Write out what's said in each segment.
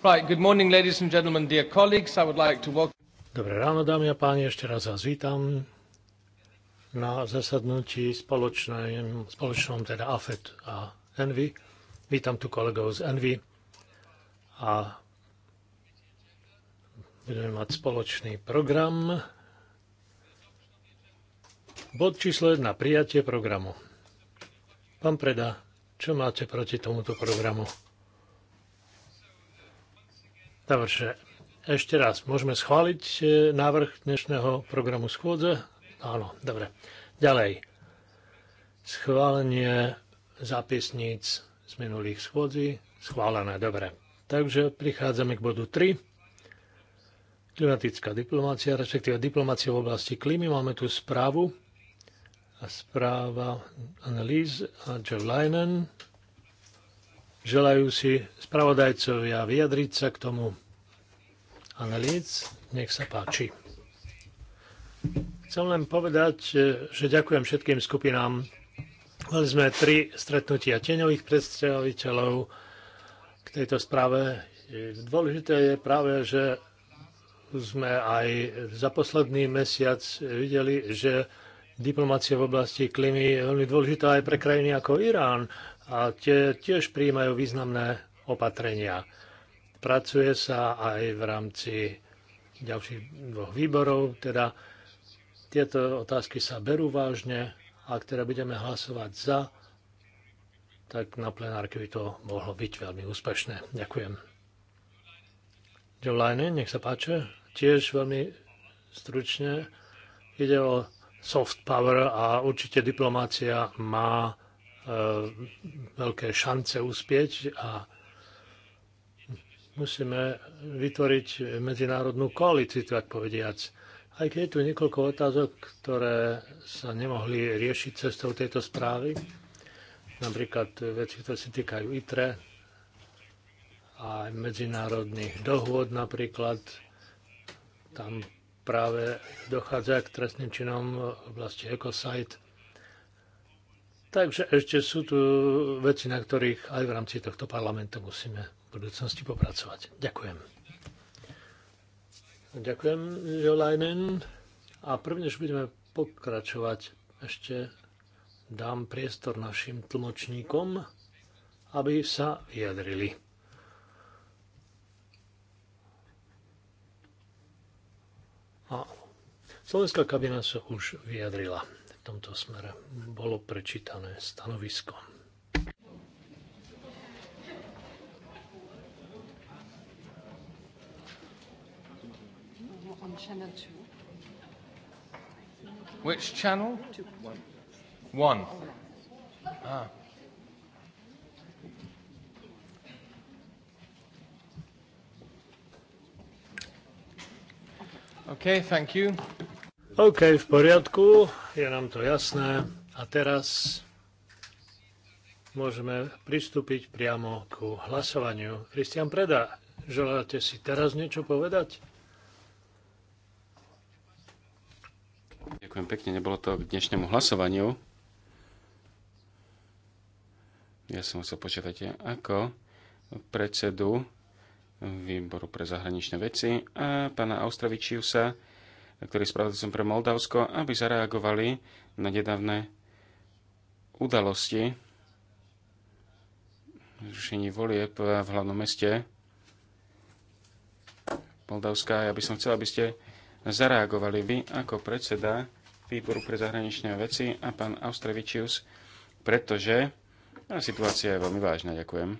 Right, good morning, ladies and gentlemen, dear colleagues. I would like to welcome... Dobré ráno, dámy a páni, ešte raz vás vítam na zasadnutí spoločnom, spoločnom teda AFET a ENVY. Vítam tu kolegov z ENVY a budeme mať spoločný program. Bod číslo 1. Prijatie programu. Pán Preda, čo máte proti tomuto programu? Dobre, ešte raz, môžeme schváliť e, návrh dnešného programu schôdze? Áno, dobre. Ďalej. Schválenie zápisníc z minulých schôdzí. Schválené, dobre. Takže prichádzame k bodu 3. Klimatická diplomácia, respektíve diplomácia v oblasti klímy. Máme tu správu a správa analýz a Joe Leinen. Želajú si spravodajcovia vyjadriť sa k tomu. Analýc, nech sa páči. Chcem len povedať, e, že ďakujem všetkým skupinám. Mali sme tri stretnutia tieňových predstaviteľov k tejto správe. E, dôležité je práve, že sme aj za posledný mesiac videli, že diplomácia v oblasti klímy je veľmi dôležitá aj pre krajiny ako Irán, a tie tiež príjmajú významné opatrenia. Pracuje sa aj v rámci ďalších dvoch výborov, teda tieto otázky sa berú vážne a ktoré budeme hlasovať za, tak na plenárke by to mohlo byť veľmi úspešné. Ďakujem. Jolajne, nech sa páče. Tiež veľmi stručne ide o soft power a určite diplomácia má E, veľké šance uspieť a musíme vytvoriť medzinárodnú koalíciu, tak povediac. Aj keď je tu niekoľko otázok, ktoré sa nemohli riešiť cestou tejto správy, napríklad veci, ktoré sa týkajú ITRE a medzinárodných dohôd napríklad, tam práve dochádza k trestným činom v oblasti Ecosite Takže ešte sú tu veci, na ktorých aj v rámci tohto parlamentu musíme v budúcnosti popracovať. Ďakujem. Ďakujem, Jolajnen. A prvnež budeme pokračovať. Ešte dám priestor našim tlmočníkom, aby sa vyjadrili. A slovenská kabina sa už vyjadrila tomto smere bolo prečítané stanovisko. Which channel? One. Ah. Okay, thank you. OK, v poriadku, je nám to jasné. A teraz môžeme pristúpiť priamo ku hlasovaniu. Kristian Preda, želáte si teraz niečo povedať? Ďakujem pekne, nebolo to k dnešnému hlasovaniu. Ja som musel počítať ako predsedu výboru pre zahraničné veci a pána Austravičiusa ktorý som pre Moldavsko, aby zareagovali na nedávne udalosti zrušení volieb v hlavnom meste Moldavska. Ja by som chcel, aby ste zareagovali vy ako predseda výboru pre zahraničné veci a pán Austrevičius, pretože situácia je veľmi vážna. Ďakujem.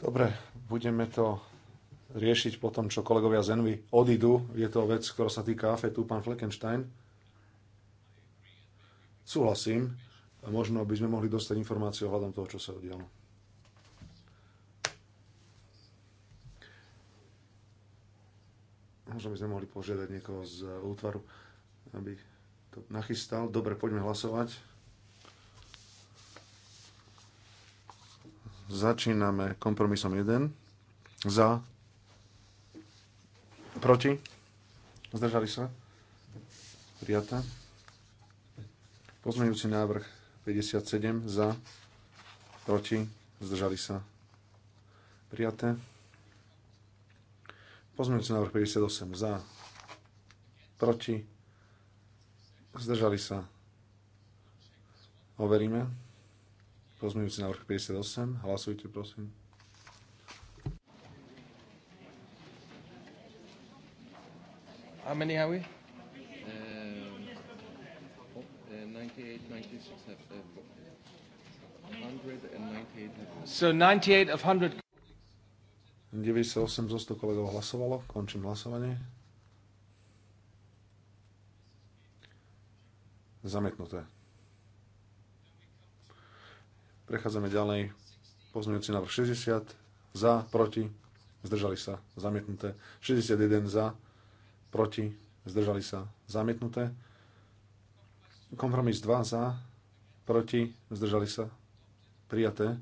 Dobre, budeme to riešiť po tom, čo kolegovia z Envy odídu. Je to vec, ktorá sa týka AFETu, pán Fleckenstein. Súhlasím. a Možno by sme mohli dostať o ohľadom toho, čo sa udialo. Možno by sme mohli požiadať niekoho z útvaru, aby to nachystal. Dobre, poďme hlasovať. Začíname kompromisom 1. Za, Proti? Zdržali sa? Prijatá. Pozmeňujúci návrh 57 za. Proti? Zdržali sa? Prijaté. Pozmeňujúci návrh 58 za. Proti? Zdržali sa? Overíme. Pozmeňujúci návrh 58. Hlasujte, prosím. How many are we? Um, oh, uh, 98, 96 uh, 198 So 98 of 100... 98 zo 100 kolegov hlasovalo. Končím hlasovanie. Zamietnuté. Prechádzame ďalej. Pozmeňujúci návrh 60. Za, proti. Zdržali sa. Zamietnuté. 61 za proti, zdržali sa zamietnuté. Kompromis 2 za, proti, zdržali sa prijaté.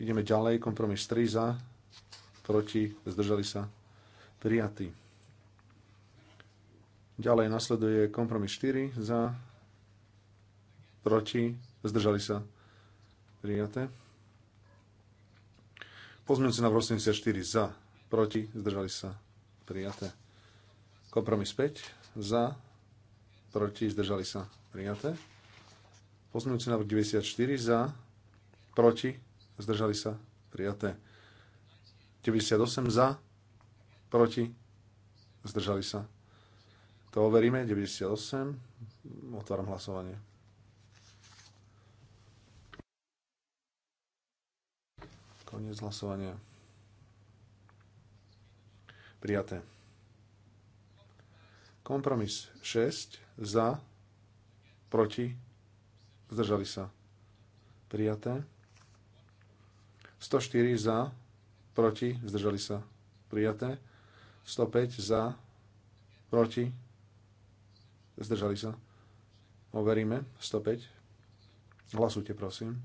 Ideme ďalej, kompromis 3 za, proti, zdržali sa prijatý. Ďalej nasleduje kompromis 4 za, proti, zdržali sa prijaté. Pozmeňujúci na 84 za, proti, zdržali sa, prijaté. Kompromis 5 za, proti, zdržali sa, prijaté. Pozmeňujúci na 94 za, proti, zdržali sa, prijaté. 98 za, proti, zdržali sa. To overíme, 98. Otváram hlasovanie. Koniec hlasovania. Prijaté. Kompromis 6 za, proti, zdržali sa. Prijaté. 104 za, proti, zdržali sa. Prijaté. 105 za, proti, zdržali sa. Overíme. 105. Hlasujte, prosím.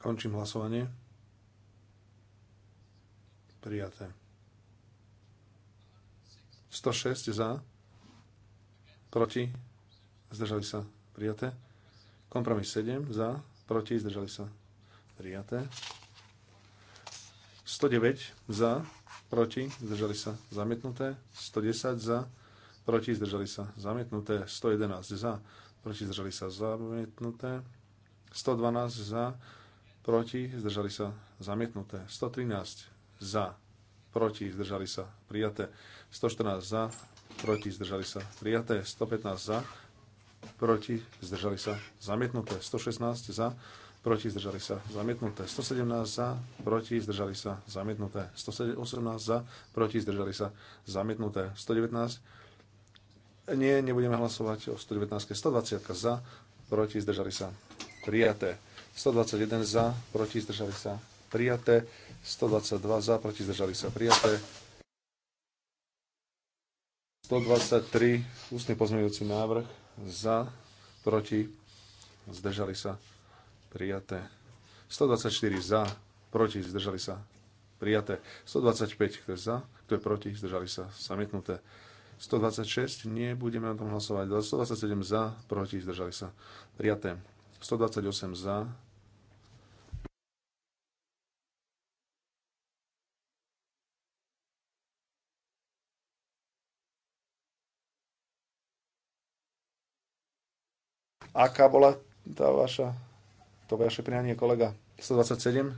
Končím hlasovanie. Prijaté. 106 za. Proti. Zdržali sa. Prijaté. Kompromis 7 za. Proti. Zdržali sa. Prijaté. 109 za. Proti. Zdržali sa. Zamietnuté. 110 za. Proti. Zdržali sa. Zamietnuté. 111 za. Proti. Zdržali sa. Zamietnuté. 112 za proti, zdržali sa zamietnuté. 113 za, proti, zdržali sa prijaté. 114 za, proti, zdržali sa prijaté. 115 za, proti, zdržali sa zamietnuté. 116 za, proti, zdržali sa, zamietnuté. 117 za, proti, zdržali sa, zamietnuté. 118 za, proti, zdržali sa, zamietnuté. 119, nie, nebudeme hlasovať o 119, 120 za, proti, zdržali sa, prijaté. 121 za, proti zdržali sa prijaté. 122 za, proti zdržali sa prijaté. 123 ústny pozmeňujúci návrh za, proti zdržali sa prijaté. 124 za, proti zdržali sa prijaté. 125 kto je za, kto je proti, zdržali sa zamietnuté. 126 nie, budeme o tom hlasovať. 127 za, proti, zdržali sa prijaté. 128 za. Aká bola tá vaša, to vaše prianie, kolega? 127?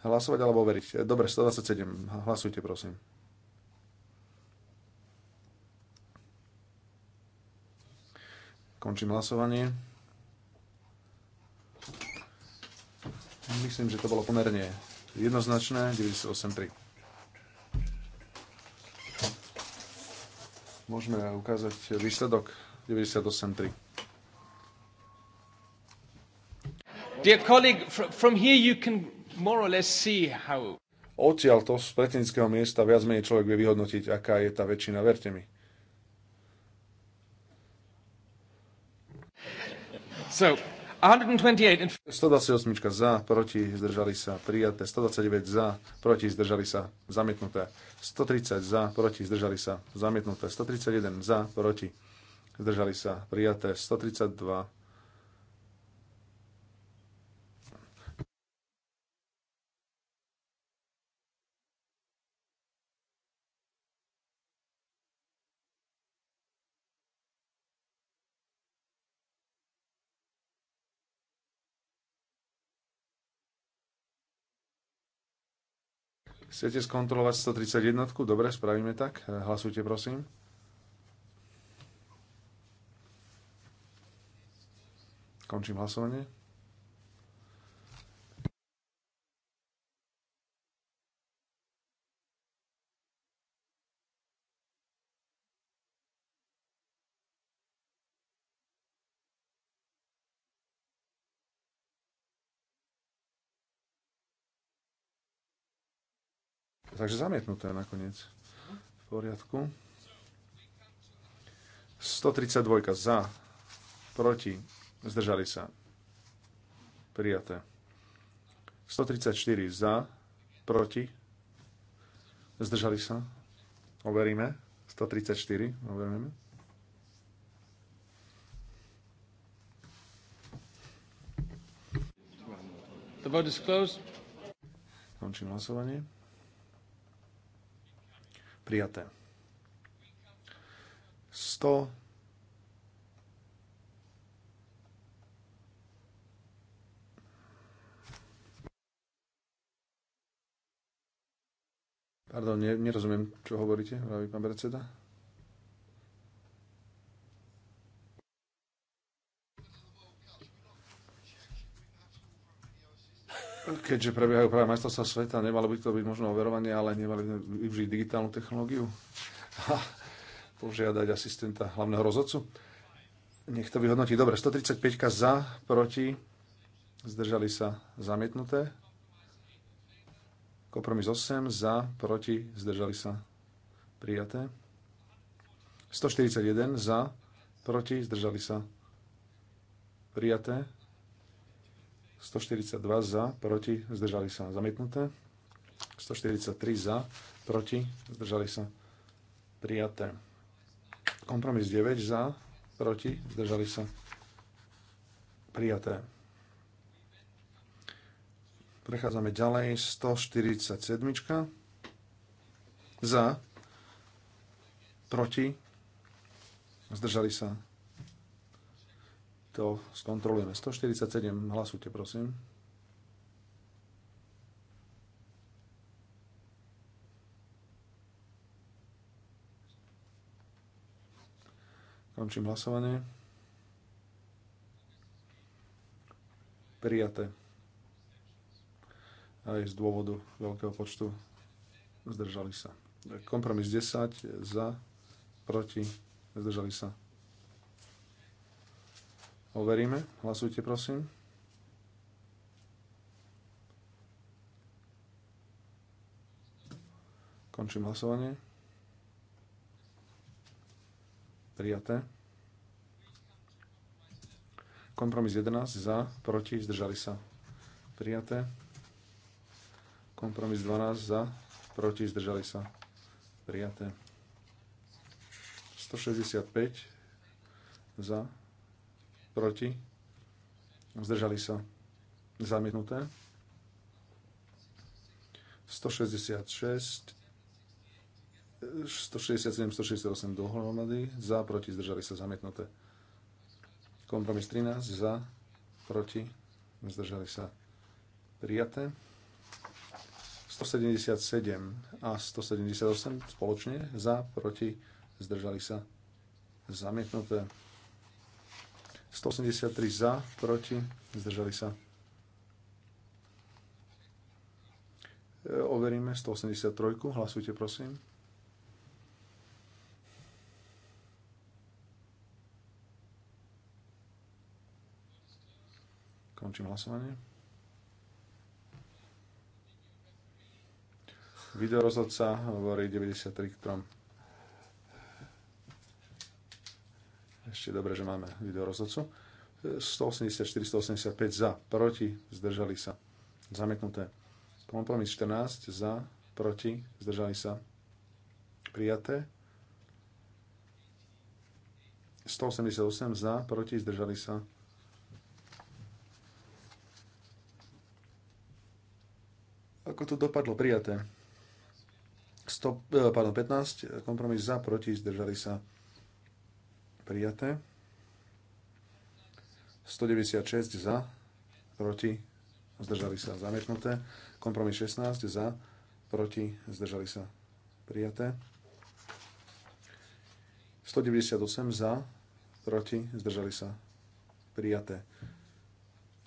Hlasovať alebo veriť? E, dobre, 127. Hlasujte, prosím. Končím hlasovanie. Myslím, že to bolo pomerne jednoznačné. 98.3. Môžeme ukázať výsledok 98.3. Dear colleague, from here you can more or less see how... Odtiaľ to z pretinického miesta viac menej človek vie vyhodnotiť, aká je tá väčšina, verte mi. So, 128 za, proti, zdržali sa, prijaté. 129 za, proti, zdržali sa, zamietnuté. 130 za, proti, zdržali sa, zamietnuté. 131 za, proti, zdržali sa, prijaté. 132 Chcete skontrolovať 131? Dobre, spravíme tak. Eh, hlasujte, prosím. Končím hlasovanie. Takže zamietnuté nakoniec. V poriadku. 132 za, proti, zdržali sa. Prijaté. 134 za, proti, zdržali sa. Overíme. 134, overíme. The vote is closed. Končím hlasovanie. Prijaté. 100. Pardon, nerozumiem, čo hovoríte, hovorí pán predseda. Keďže prebiehajú práve majstrovstvá sveta, nemalo by to byť možno overovanie, ale nemali by využiť digitálnu technológiu a požiadať asistenta hlavného rozhodcu. Nech to vyhodnotí. Dobre, 135 za, proti, zdržali sa zamietnuté. Kompromis 8 za, proti, zdržali sa prijaté. 141 za, proti, zdržali sa prijaté. 142 za, proti, zdržali sa zamietnuté. 143 za, proti, zdržali sa prijaté. Kompromis 9 za, proti, zdržali sa prijaté. Prechádzame ďalej, 147 za, proti, zdržali sa to skontrolujeme. 147, hlasujte prosím. Končím hlasovanie. Prijaté. Aj z dôvodu veľkého počtu zdržali sa. Kompromis 10 za, proti, zdržali sa Overíme. Hlasujte, prosím. Končím hlasovanie. Prijaté. Kompromis 11 za, proti, zdržali sa. Prijaté. Kompromis 12 za, proti, zdržali sa. Prijaté. 165 za, proti, zdržali sa zamietnuté. 166, 167, 168 dohromady, za, proti, zdržali sa zamietnuté. Kompromis 13, za, proti, zdržali sa prijaté. 177 a 178 spoločne, za, proti, zdržali sa zamietnuté. 183 za, proti, zdržali sa. E, overíme 183, hlasujte prosím. Končím hlasovanie. rozhodca hovorí 93 k 3. Ešte dobre, že máme video rozhodcu. 184, 185 za, proti, zdržali sa. Zamietnuté. Kompromis 14 za, proti, zdržali sa. Prijaté. 188 za, proti, zdržali sa. Ako to dopadlo? Prijaté. 100, eh, pardon, 15, kompromis za, proti, zdržali sa Prijaté. 196 za, proti, zdržali sa zamietnuté. Kompromis 16 za, proti, zdržali sa prijaté. 198 za, proti, zdržali sa prijaté.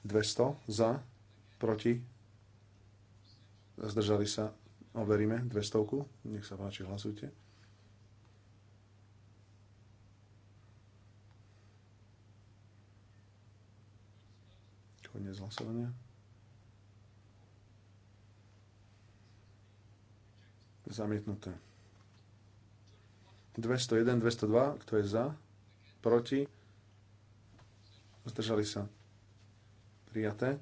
200 za, proti, zdržali sa, overíme 200, nech sa páči, hlasujte. Koniec hlasovania. Zamietnuté. 201, 202, kto je za? Proti? Zdržali sa. Prijaté.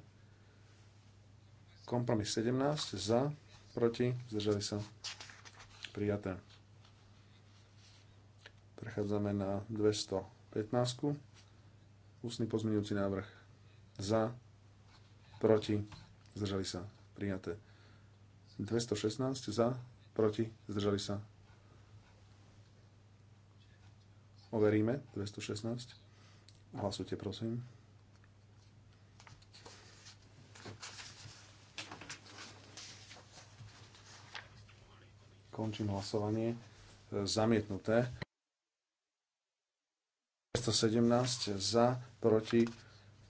Kompromis 17, za, proti, zdržali sa. Prijaté. Prechádzame na 215. Ústny pozmeňujúci návrh. Za, proti, zdržali sa, prijaté. 216 za, proti, zdržali sa. Overíme, 216. Hlasujte, prosím. Končím hlasovanie. E, zamietnuté. 217 za, proti,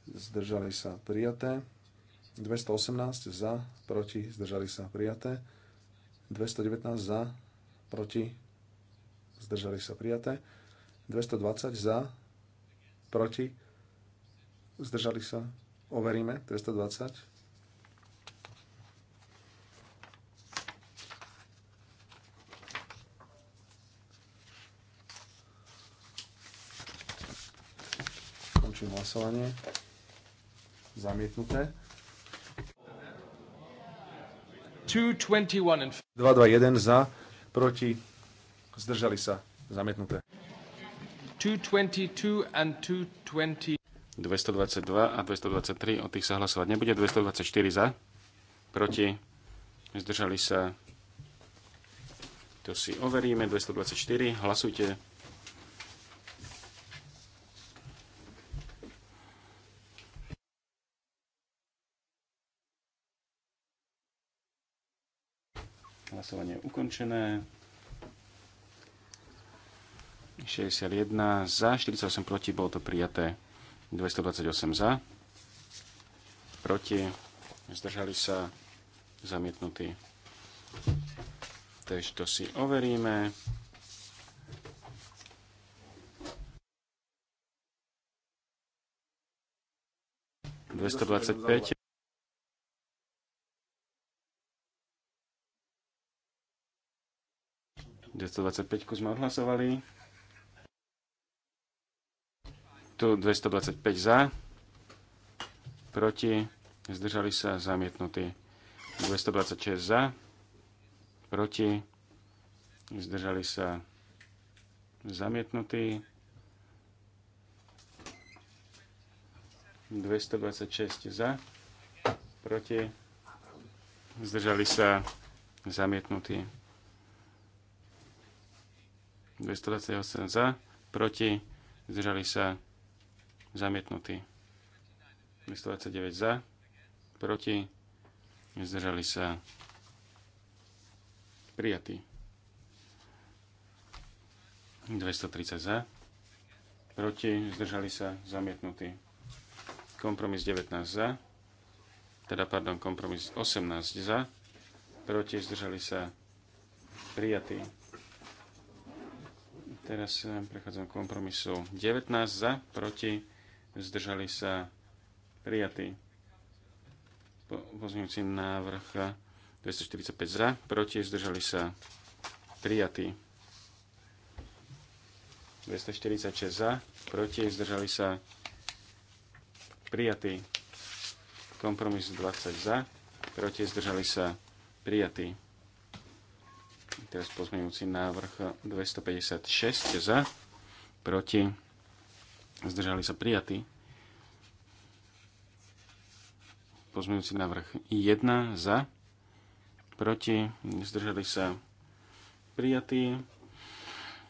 zdržali sa prijaté. 218 za, proti, zdržali sa prijaté. 219 za, proti, zdržali sa prijaté. 220 za, proti, zdržali sa. Overíme, 220. Končím hlasovanie. Zamietnuté. 221 za, proti, zdržali sa, zamietnuté. 222 and 220. 222 a 223, o tých sa hlasovať nebude. 224 za, proti, zdržali sa, to si overíme, 224, hlasujte. Hlasovanie ukončené. 61 za, 48 proti, bolo to prijaté. 228 za, proti, zdržali sa, zamietnutí. Takže to si overíme. Dvestodvadsaťpäť 225 sme odhlasovali. Tu 225 za, proti, zdržali sa zamietnutí. 226 za, proti, zdržali sa zamietnutí. 226 za, proti, zdržali sa zamietnutí. 228 za, proti, zdržali sa zamietnutí. 229 za, proti, zdržali sa prijatí. 230 za, proti, zdržali sa zamietnutí. Kompromis 19 za, teda pardon, kompromis 18 za, proti, zdržali sa prijatí. Teraz eh, prechádzam k kompromisu 19 za, proti, zdržali sa prijatý po, pozmeňujúci návrh 245 eh, za, proti, zdržali sa prijatý 246 za, proti, zdržali sa prijatý kompromis 20 za, proti, zdržali sa prijatý teraz pozmeňujúci návrh 256 za, proti, zdržali sa prijatí. Pozmeňujúci návrh 1 za, proti, zdržali sa prijatí.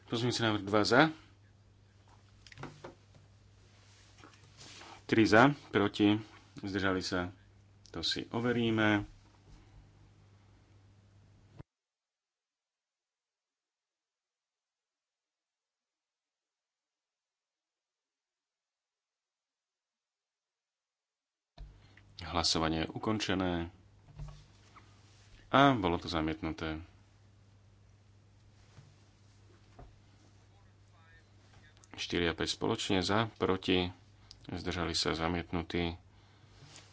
Pozmeňujúci návrh 2 za, 3 za, proti, zdržali sa, to si overíme. Hlasovanie je ukončené. A bolo to zamietnuté. Štyri a 5 spoločne za, proti, zdržali sa zamietnutí.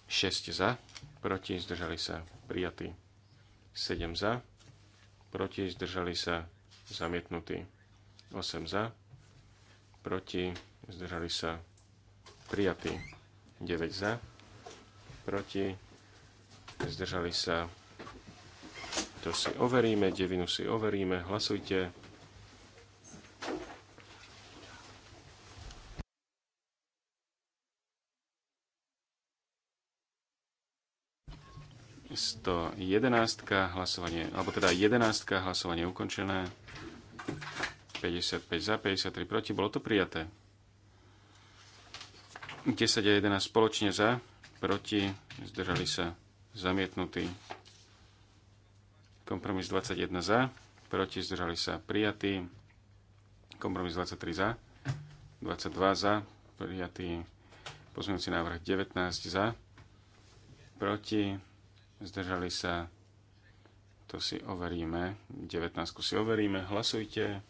6 za, proti, zdržali sa prijatí. 7 za, proti, zdržali sa zamietnutí. 8 za, proti, zdržali sa prijatí. 9 za, proti, zdržali sa. To si overíme, devinu si overíme, hlasujte. Sto jedenáctka hlasovanie, alebo teda jedenáctka hlasovanie ukončené. 55 za, 53 proti, bolo to prijaté. 10 a 11 spoločne za proti, zdržali sa zamietnutí. Kompromis 21 za, proti, zdržali sa prijatí. Kompromis 23 za, 22 za, prijatý pozmeňujúci návrh 19 za, proti, zdržali sa, to si overíme, 19 si overíme, hlasujte.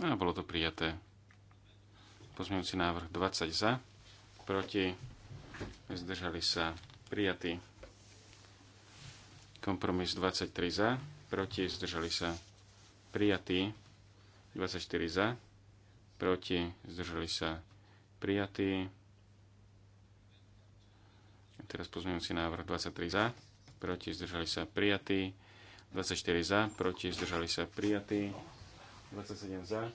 A bolo to prijaté. Pozmeňujúci návrh 20 za, proti, zdržali sa prijatí. Kompromis 23 za, proti, zdržali sa prijatí. 24 za, proti, zdržali sa prijatí. Teraz pozmeňujúci návrh 23 za, proti, zdržali sa prijatí. 24 za, proti, zdržali sa prijatí. 27 za,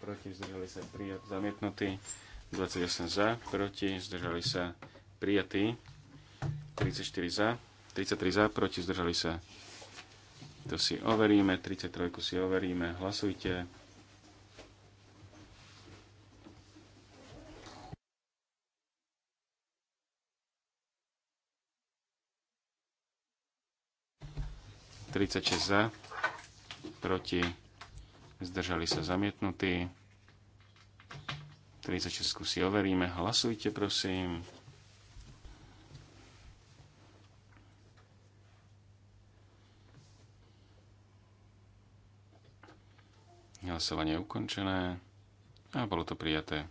proti zdržali sa prijat, zamietnutý, 28 za, proti zdržali sa prijatý, 34 za, 33 za, proti zdržali sa. To si overíme, 33 si overíme, hlasujte. Tridsaťšesť za, proti zdržali sa zamietnutí. 36 si overíme, hlasujte prosím. Hlasovanie je ukončené a bolo to prijaté.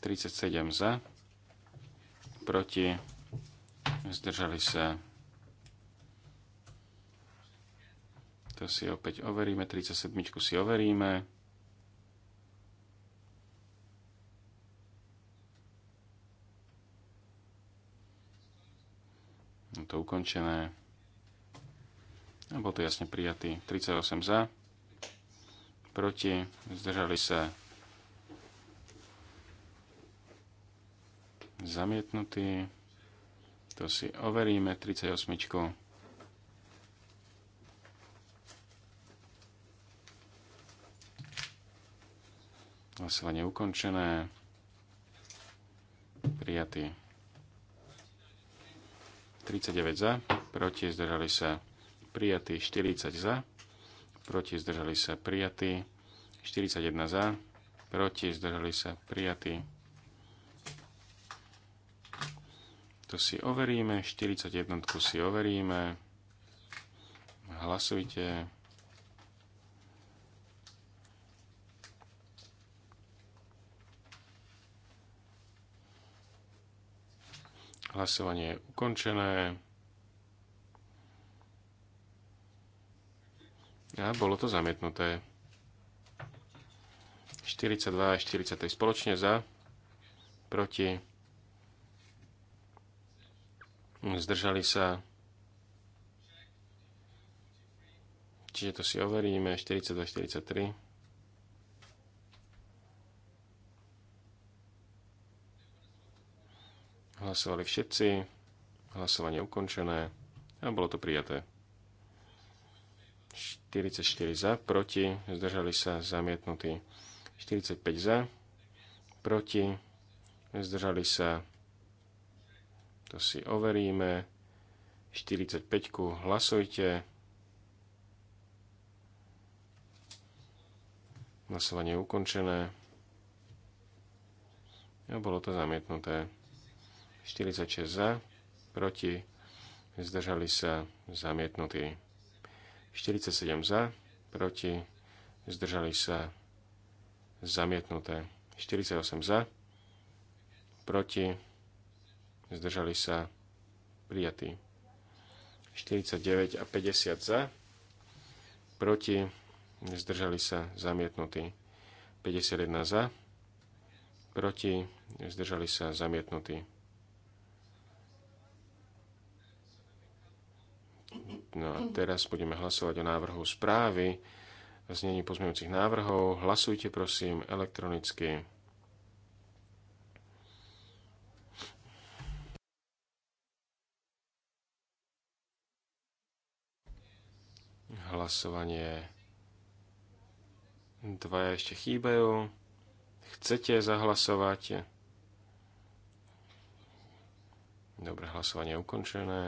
37 za, proti, zdržali sa to si opäť overíme, 37 si overíme. Je no to ukončené. A bol to jasne prijatý. 38 za, proti, zdržali sa zamietnutý, To si overíme 38. Hlasovanie ukončené. Prijatý. 39 za, proti zdržali sa prijatí 40 za, proti zdržali sa prijatí 41 za, proti zdržali sa prijatí. To si overíme, 41 si overíme. Hlasujte. Hlasovanie je ukončené. A bolo to zamietnuté. 42 a 43 spoločne za, proti, zdržali sa. Čiže to si overíme. 42 43. Hlasovali všetci. Hlasovanie ukončené. A bolo to prijaté. 44 za, proti, zdržali sa zamietnutí. 45 za, proti, zdržali sa, to si overíme. 45 hlasujte. Hlasovanie ukončené. A bolo to zamietnuté. 46 za, proti, zdržali sa zamietnutí. 47 za, proti, zdržali sa zamietnuté. 48 za, proti, zdržali sa prijatí. 49 a 50 za, proti, zdržali sa zamietnutí. 51 za, proti, zdržali sa zamietnutí. No a teraz budeme hlasovať o návrhu správy, a znení pozmeňujúcich návrhov. Hlasujte prosím elektronicky. Hlasovanie. Dvaja ešte chýbajú. Chcete zahlasovať? Dobre, hlasovanie je ukončené.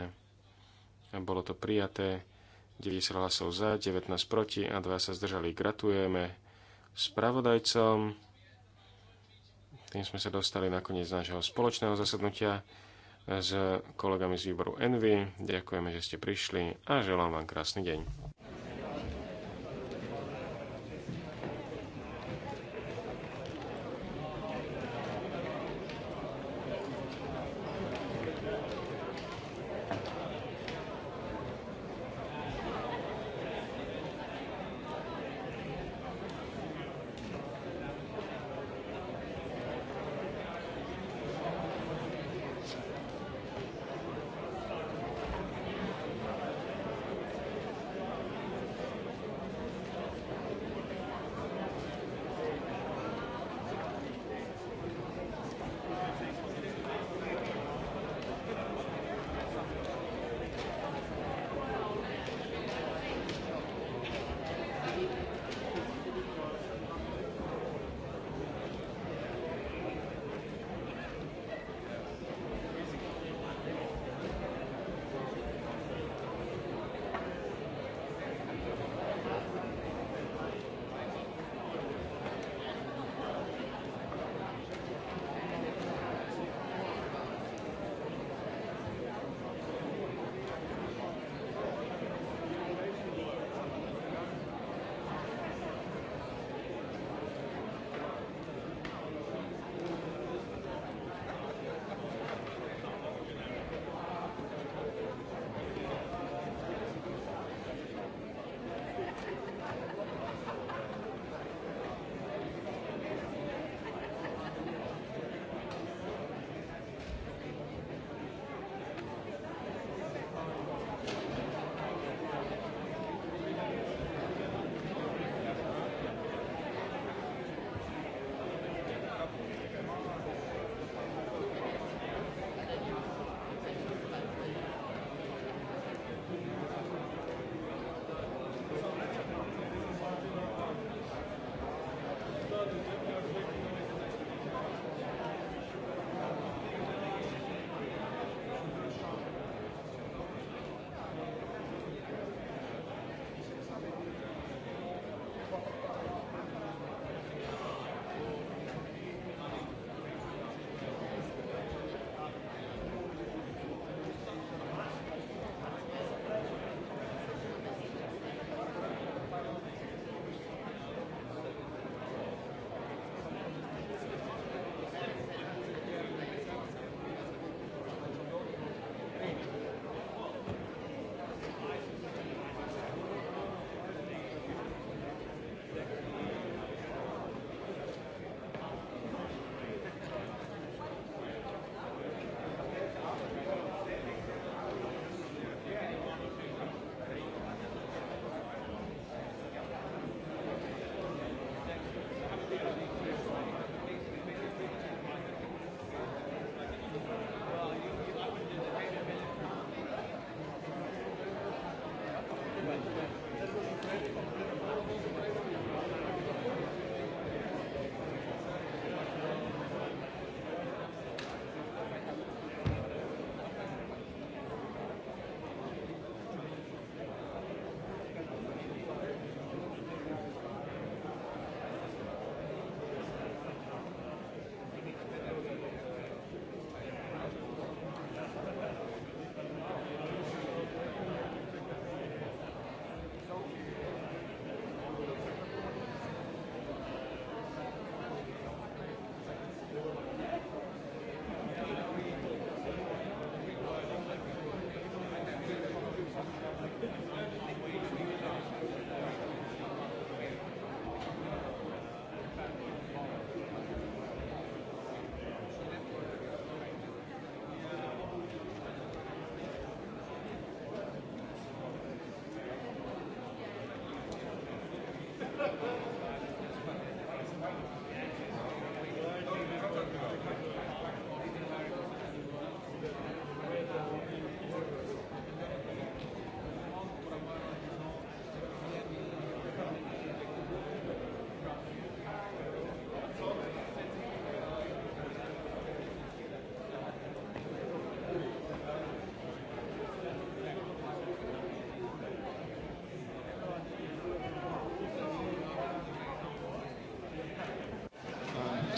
Bolo to prijaté 90 hlasov za, 19 proti a 2 sa zdržali. Gratulujeme spravodajcom. Tým sme sa dostali na koniec nášho spoločného zasadnutia s kolegami z výboru Envy. Ďakujeme, že ste prišli a želám vám krásny deň.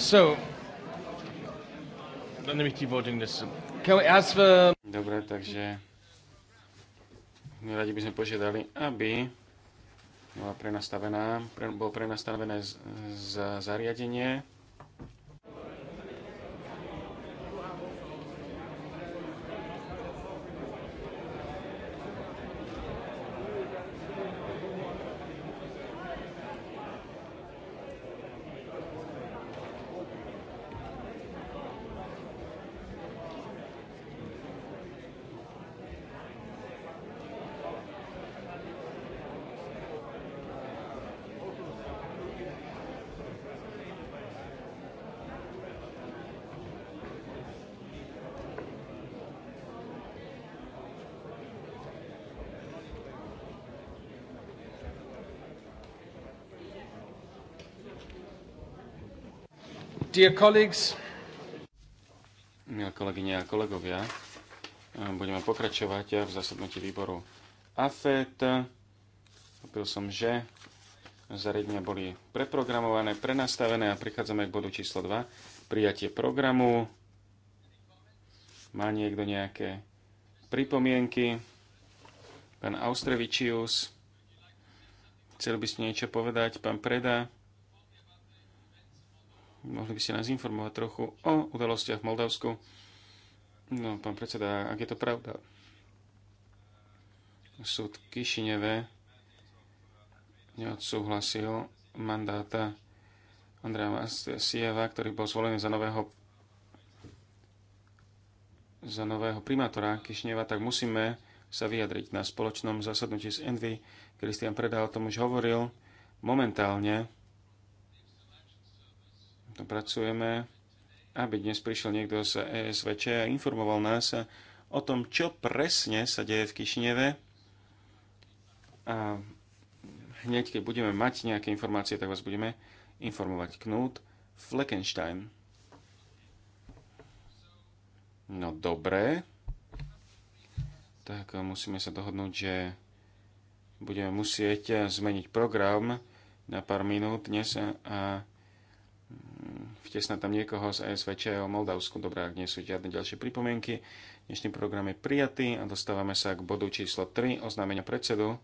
So, dann nehme ich die voting Liste. Can we ask for... Dobre, takže my radi by sme požiadali, aby bola prenastavená, pre, bolo prenastavené z, z, zariadenie, Dear colleagues, milé kolegyne a kolegovia, budeme pokračovať v zasadnutí výboru AFET. Popil som, že zariadenia boli preprogramované, prenastavené a prichádzame k bodu číslo 2. Prijatie programu. Má niekto nejaké pripomienky? Pán Austrevičius, chcel by ste niečo povedať? Pán Preda? mohli by ste nás informovať trochu o udalostiach v Moldavsku. No, pán predseda, ak je to pravda, súd Kišineve neodsúhlasil mandáta Andrea Masieva, ktorý bol zvolený za nového za nového primátora Kišneva, tak musíme sa vyjadriť na spoločnom zasadnutí s Envy. Kristian Predal o tom už hovoril. Momentálne No, pracujeme, aby dnes prišiel niekto z ESVČ a informoval nás o tom, čo presne sa deje v Kišneve. A hneď, keď budeme mať nejaké informácie, tak vás budeme informovať. Knut Fleckenstein. No dobré. Tak musíme sa dohodnúť, že budeme musieť zmeniť program na pár minút dnes a vtesnať tam niekoho z ESVČ o Moldavsku. Dobrá, ak nie sú žiadne ďalšie pripomienky. Dnešný program je prijatý a dostávame sa k bodu číslo 3, oznámenia predsedu.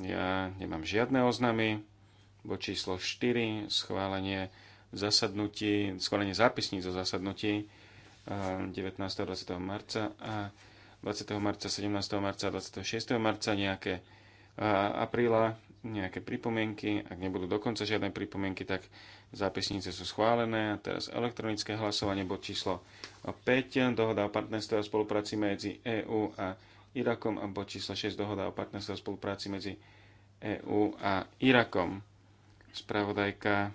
Ja nemám žiadne oznamy. Bod číslo 4, schválenie zasadnutí, schválenie zápisníc zo zasadnutí 19. a 20. marca a 20. marca, 17. marca a 26. marca nejaké eh, apríla nejaké pripomienky. Ak nebudú dokonca žiadne pripomienky, tak Zápisnice sú schválené. A teraz elektronické hlasovanie, bod číslo 5, dohoda o partnerstve a spolupráci medzi EÚ a Irakom a bod číslo 6, dohoda o partnerstve a spolupráci medzi EÚ a Irakom. Spravodajka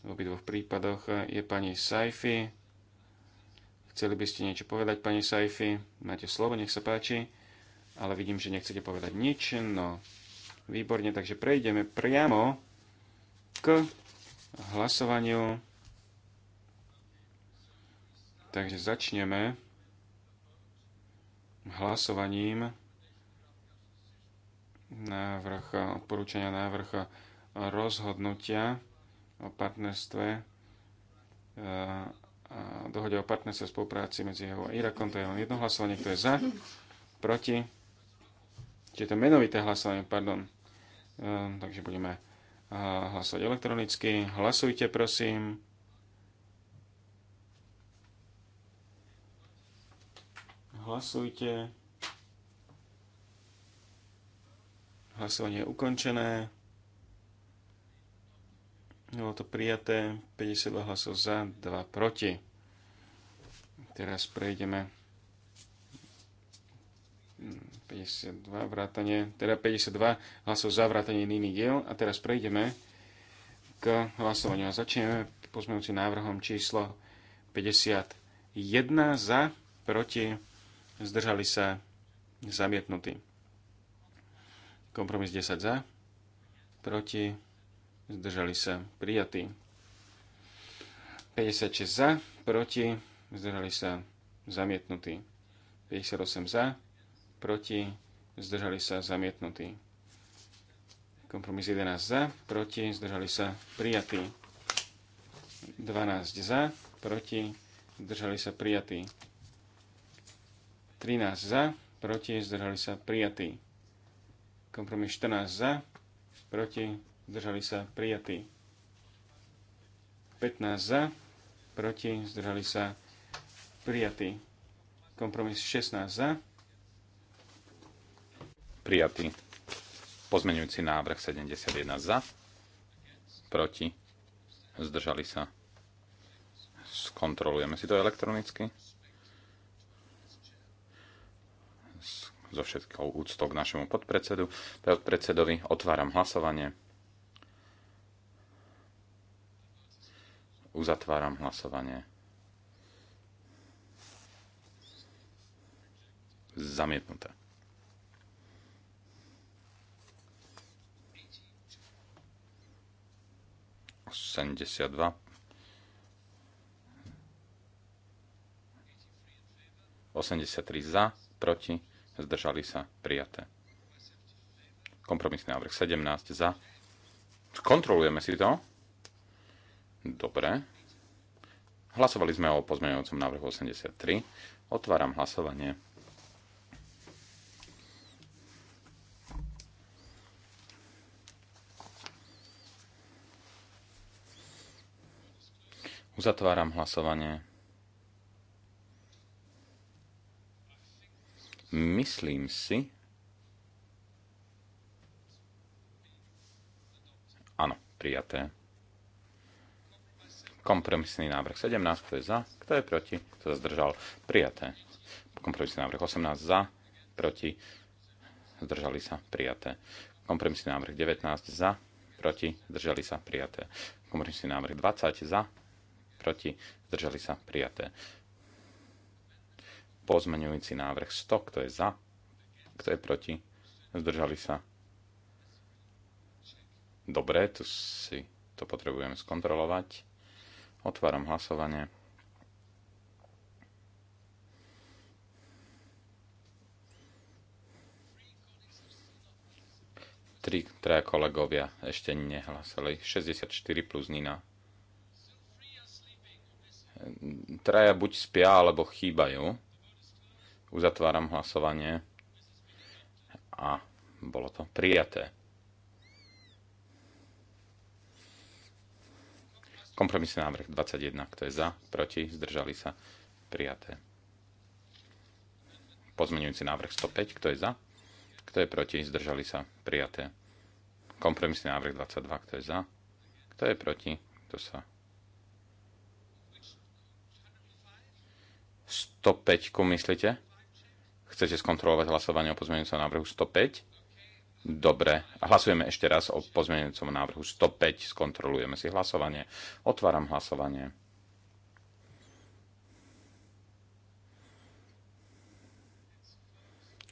v obidvoch prípadoch je pani Saifi. Chceli by ste niečo povedať, pani Saifi? Máte slovo, nech sa páči. Ale vidím, že nechcete povedať nič, no výborne, takže prejdeme priamo k hlasovaniu. Takže začneme hlasovaním návrh, odporúčania návrh rozhodnutia o partnerstve eh, a dohode o partnerstve a spolupráci medzi EU a Irakom. To je len jedno hlasovanie, kto je za, proti. Čiže to menovité hlasovanie, pardon. Eh, takže budeme hlasovať elektronicky. Hlasujte, prosím. Hlasujte. Hlasovanie je ukončené. Bolo to prijaté. 52 hlasov za, 2 proti. Teraz prejdeme 52 vrátanie, teda 52 hlasov za vrátanie iný diel. A teraz prejdeme k hlasovaniu a začneme pozmeňujúci návrhom číslo 51 za, proti, zdržali sa zamietnutí. Kompromis 10 za, proti, zdržali sa prijatí. 56 za, proti, zdržali sa zamietnutí. 58 za, proti, zdržali sa zamietnutí. Kompromis 11 za, proti, zdržali sa prijatí. 12 za, proti, zdržali sa prijatí. 13 za, proti, zdržali sa prijatí. Kompromis 14 za, proti, zdržali sa prijatí. 15 za, proti, zdržali sa prijatí. Kompromis 16 za, Prijatý. Pozmeňujúci návrh 71 za. Proti. Zdržali sa. Skontrolujeme si to elektronicky. So všetkou úctou k našemu podpredsedu. Podpredsedovi otváram hlasovanie. Uzatváram hlasovanie. Zamietnuté. 72. 83 za, proti, zdržali sa, prijaté. Kompromisný návrh 17 za. Kontrolujeme si to. Dobre. Hlasovali sme o pozmeňujúcom návrhu 83. Otváram hlasovanie. Uzatváram hlasovanie. Myslím si, Áno, prijaté. Kompromisný návrh 17, kto je za, kto je proti, kto sa zdržal, prijaté. Kompromisný návrh 18 za, proti, zdržali sa, prijaté. Kompromisný návrh 19 za, proti, zdržali sa, prijaté. Kompromisný návrh 20 za, proti, zdržali sa, prijaté. Pozmeňujúci návrh 100, kto je za, kto je proti, zdržali sa. Dobre, tu si to potrebujem skontrolovať. Otváram hlasovanie. Tri traja kolegovia ešte nehlasali. 64 plus Nina Traja buď spia, alebo chýbajú. Uzatváram hlasovanie. A bolo to prijaté. Kompromisný návrh 21, kto je za, proti, zdržali sa, prijaté. Pozmenujúci návrh 105, kto je za, kto je proti, zdržali sa, prijaté. Kompromisný návrh 22, kto je za, kto je proti, kto sa 105, myslíte? Chcete skontrolovať hlasovanie o pozmeňujúcom návrhu 105? Dobre, hlasujeme ešte raz o pozmeňujúcom návrhu 105, skontrolujeme si hlasovanie. Otváram hlasovanie.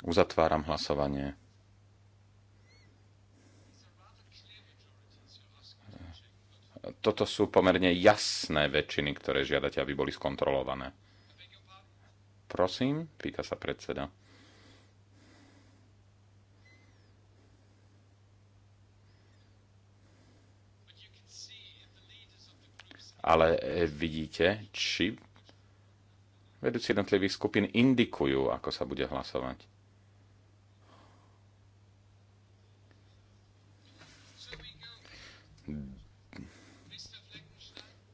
Uzatváram hlasovanie. Toto sú pomerne jasné väčšiny, ktoré žiadate, aby boli skontrolované. Prosím, pýta sa predseda. Ale e, vidíte, či vedúci jednotlivých skupín indikujú, ako sa bude hlasovať.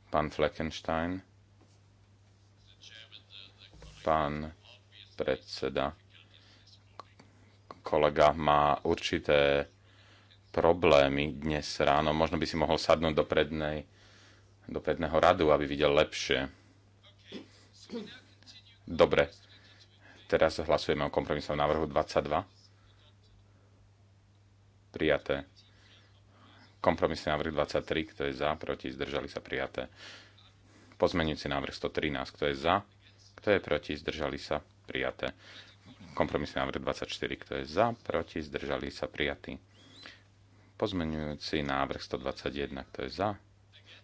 Pán Fleckenstein pán predseda. Kolega má určité problémy dnes ráno. Možno by si mohol sadnúť do, prednej, do predného radu, aby videl lepšie. Dobre. Teraz hlasujeme o kompromisnom návrhu 22. Prijaté. Kompromisný návrh 23, kto je za, proti, zdržali sa prijaté. Pozmenujúci návrh 113, kto je za, kto je proti? Zdržali sa? Prijaté. Kompromisný návrh 24. Kto je za? Proti? Zdržali sa? Prijatý. Pozmenujúci návrh 121. Kto je za?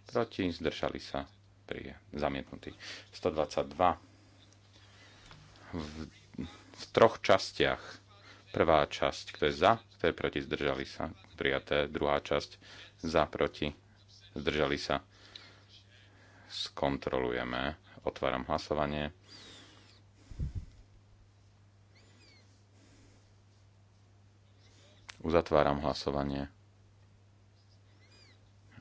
Proti? Zdržali sa? Prije. Zamietnutý. 122. V, v troch častiach. Prvá časť. Kto je za? Kto je proti? Zdržali sa? Prijaté. Druhá časť. Za? Proti? Zdržali sa? Skontrolujeme. Otváram hlasovanie. Uzatváram hlasovanie.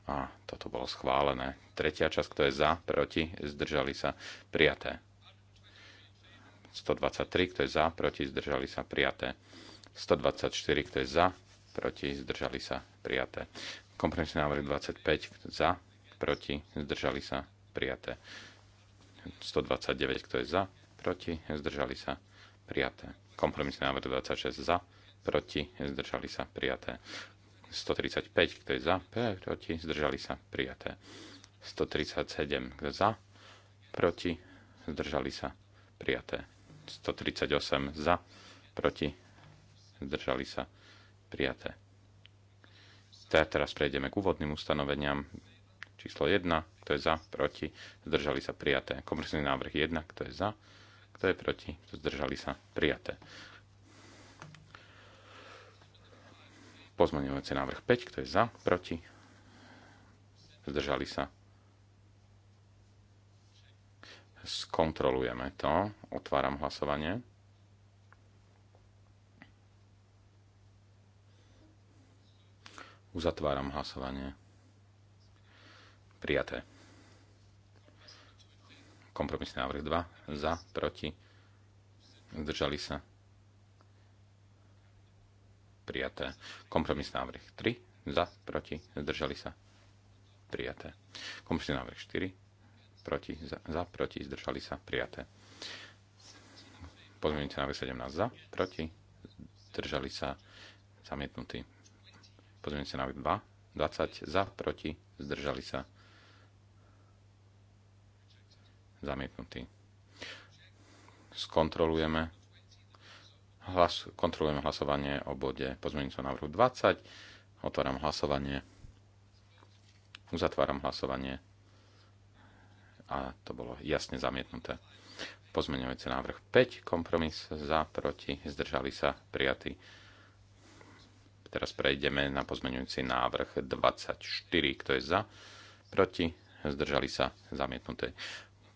A toto bolo schválené. Tretia časť, kto je za, proti, zdržali sa, prijaté. 123, kto je za, proti, zdržali sa, prijaté. 124, kto je za, proti, zdržali sa, prijaté. Kompromisný návrh 25, za, proti, zdržali sa, prijaté. 129, kto je za, proti, zdržali sa, prijaté. Kompromisný návrh 26, za, proti, zdržali sa prijaté. 135, kto je za, proti, zdržali sa prijaté. 137, kto za, proti, zdržali sa prijaté. 138 za, proti, zdržali sa prijaté. Teraz prejdeme k úvodným ustanoveniam. Číslo 1, kto je za, proti, zdržali sa prijaté. Komerčný návrh 1, kto je za, kto je proti, zdržali sa prijaté. Pozmeňujúci návrh 5, kto je za, proti, zdržali sa. Skontrolujeme to. Otváram hlasovanie. Uzatváram hlasovanie. Prijaté. Kompromisný návrh 2. Za, proti, zdržali sa prijaté. Kompromis návrh 3, za, proti, zdržali sa, prijaté. Kompromis návrh 4, proti, za, za proti, zdržali sa, prijaté. Pozmeňujúci návrh 17 za, proti, zdržali sa, zamietnutý. Pozmeňujúci návrh 2, 20 za, proti, zdržali sa, zamietnutý. Skontrolujeme Hlas, kontrolujem hlasovanie o bode pozmeňujúceho návrhu 20. Otváram hlasovanie. Uzatváram hlasovanie. A to bolo jasne zamietnuté. Pozmeňujúci návrh 5. Kompromis za, proti, zdržali sa, prijatí. Teraz prejdeme na pozmeňujúci návrh 24. Kto je za, proti, zdržali sa, zamietnuté.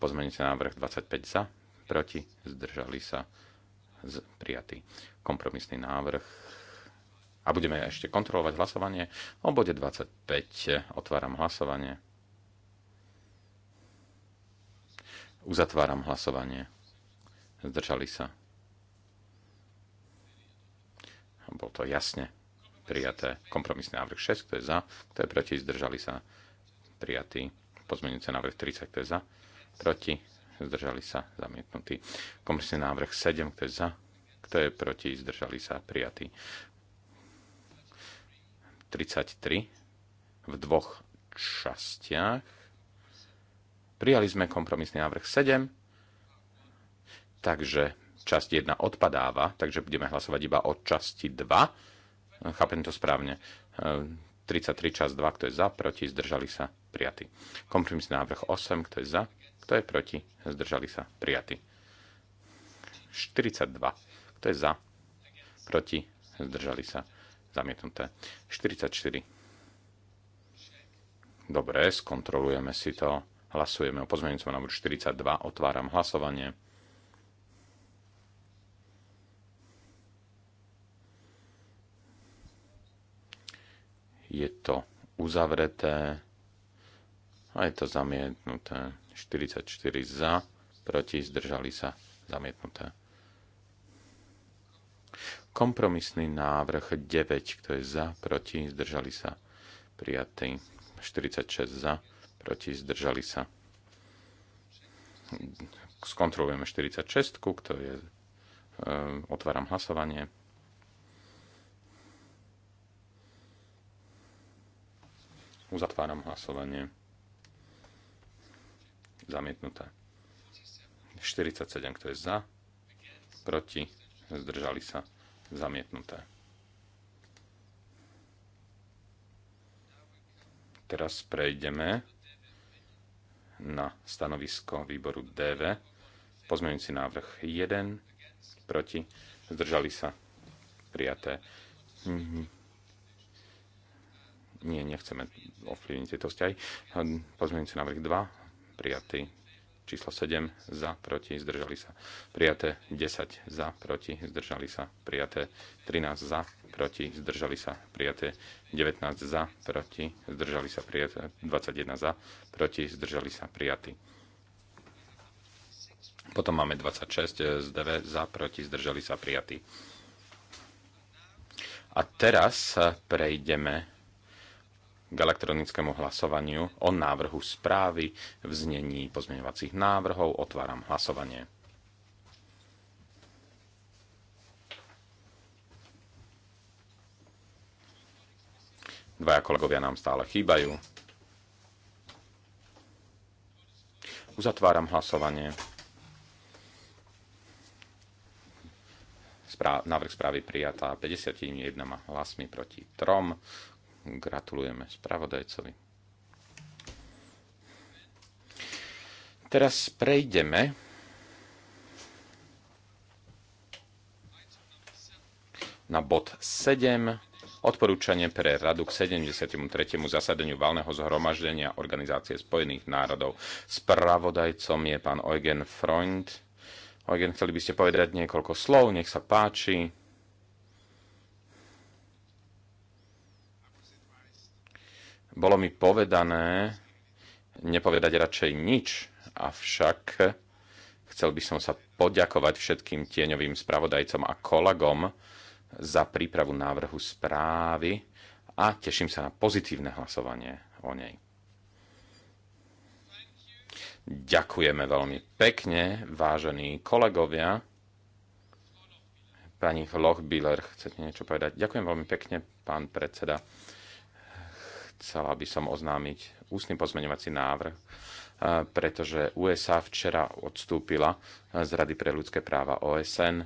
Pozmeňujúci návrh 25 za, proti, zdržali sa, zamietnuté prijatý kompromisný návrh a budeme ešte kontrolovať hlasovanie. O bode 25 otváram hlasovanie. Uzatváram hlasovanie. Zdržali sa. Bol to jasne prijaté. Kompromisný návrh 6, kto je za, kto je proti, zdržali sa. Prijatý. pozmeňujúce návrh 30, kto je za, proti, zdržali sa, zamietnutý. Kompromisný návrh 7, kto je za, kto je proti, zdržali sa, prijatý. 33 v dvoch častiach. Prijali sme kompromisný návrh 7, takže časť 1 odpadáva, takže budeme hlasovať iba o časti 2. Chápem to správne. 33 časť 2, kto je za, proti, zdržali sa, prijatý. Kompromisný návrh 8, kto je za, kto je proti? Zdržali sa. Prijatý. 42. Kto je za? Proti? Zdržali sa. Zamietnuté. 44. Dobre, skontrolujeme si to. Hlasujeme o pozmeňujúcom návrhu 42. Otváram hlasovanie. Je to uzavreté a je to zamietnuté. 44 za, proti, zdržali sa, zamietnuté. Kompromisný návrh 9, kto je za, proti, zdržali sa, prijatý. 46 za, proti, zdržali sa. Skontrolujeme 46, kto je, eh, otváram hlasovanie. Uzatváram hlasovanie. Zamietnuté. 47, kto je za, proti, zdržali sa, zamietnuté. Teraz prejdeme na stanovisko výboru DV. Pozmeňujúci návrh 1, proti, zdržali sa, prijaté. Mhm. Nie, nechceme ovplyvniť tieto vzťahy. Pozmeňujúci návrh 2, prijatý. Číslo 7 za, proti, zdržali sa. Prijaté 10 za, proti, zdržali sa. Prijaté 13 za, proti, zdržali sa. Prijaté 19 za, proti, zdržali sa. Prijaté 21 za, proti, zdržali sa. Prijatý. Potom máme 26 z 9 za, proti, zdržali sa. Prijatý. A teraz prejdeme k elektronickému hlasovaniu o návrhu správy v znení pozmeňovacích návrhov. Otváram hlasovanie. Dvaja kolegovia nám stále chýbajú. Uzatváram hlasovanie. Správ, návrh správy prijatá 51 hlasmi proti 3. Gratulujeme spravodajcovi. Teraz prejdeme na bod 7, odporúčanie pre radu k 73. zasadeniu valného zhromaždenia Organizácie spojených národov. Spravodajcom je pán Eugen Freund. Eugen, chceli by ste povedať niekoľko slov, nech sa páči. Bolo mi povedané nepovedať radšej nič, avšak chcel by som sa poďakovať všetkým tieňovým spravodajcom a kolegom za prípravu návrhu správy a teším sa na pozitívne hlasovanie o nej. Ďakujeme veľmi pekne, vážení kolegovia. Pani Lochbiller, chcete niečo povedať? Ďakujem veľmi pekne, pán predseda chcela by som oznámiť ústny pozmeňovací návrh, e, pretože USA včera odstúpila e, z Rady pre ľudské práva OSN,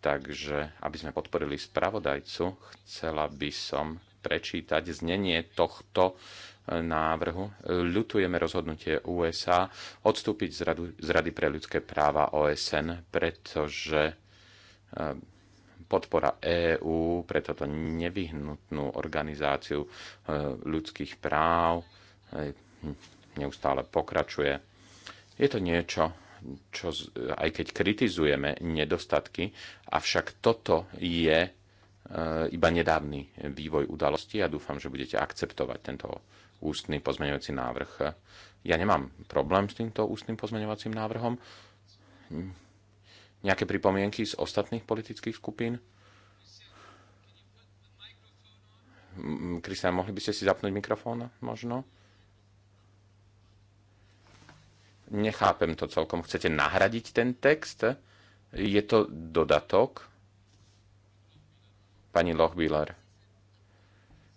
takže aby sme podporili spravodajcu, chcela by som prečítať znenie tohto e, návrhu. Ľutujeme rozhodnutie USA odstúpiť z, radu, z Rady pre ľudské práva OSN, pretože podpora EÚ pre toto nevyhnutnú organizáciu e, ľudských práv e, neustále pokračuje. Je to niečo, čo, aj keď kritizujeme nedostatky, avšak toto je e, iba nedávny vývoj udalostí a ja dúfam, že budete akceptovať tento ústny pozmeňovací návrh. Ja nemám problém s týmto ústnym pozmeňovacím návrhom Nejaké pripomienky z ostatných politických skupín? Mm, Kristian, mohli by ste si zapnúť mikrofón možno? Nechápem to celkom. Chcete nahradiť ten text? Je to dodatok? Pani Lochbiller,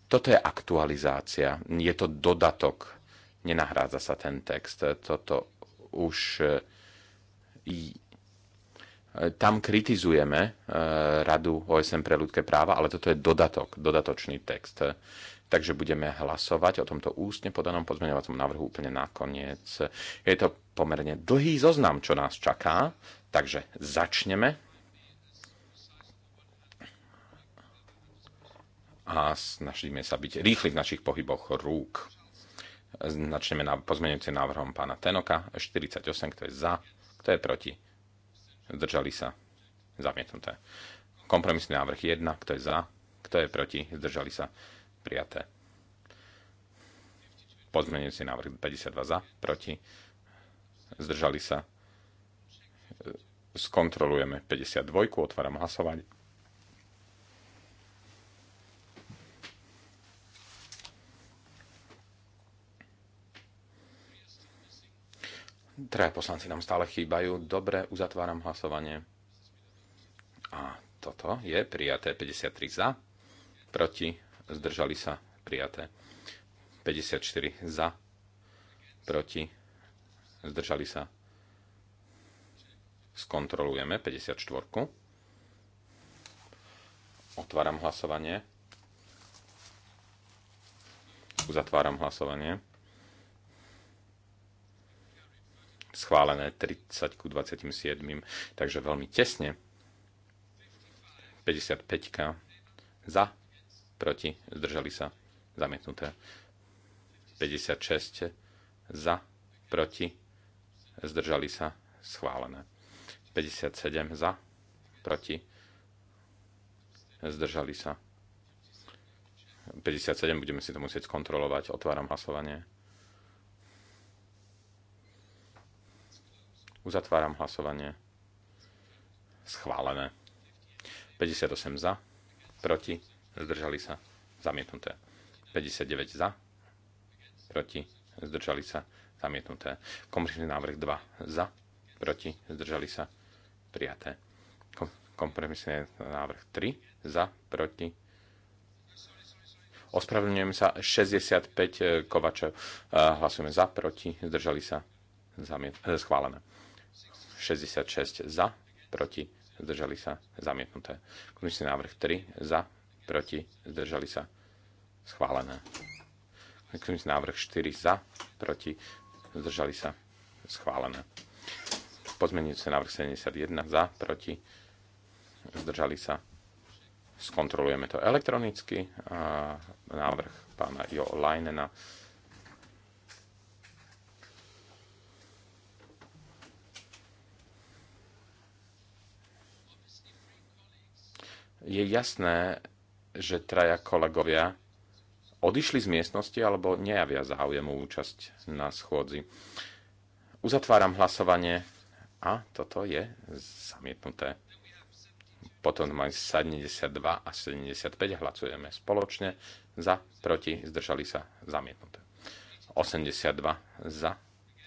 Toto je aktualizácia. Je to dodatok. Nenahrádza sa ten text. Toto už eh, E, tam kritizujeme e, Radu OSM pre ľudské práva, ale toto je dodatok, dodatočný text. Takže budeme hlasovať o tomto ústne podanom pozmeňovacom návrhu úplne nakoniec. Je to pomerne dlhý zoznam, čo nás čaká, takže začneme. A snažíme sa byť rýchli v našich pohyboch rúk. Začneme na pozmeňujúcim návrhom pána Tenoka, 48, kto je za, kto je proti, zdržali sa, zamietnuté. Kompromisný návrh 1, kto je za, kto je proti, zdržali sa, prijaté. Pozmenujúci návrh 52 za, proti, zdržali sa. Skontrolujeme 52, otváram hlasovanie. Traja poslanci nám stále chýbajú. Dobre, uzatváram hlasovanie. A toto je prijaté 53 za, proti, zdržali sa prijaté 54 za, proti, zdržali sa. Skontrolujeme 54. Otváram hlasovanie. Uzatváram hlasovanie. schválené 30 ku 27, takže veľmi tesne. 55 za, proti, zdržali sa, zamietnuté. 56 za, proti, zdržali sa, schválené. 57 za, proti, zdržali sa. 57 budeme si to musieť skontrolovať, otváram hlasovanie. Uzatváram hlasovanie. Schválené. 58 za, proti, zdržali sa, zamietnuté. 59 za, proti, zdržali sa, zamietnuté. Kompromisný návrh 2 za, proti, zdržali sa, prijaté. Kompromisný návrh 3 za, proti. Ospravedlňujem sa, 65 eh, kovačov eh, Hlasujeme za, proti, zdržali sa, zamiet- eh, schválené. 66 za, proti, zdržali sa, zamietnuté. Komisný návrh 3 za, proti, zdržali sa, schválené. Komisný návrh 4 za, proti, zdržali sa, schválené. sa návrh 71 za, proti, zdržali sa, skontrolujeme to elektronicky. A návrh pána Jo Leinena je jasné, že traja kolegovia odišli z miestnosti alebo nejavia záujem účasť na schôdzi. Uzatváram hlasovanie a toto je zamietnuté. Potom máme 72 a 75 hlasujeme spoločne. Za, proti, zdržali sa, zamietnuté. 82 za,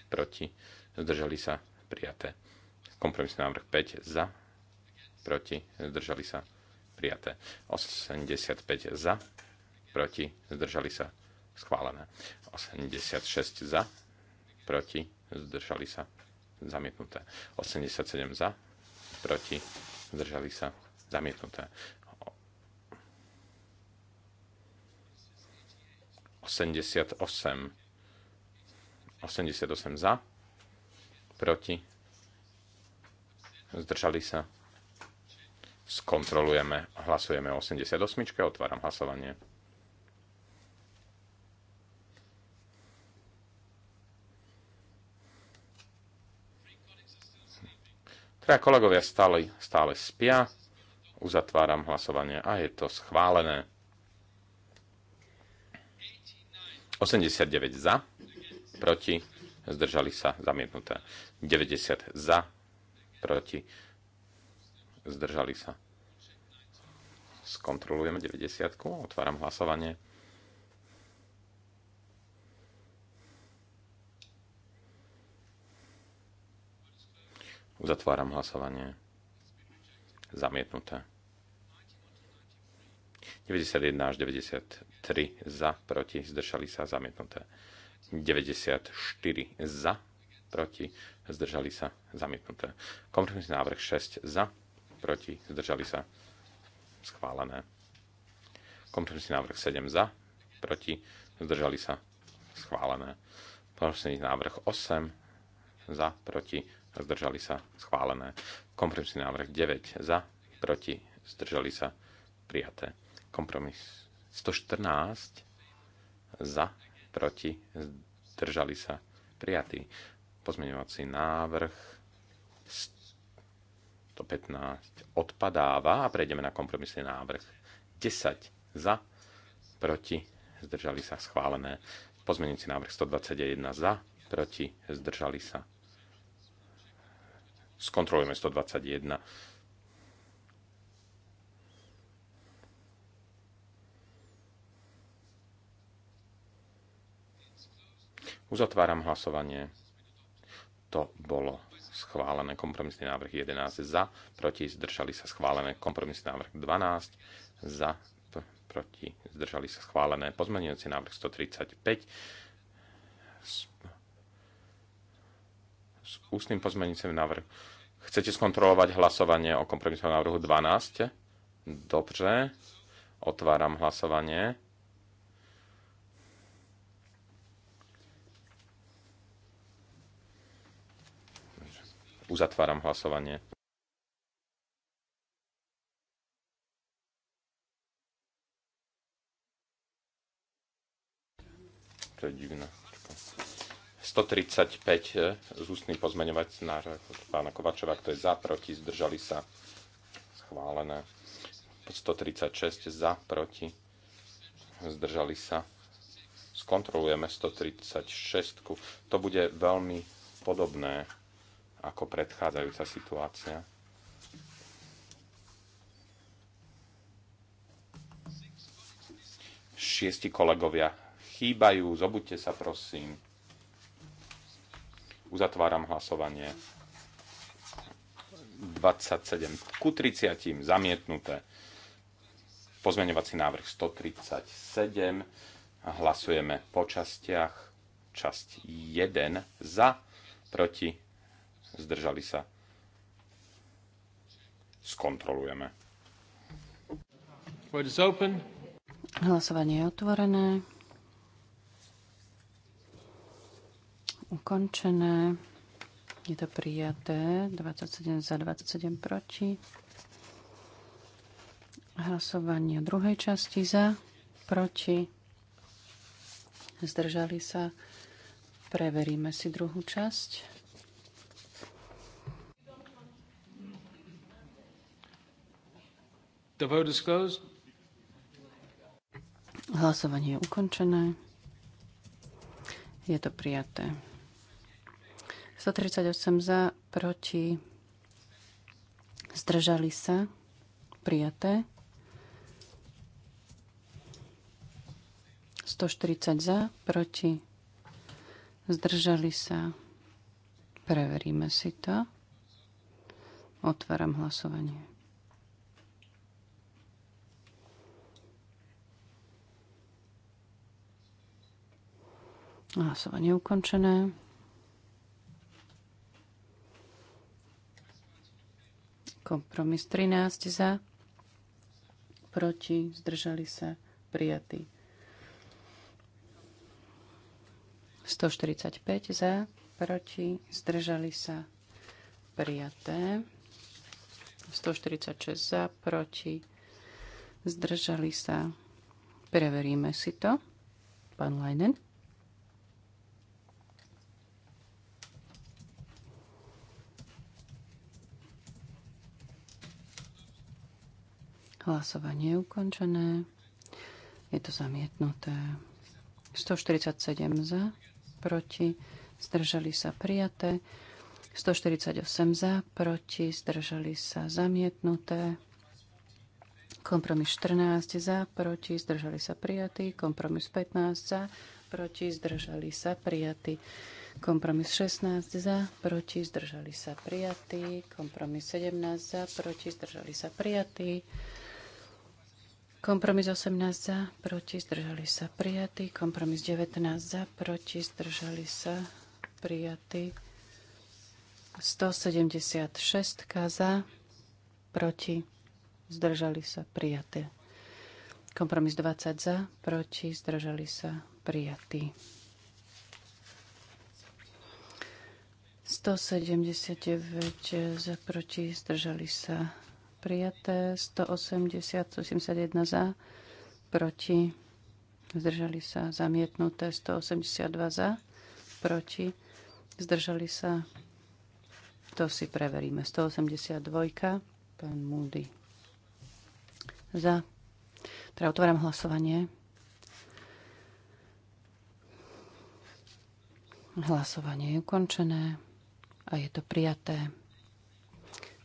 proti, zdržali sa, prijaté. Kompromisný návrh 5 za, proti, zdržali sa, prijaté. 85 za, proti, zdržali sa, schválené. 86 za, proti, zdržali sa, zamietnuté. 87 za, proti, zdržali sa, zamietnuté. 88 88 za, proti, zdržali sa, skontrolujeme. Hlasujeme 88. Otváram hlasovanie. Traja kolegovia stále, stále spia. Uzatváram hlasovanie a je to schválené. 89 za, proti, zdržali sa, zamietnuté. 90 za, proti, zdržali sa. Skontrolujeme 90, otváram hlasovanie. Uzatváram hlasovanie. Zamietnuté. 91 až 93 za, proti, zdržali sa, zamietnuté. 94 za, proti, zdržali sa, zamietnuté. Kompromisný návrh 6 za, proti, zdržali sa, schválené. Kompromisný návrh 7 za, proti, zdržali sa, schválené. Kompromisný návrh 8 za, proti, zdržali sa, schválené. Kompromisný návrh 9 za, proti, zdržali sa, prijaté. Kompromis 114 za, proti, zdržali sa, prijatý. Pozmeňovací návrh 115 odpadáva a prejdeme na kompromisný návrh 10 za, proti, zdržali sa schválené. Pozmenujúci návrh 121 za, proti, zdržali sa. Skontrolujeme 121. Uzatváram hlasovanie. To bolo schválené kompromisný návrh 11 za, proti zdržali sa schválené kompromisný návrh 12 za, proti zdržali sa schválené pozmenujúci návrh 135 s, s ústnym pozmenujúcim návrh. Chcete skontrolovať hlasovanie o kompromisnom návrhu 12? Dobre. otváram hlasovanie. Uzatváram hlasovanie. To je divné. 135 z ústny pozmeňovať od pána Kovačova, kto je za, proti, zdržali sa. Schválené. 136 za, proti, zdržali sa. Skontrolujeme 136. To bude veľmi podobné ako predchádzajúca situácia. Šiesti kolegovia chýbajú, zobuďte sa prosím. Uzatváram hlasovanie. 27 ku 30 zamietnuté. Pozmeňovací návrh 137. Hlasujeme po častiach. Časť 1 za, proti zdržali sa. Skontrolujeme. Hlasovanie je otvorené. Ukončené. Je to prijaté. 27 za, 27 proti. Hlasovanie druhej časti za, proti. Zdržali sa. Preveríme si druhú časť. The vote is closed. Hlasovanie je ukončené. Je to prijaté. 138 za, proti, zdržali sa, prijaté. 140 za, proti, zdržali sa. Preveríme si to. Otváram hlasovanie. Hlasovanie ukončené. Kompromis 13 za, proti, zdržali sa, prijatý. 145 za, proti, zdržali sa, prijaté. 146 za, proti, zdržali sa. Preveríme si to. Pán Leinen. Hlasovanie je ukončené. Je to zamietnuté. 147 za, proti, zdržali sa prijaté. 148 za, proti, zdržali sa zamietnuté. Kompromis 14 za, proti, zdržali sa prijatí. Kompromis 15 za, proti, zdržali sa prijatí. Kompromis 16 za, proti, zdržali sa prijatí. Kompromis 17 za, proti, zdržali sa prijatí. Kompromis 18 za, proti, zdržali sa prijatý. Kompromis 19 za, proti, zdržali sa prijatý. 176 za, proti, zdržali sa prijaté. Kompromis 20 za, proti, zdržali sa prijatý. 179 za, proti, zdržali sa prijatý prijaté 180, 181 za, proti, zdržali sa zamietnuté 182 za, proti, zdržali sa, to si preveríme, 182, pán Múdy, za. Teda otváram hlasovanie. Hlasovanie je ukončené a je to prijaté.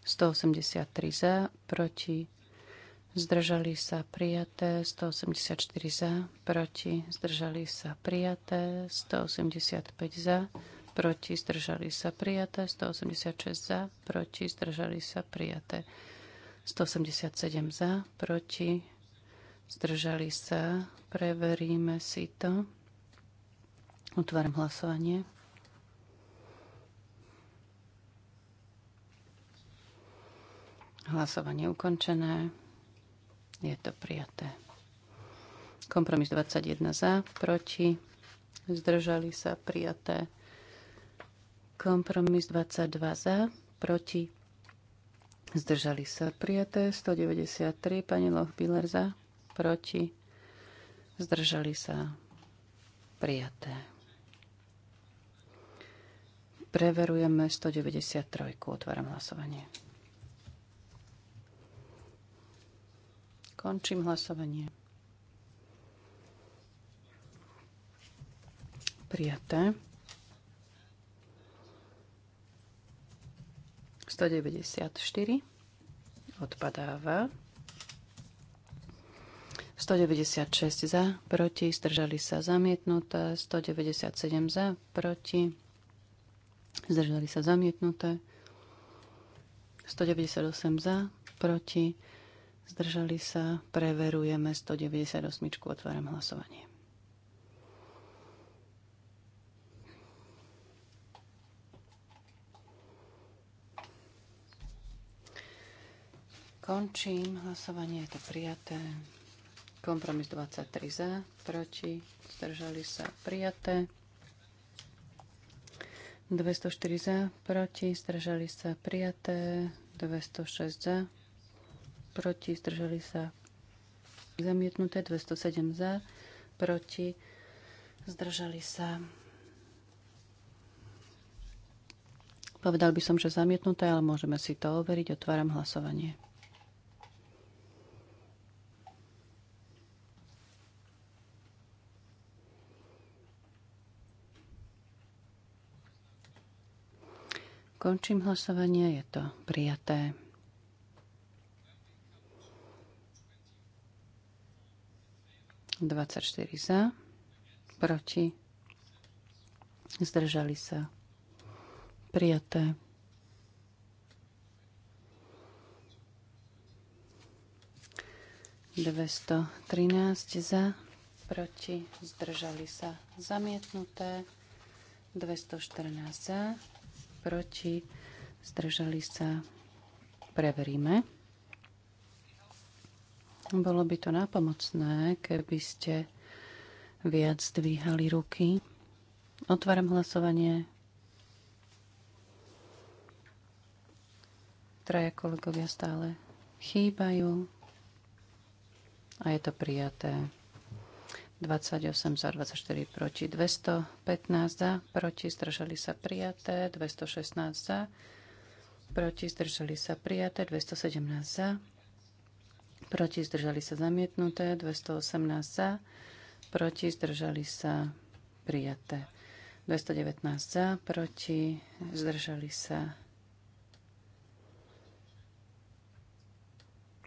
183 za, proti zdržali sa prijaté, 184 za, proti zdržali sa prijaté, 185 za, proti zdržali sa prijaté, 186 za, proti zdržali sa prijaté, 187 za, proti zdržali sa, preveríme si to. Otváram hlasovanie. Hlasovanie ukončené. Je to prijaté. Kompromis 21 za, proti. Zdržali sa prijaté. Kompromis 22 za, proti. Zdržali sa prijaté. 193 pani Lochbiller za, proti. Zdržali sa prijaté. Preverujeme 193. Otváram hlasovanie. Končím hlasovanie. Prijaté. 194 odpadáva. 196 za, proti, zdržali sa zamietnuté, 197 za, proti, zdržali sa zamietnuté, 198 za, proti, Zdržali sa. Preverujeme 198. Otváram hlasovanie. Končím hlasovanie, je to prijaté. Kompromis 23 za, proti, zdržali sa, prijaté. 204 za, proti, zdržali sa, prijaté. 206 za, proti, zdržali sa zamietnuté, 207 za, proti, zdržali sa. Povedal by som, že zamietnuté, ale môžeme si to overiť. Otváram hlasovanie. Končím hlasovanie, je to prijaté. 24 za, proti, zdržali sa, prijaté. Dvesto trinásť za, proti, zdržali sa, zamietnuté. 214 za, proti, zdržali sa, preveríme. Bolo by to nápomocné, keby ste viac dvíhali ruky. Otváram hlasovanie. Traja kolegovia stále chýbajú. A je to prijaté. 28 za, 24 proti, 215 za, proti, zdržali sa prijaté, 216 za, proti, zdržali sa prijaté, 217 za, proti zdržali sa zamietnuté, 218 za, proti zdržali sa prijaté, 219 za, proti zdržali sa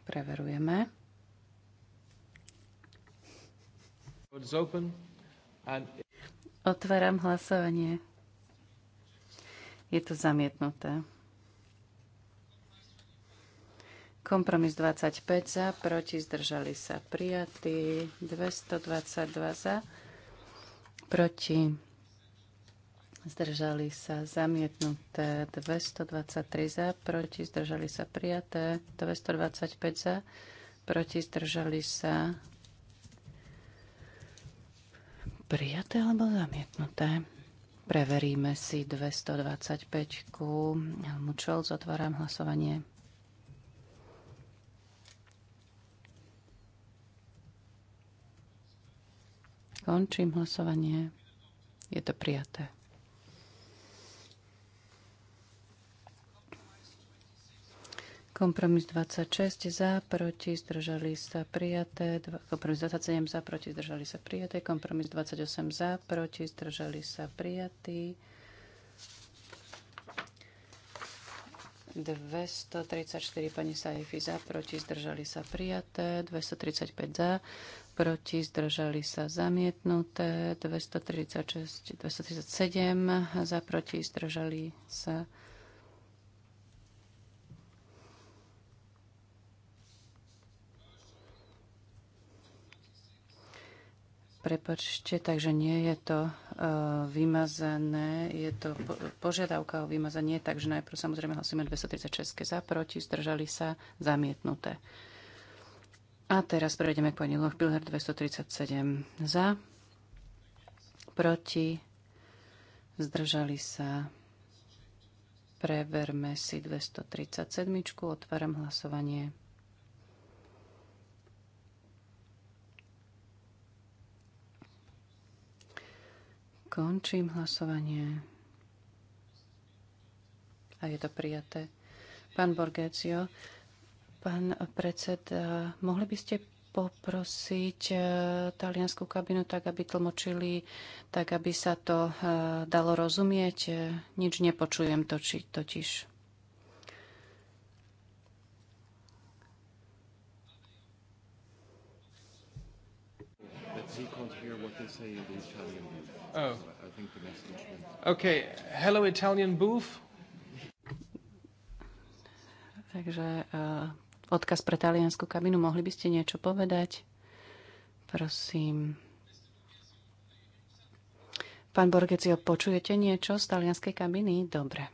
preverujeme. Otváram hlasovanie. Je to zamietnuté. Kompromis 25 za, proti zdržali sa prijatí. 222 za, proti zdržali sa zamietnuté. 223 za, proti zdržali sa prijaté. 225 za, proti zdržali sa prijaté alebo zamietnuté. Preveríme si 225. Helmut Scholz, otváram hlasovanie. Končím hlasovanie. Je to prijaté. Kompromis 26 za, proti, zdržali sa prijaté. Kompromis 27 za, proti, zdržali sa prijaté. Kompromis 28 za, proti, zdržali sa prijatí. 234 pani Saifi za, proti, zdržali sa prijaté. 235 za, proti, zdržali sa zamietnuté, 236, 237 za, proti, zdržali sa Prepačte, takže nie je to uh, vymazané, je to po, požiadavka o vymazanie, takže najprv samozrejme hlasujeme 236 za, proti, zdržali sa, zamietnuté. Uh, a teraz prejdeme k pani Lochbilher 237 za, proti, zdržali sa. Preverme si 237. Otváram hlasovanie. Končím hlasovanie. A je to prijaté. Pán Borgecio, Pán predseda, eh, mohli by ste poprosiť eh, talianskú kabinu tak, aby tlmočili, tak aby sa to eh, dalo rozumieť. Nič nepočujem točiť totiž. Oh. Okay, hello Italian booth. Takže uh, odkaz pre taliansku kabinu. Mohli by ste niečo povedať? Prosím. Pán Borgecio, počujete niečo z talianskej kabiny? Dobre.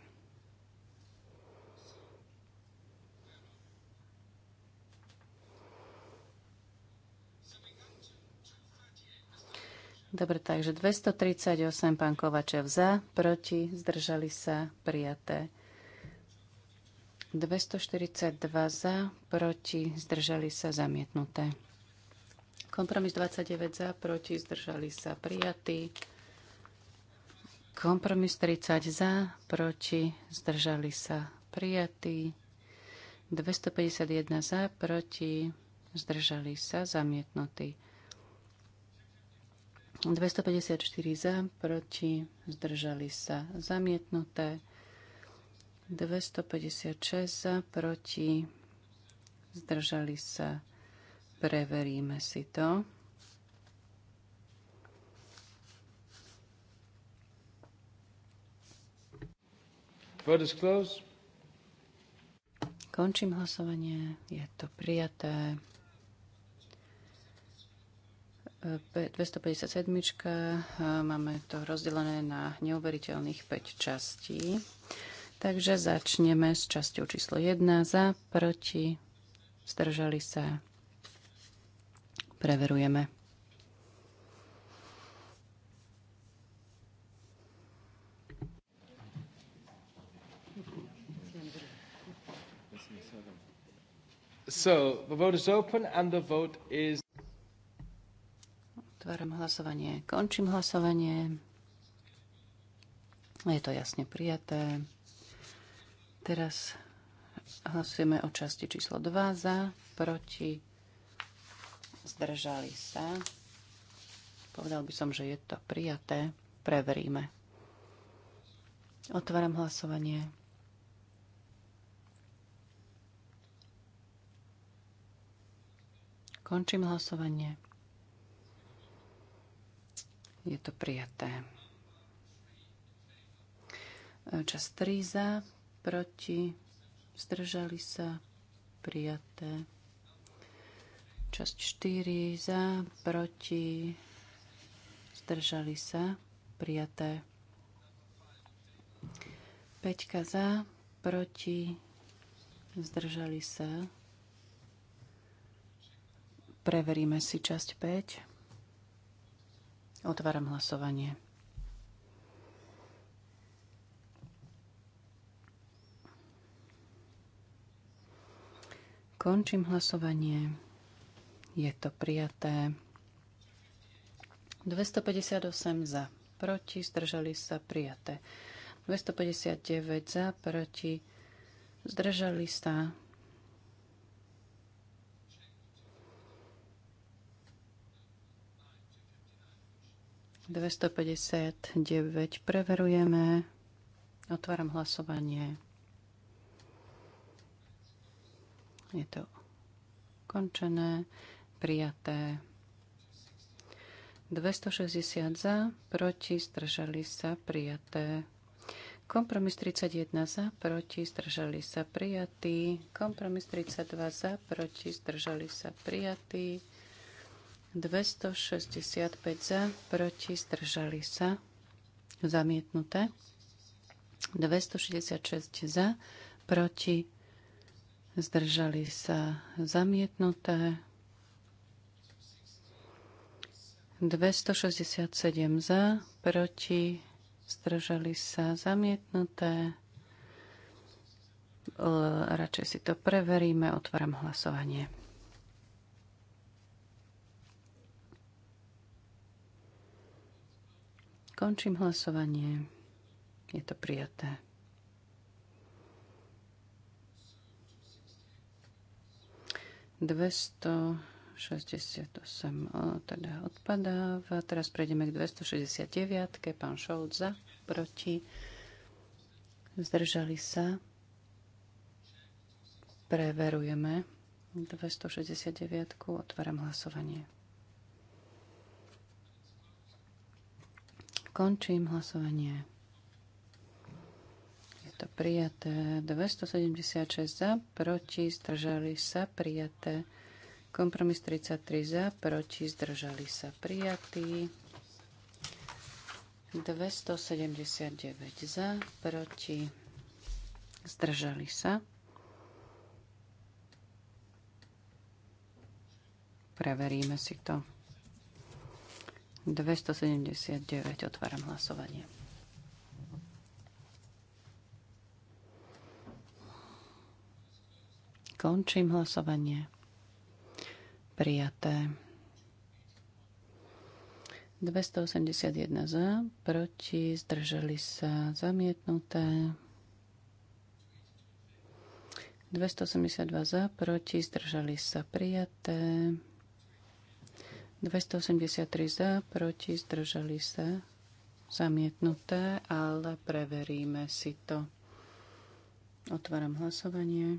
Dobre, takže 238, pán Kovačev za, proti, zdržali sa, prijaté. 242 za, proti, zdržali sa zamietnuté. Kompromis 29 za, proti, zdržali sa prijatí. Kompromis 30 za, proti, zdržali sa prijatí. 251 za, proti, zdržali sa zamietnutí. 254 za, proti, zdržali sa zamietnuté. 256 za, proti, zdržali sa. Preveríme si to. Končím hlasovanie. Je to prijaté. 257. E, máme to rozdelené na neuveriteľných 5 častí. Takže začneme s časťou číslo 1. Za, proti, zdržali sa. Preverujeme. So, the vote is open and the vote is... Otváram hlasovanie, končím hlasovanie. Je to jasne prijaté. Teraz hlasujeme o časti číslo 2 za, proti, zdržali sa. Povedal by som, že je to prijaté. Preveríme. Otváram hlasovanie. Končím hlasovanie. Je to prijaté. Čas 3 za, proti, zdržali sa, prijaté. Časť 4 za, proti, zdržali sa, prijaté. 5 za, proti, zdržali sa. Preveríme si časť 5. Otváram hlasovanie. Končím hlasovanie. Je to prijaté. 258 za, proti, zdržali sa, prijaté. 259 za, proti, zdržali sa. Dvestopäťdesiatdeväť preverujeme. Otváram hlasovanie. Je to končené, prijaté. 260 za, proti, zdržali sa, prijaté. Kompromis 31 za, proti, zdržali sa, prijatý. Kompromis 32 za, proti, zdržali sa, prijatý. 265 za, proti, zdržali sa, zamietnuté. 266 za, proti, zdržali sa zamietnuté. 267 za, proti, zdržali sa zamietnuté. Radšej si to preveríme, otváram hlasovanie. Končím hlasovanie. Je to prijaté. 268 teda odpadáva. Teraz prejdeme k 269. -ke. Pán Šolc za, proti. Zdržali sa. Preverujeme 269. -ku. Otváram hlasovanie. Končím hlasovanie to prijaté. 276 za, proti, zdržali sa, prijaté. Kompromis 33 za, proti, zdržali sa, prijatí. 279 za, proti, zdržali sa. Preveríme si to. 279. Otváram hlasovanie. Končím hlasovanie. Prijaté. 281 za, proti, zdržali sa, zamietnuté. 282 za, proti, zdržali sa, prijaté. 283 za, proti, zdržali sa, zamietnuté, ale preveríme si to. Otváram hlasovanie.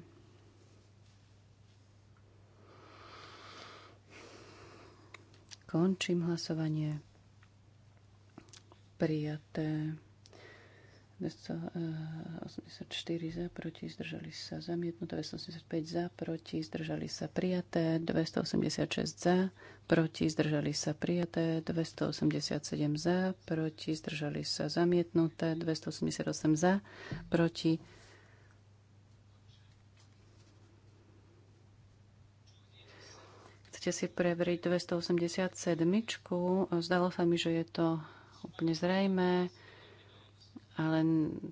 Končím hlasovanie. Prijaté. 284 eh, za, proti, zdržali sa zamietnuté, 285 za, proti, zdržali sa prijaté, 286 za, proti, zdržali sa prijaté, 287 za, proti, zdržali sa zamietnuté, 288 za, proti, Ste si preveriť 287. Zdalo sa mi, že je to úplne zrejme, ale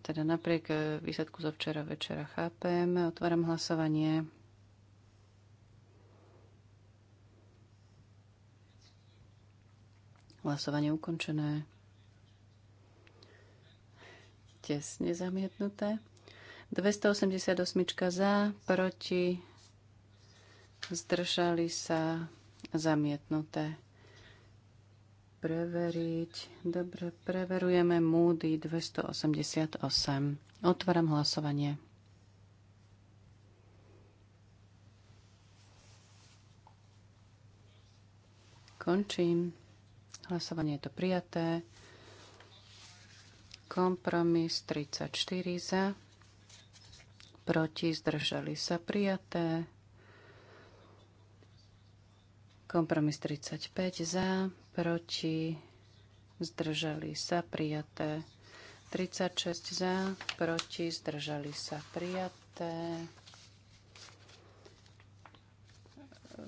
teda napriek e, výsledku zo včera večera chápem. Otváram hlasovanie. Hlasovanie ukončené. Tesne zamietnuté. 288 za, proti zdržali sa zamietnuté. Preveriť. Dobre, preverujeme Moody 288. Otváram hlasovanie. Končím. Hlasovanie je to prijaté. Kompromis 34 za. Proti zdržali sa prijaté. Kompromis 35 za, proti, zdržali sa, prijaté. 36 za, proti, zdržali sa, prijaté.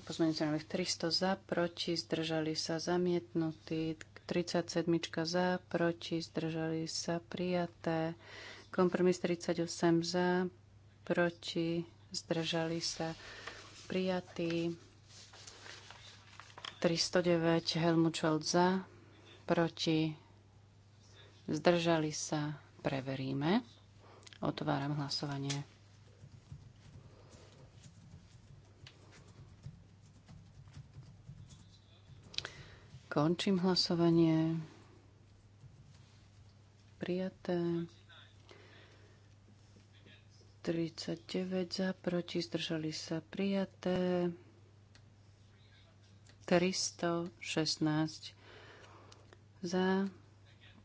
Pozmeňujúci návrh 300 za, proti, zdržali sa, zamietnutý. 37 za, proti, zdržali sa, prijaté. Kompromis 38 za, proti, zdržali sa, prijatý. 309 Helmut Scholz za, proti, zdržali sa, preveríme. Otváram hlasovanie. Končím hlasovanie. Prijaté. 39 za, proti, zdržali sa prijaté. 316 za,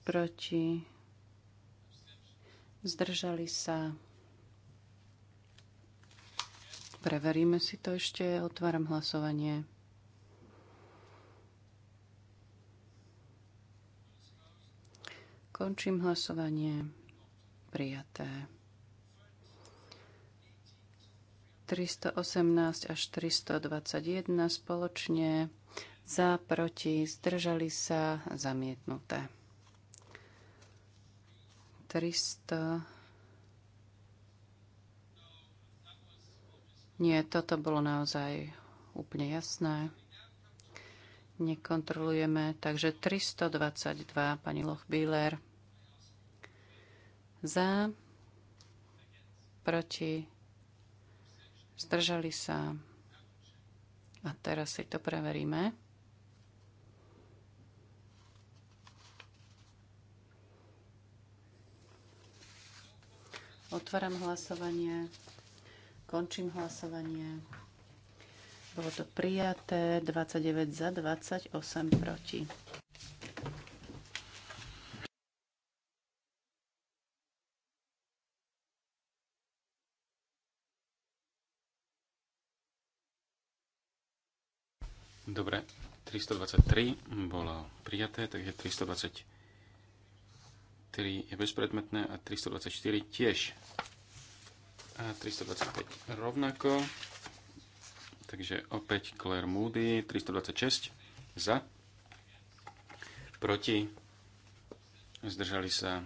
proti, zdržali sa. Preveríme si to ešte, otváram hlasovanie. Končím hlasovanie. Prijaté. 318 až 321 spoločne. Za, proti, zdržali sa, zamietnuté. 300. Nie, toto bolo naozaj úplne jasné. Nekontrolujeme. Takže 322, pani Lochbíler. Za, proti, zdržali sa. A teraz si to preveríme. Otváram hlasovanie. Končím hlasovanie. Bolo to prijaté 29 za 28 proti. Dobre, 323 bolo prijaté, takže 323 je bezpredmetné a 324 tiež. A 325 rovnako. Takže opäť Claire Moody, 326 za, proti, zdržali sa.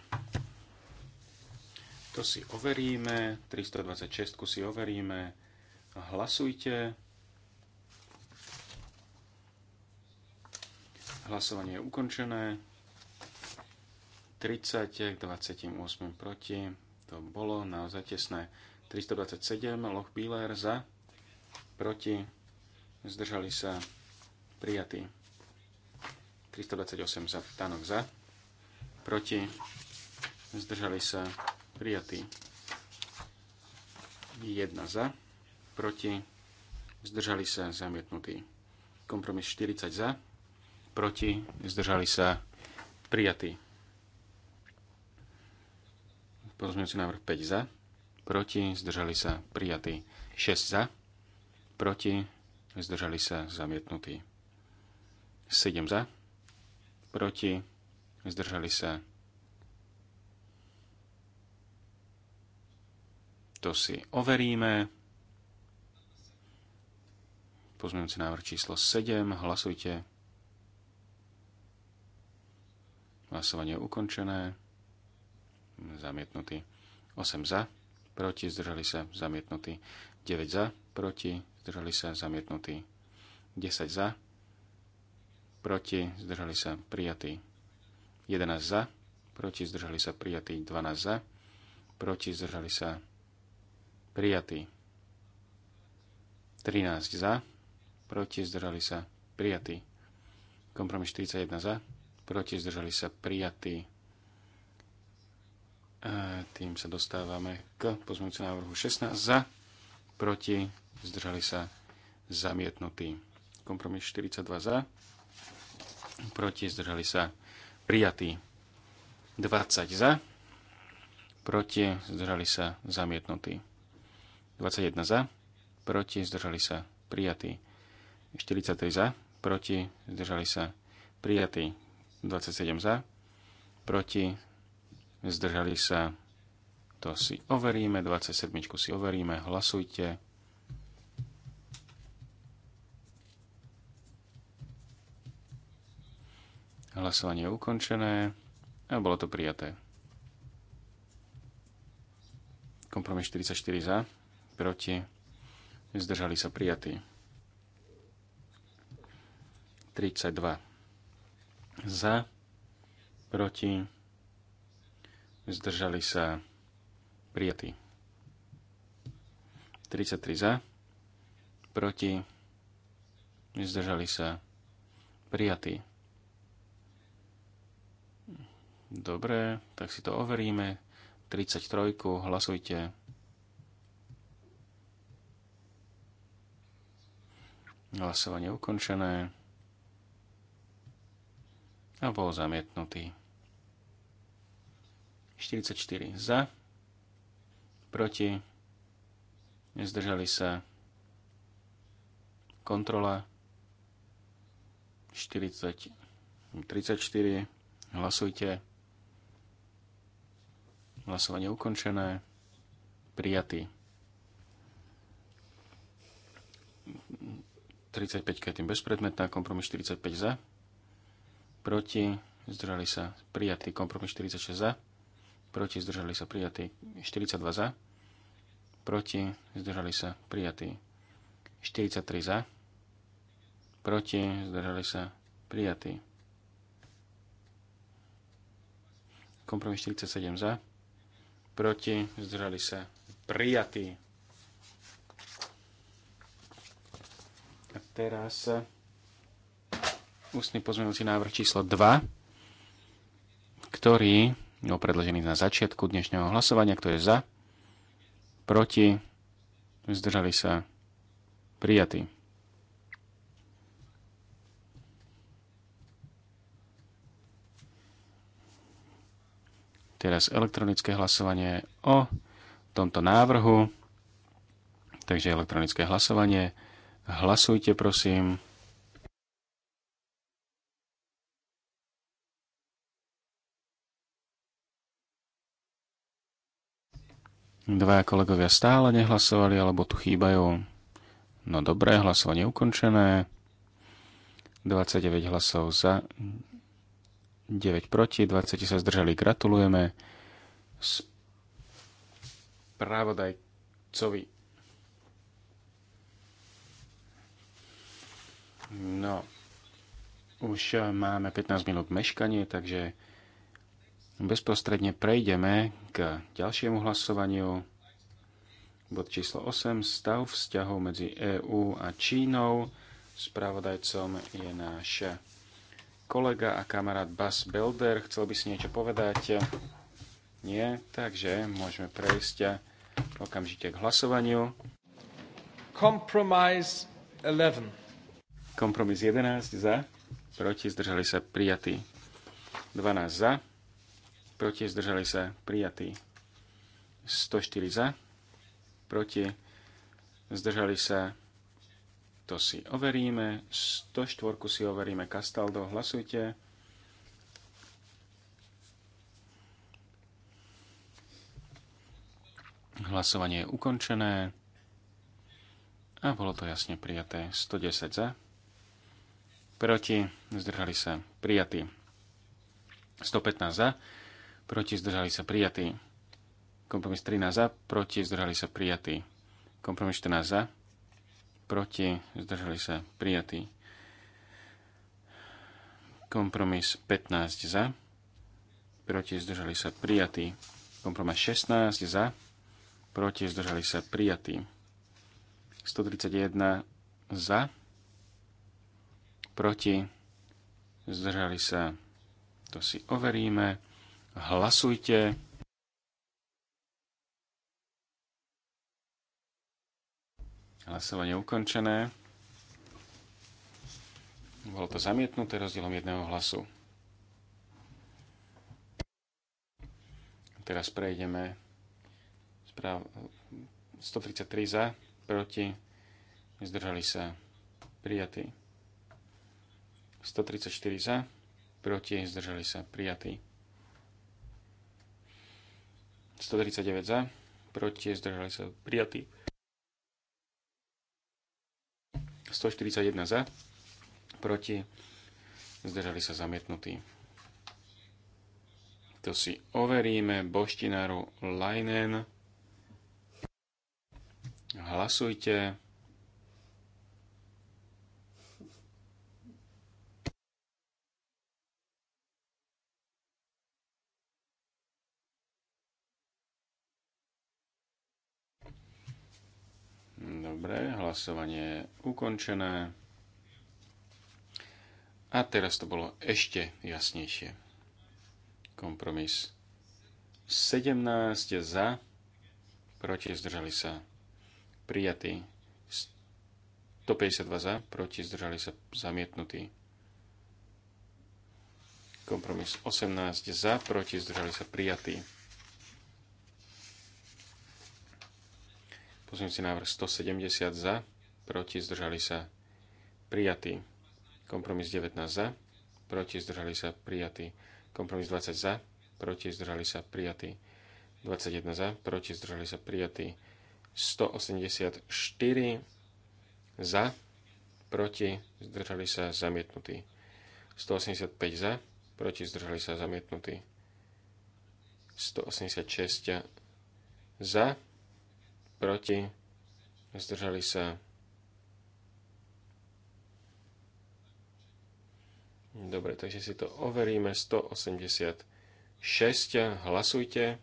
To si overíme, 326 si overíme. Hlasujte. Hlasovanie je ukončené. 30 k 28 proti. To bolo naozaj tesné. 327 Loch Bieler za, proti, zdržali sa prijatí. 328 za, Tanok za, proti, zdržali sa prijatí. 1 za, proti, zdržali sa zamietnutí. Kompromis 40 za, proti, zdržali sa prijatí. Pozmeňujúci návrh 5 za, proti, zdržali sa prijatí. 6 za, proti, zdržali sa zamietnutí. 7 za, proti, zdržali sa To si overíme. Pozmeňujúci návrh číslo 7. Hlasujte. Hlasovanie ukončené. Zamietnutý. 8 za, proti, zdržali sa, zamietnutý. 9 za, proti, zdržali sa, zamietnutý. 10 za, proti, zdržali sa, prijatý. 11 za, proti, zdržali sa, prijatý. 12 za, proti, zdržali sa, prijatý. 13 za, proti, zdržali sa, prijatý. Kompromis 41 za, proti, zdržali sa prijatí. A e, tým sa dostávame k pozmeňujúcemu návrhu 16 za, proti, zdržali sa zamietnutí. Kompromis 42 za, proti, zdržali sa prijatí. 20 za, proti, zdržali sa zamietnutí. 21 za, proti, zdržali sa prijatí. 43 za, proti, zdržali sa prijatí. 27 za, proti, zdržali sa, to si overíme, 27 si overíme, hlasujte. Hlasovanie je ukončené a bolo to prijaté. Kompromis 44 za, proti, zdržali sa prijatí. 32 za, proti, zdržali sa prijatí. 33 za, proti, zdržali sa prijatí. Dobre, tak si to overíme. 33, hlasujte. Hlasovanie ukončené a bol zamietnutý. 44 za, proti, nezdržali sa, kontrola, 40, 34, hlasujte, hlasovanie ukončené, prijatý. 35 je tým bezpredmetná, kompromis 45 za proti, zdržali sa prijatý kompromis 46 za, proti, zdržali sa prijatý 42 za, proti, zdržali sa prijatý 43 za, proti, zdržali sa prijatý. Kompromis 47 za, proti, zdržali sa prijatý. A teraz ústny pozmeňujúci návrh číslo 2, ktorý bol predložený na začiatku dnešného hlasovania. Kto je za? Proti? Zdržali sa? prijatí. Teraz elektronické hlasovanie o tomto návrhu. Takže elektronické hlasovanie. Hlasujte, prosím. Dvaja kolegovia stále nehlasovali, alebo tu chýbajú. No dobré, hlasovanie ukončené. 29 hlasov za, 9 proti, 20 sa zdržali. Gratulujeme správodajcovi. No, už máme 15 minút meškanie, takže bezprostredne prejdeme k ďalšiemu hlasovaniu. Bod číslo 8. Stav vzťahov medzi EÚ a Čínou. Spravodajcom je náš kolega a kamarát Bas Belder. Chcel by si niečo povedať? Nie? Takže môžeme prejsť okamžite k hlasovaniu. Compromise 11. Kompromis 11 za, proti, zdržali sa prijatí 12 za proti, zdržali sa prijatí 104 za, proti, zdržali sa, to si overíme, 104 si overíme Castaldo, hlasujte. Hlasovanie je ukončené a bolo to jasne prijaté 110 za, proti, zdržali sa prijatí 115 za, proti zdržali sa prijatí. Kompromis 13 za, proti zdržali sa prijatí. Kompromis 14 za, proti zdržali sa prijatí. Kompromis 15 za, proti zdržali sa prijatí. Kompromis 16 za, proti zdržali sa prijatí. 131 za, proti zdržali sa, to si overíme. Hlasujte. Hlasovanie ukončené. Bolo to zamietnuté rozdielom jedného hlasu. Teraz prejdeme 133 za, proti, zdržali sa prijatí. 134 za, proti, zdržali sa prijatí. 139 za, proti zdržali sa prijatí. 141 za, proti zdržali sa zamietnutí. To si overíme boštináru Lajnen. Hlasujte. Dobre, hlasovanie je ukončené. A teraz to bolo ešte jasnejšie. Kompromis 17 za, proti zdržali sa prijatí, 152 za, proti zdržali sa zamietnutí. Kompromis 18 za, proti zdržali sa prijatí. Pozmeňujúci návrh 170 za, proti zdržali sa prijatý. Kompromis 19 za, proti zdržali sa prijatý. Kompromis 20 za, proti zdržali sa prijatý. 21 za, proti zdržali sa prijatý. 184 za, proti zdržali sa zamietnutý. 185 za, proti zdržali sa zamietnutý. 186 za, proti, zdržali sa. Dobre, takže si to overíme. 186, hlasujte.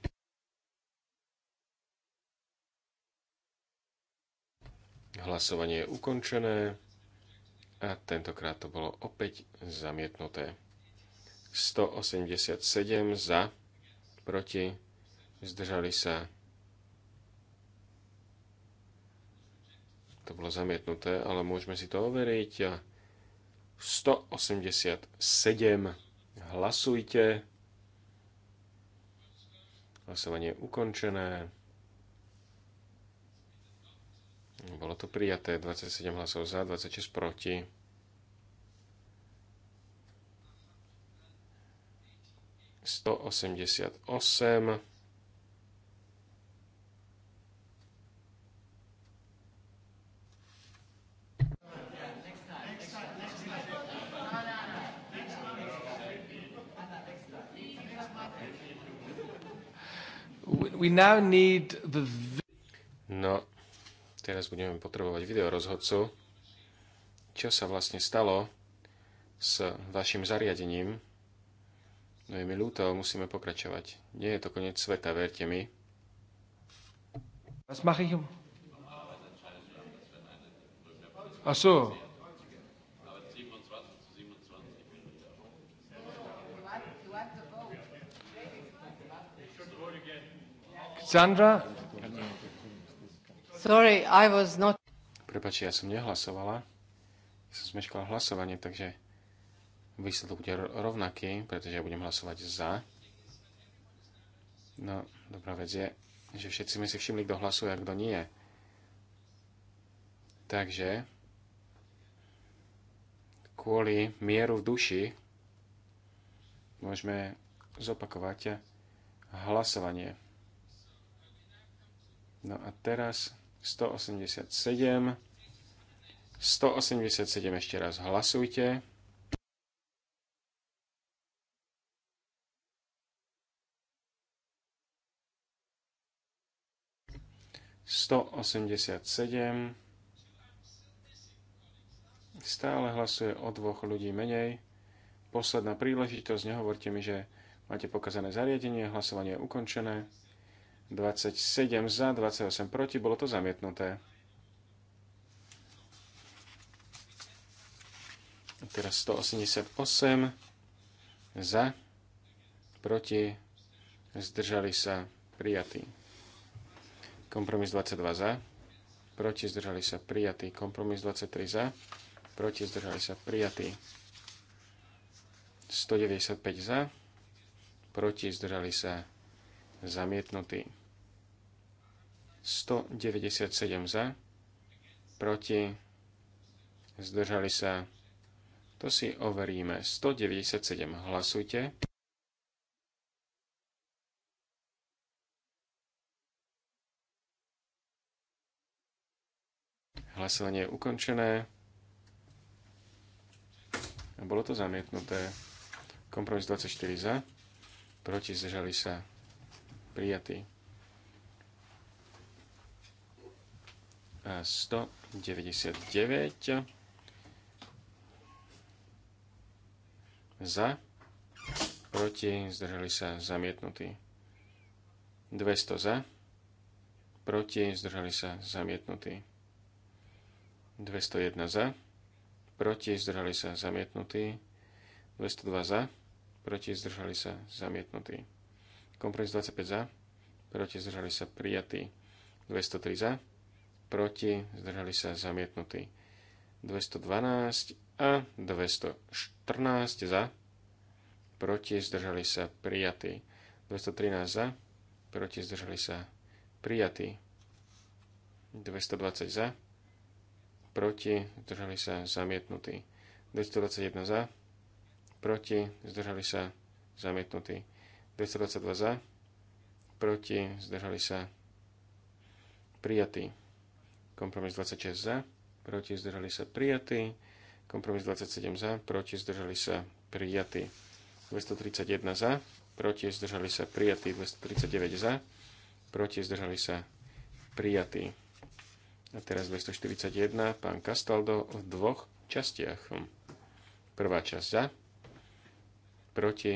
Hlasovanie je ukončené a tentokrát to bolo opäť zamietnuté. 187 za, proti, zdržali sa to bolo zamietnuté, ale môžeme si to overiť. 187 hlasujte. Hlasovanie je ukončené. Bolo to prijaté 27 hlasov za, 26 proti. Sto osemdesiat osem. we now need the... No, teraz budeme potrebovať video rozhodcu. Čo sa vlastne stalo s vašim zariadením? No je mi ľúto, musíme pokračovať. Nie je to koniec sveta, verte mi. Was mache ich? Ach so. Sandra? Sorry, I was not... Prepači, ja som nehlasovala. Ja som zmeškala hlasovanie, takže výsledok bude rovnaký, pretože ja budem hlasovať za. No, dobrá vec je, že všetci sme si všimli, kto hlasuje a kto nie. Takže kvôli mieru v duši môžeme zopakovať hlasovanie. No a teraz 187. 187 ešte raz hlasujte. Sto osemdesiat sedem. Stále hlasuje o dvoch ľudí menej. Posledná príležitosť, nehovorte mi, že máte pokazané zariadenie, hlasovanie je ukončené. 27 za, 28 proti, bolo to zamietnuté. Teraz 188 za, proti, zdržali sa prijatí. Kompromis 22 za, proti, zdržali sa prijatí. Kompromis 23 za, proti, zdržali sa prijatí. 195 za, proti, zdržali sa zamietnutí. 197 za, proti, zdržali sa, to si overíme, 197 hlasujte. Hlasovanie je ukončené. A bolo to zamietnuté. Kompromis 24 za, proti zdržali sa, prijatý. 199 za, proti, zdržali sa zamietnutí. 200 za, proti, zdržali sa zamietnutí. 201 za, proti, zdržali sa zamietnutí. 202 za, proti, zdržali sa zamietnutí. Kompromis 25 za, proti, zdržali sa prijatí. 203 za, proti, zdržali sa zamietnutí. 212 a 214 za, proti, zdržali sa prijatí. 213 za, proti, zdržali sa prijatí. 220 za, proti, zdržali sa zamietnutí. 221 za, proti, zdržali sa zamietnutí. 222 za, proti, zdržali sa prijatí kompromis 26 za, proti zdržali sa prijatí, kompromis 27 za, proti zdržali sa prijatí, 231 za, proti zdržali sa prijatí, 239 za, proti zdržali sa prijatí. A teraz 241, pán Castaldo v dvoch častiach. Prvá časť za, proti,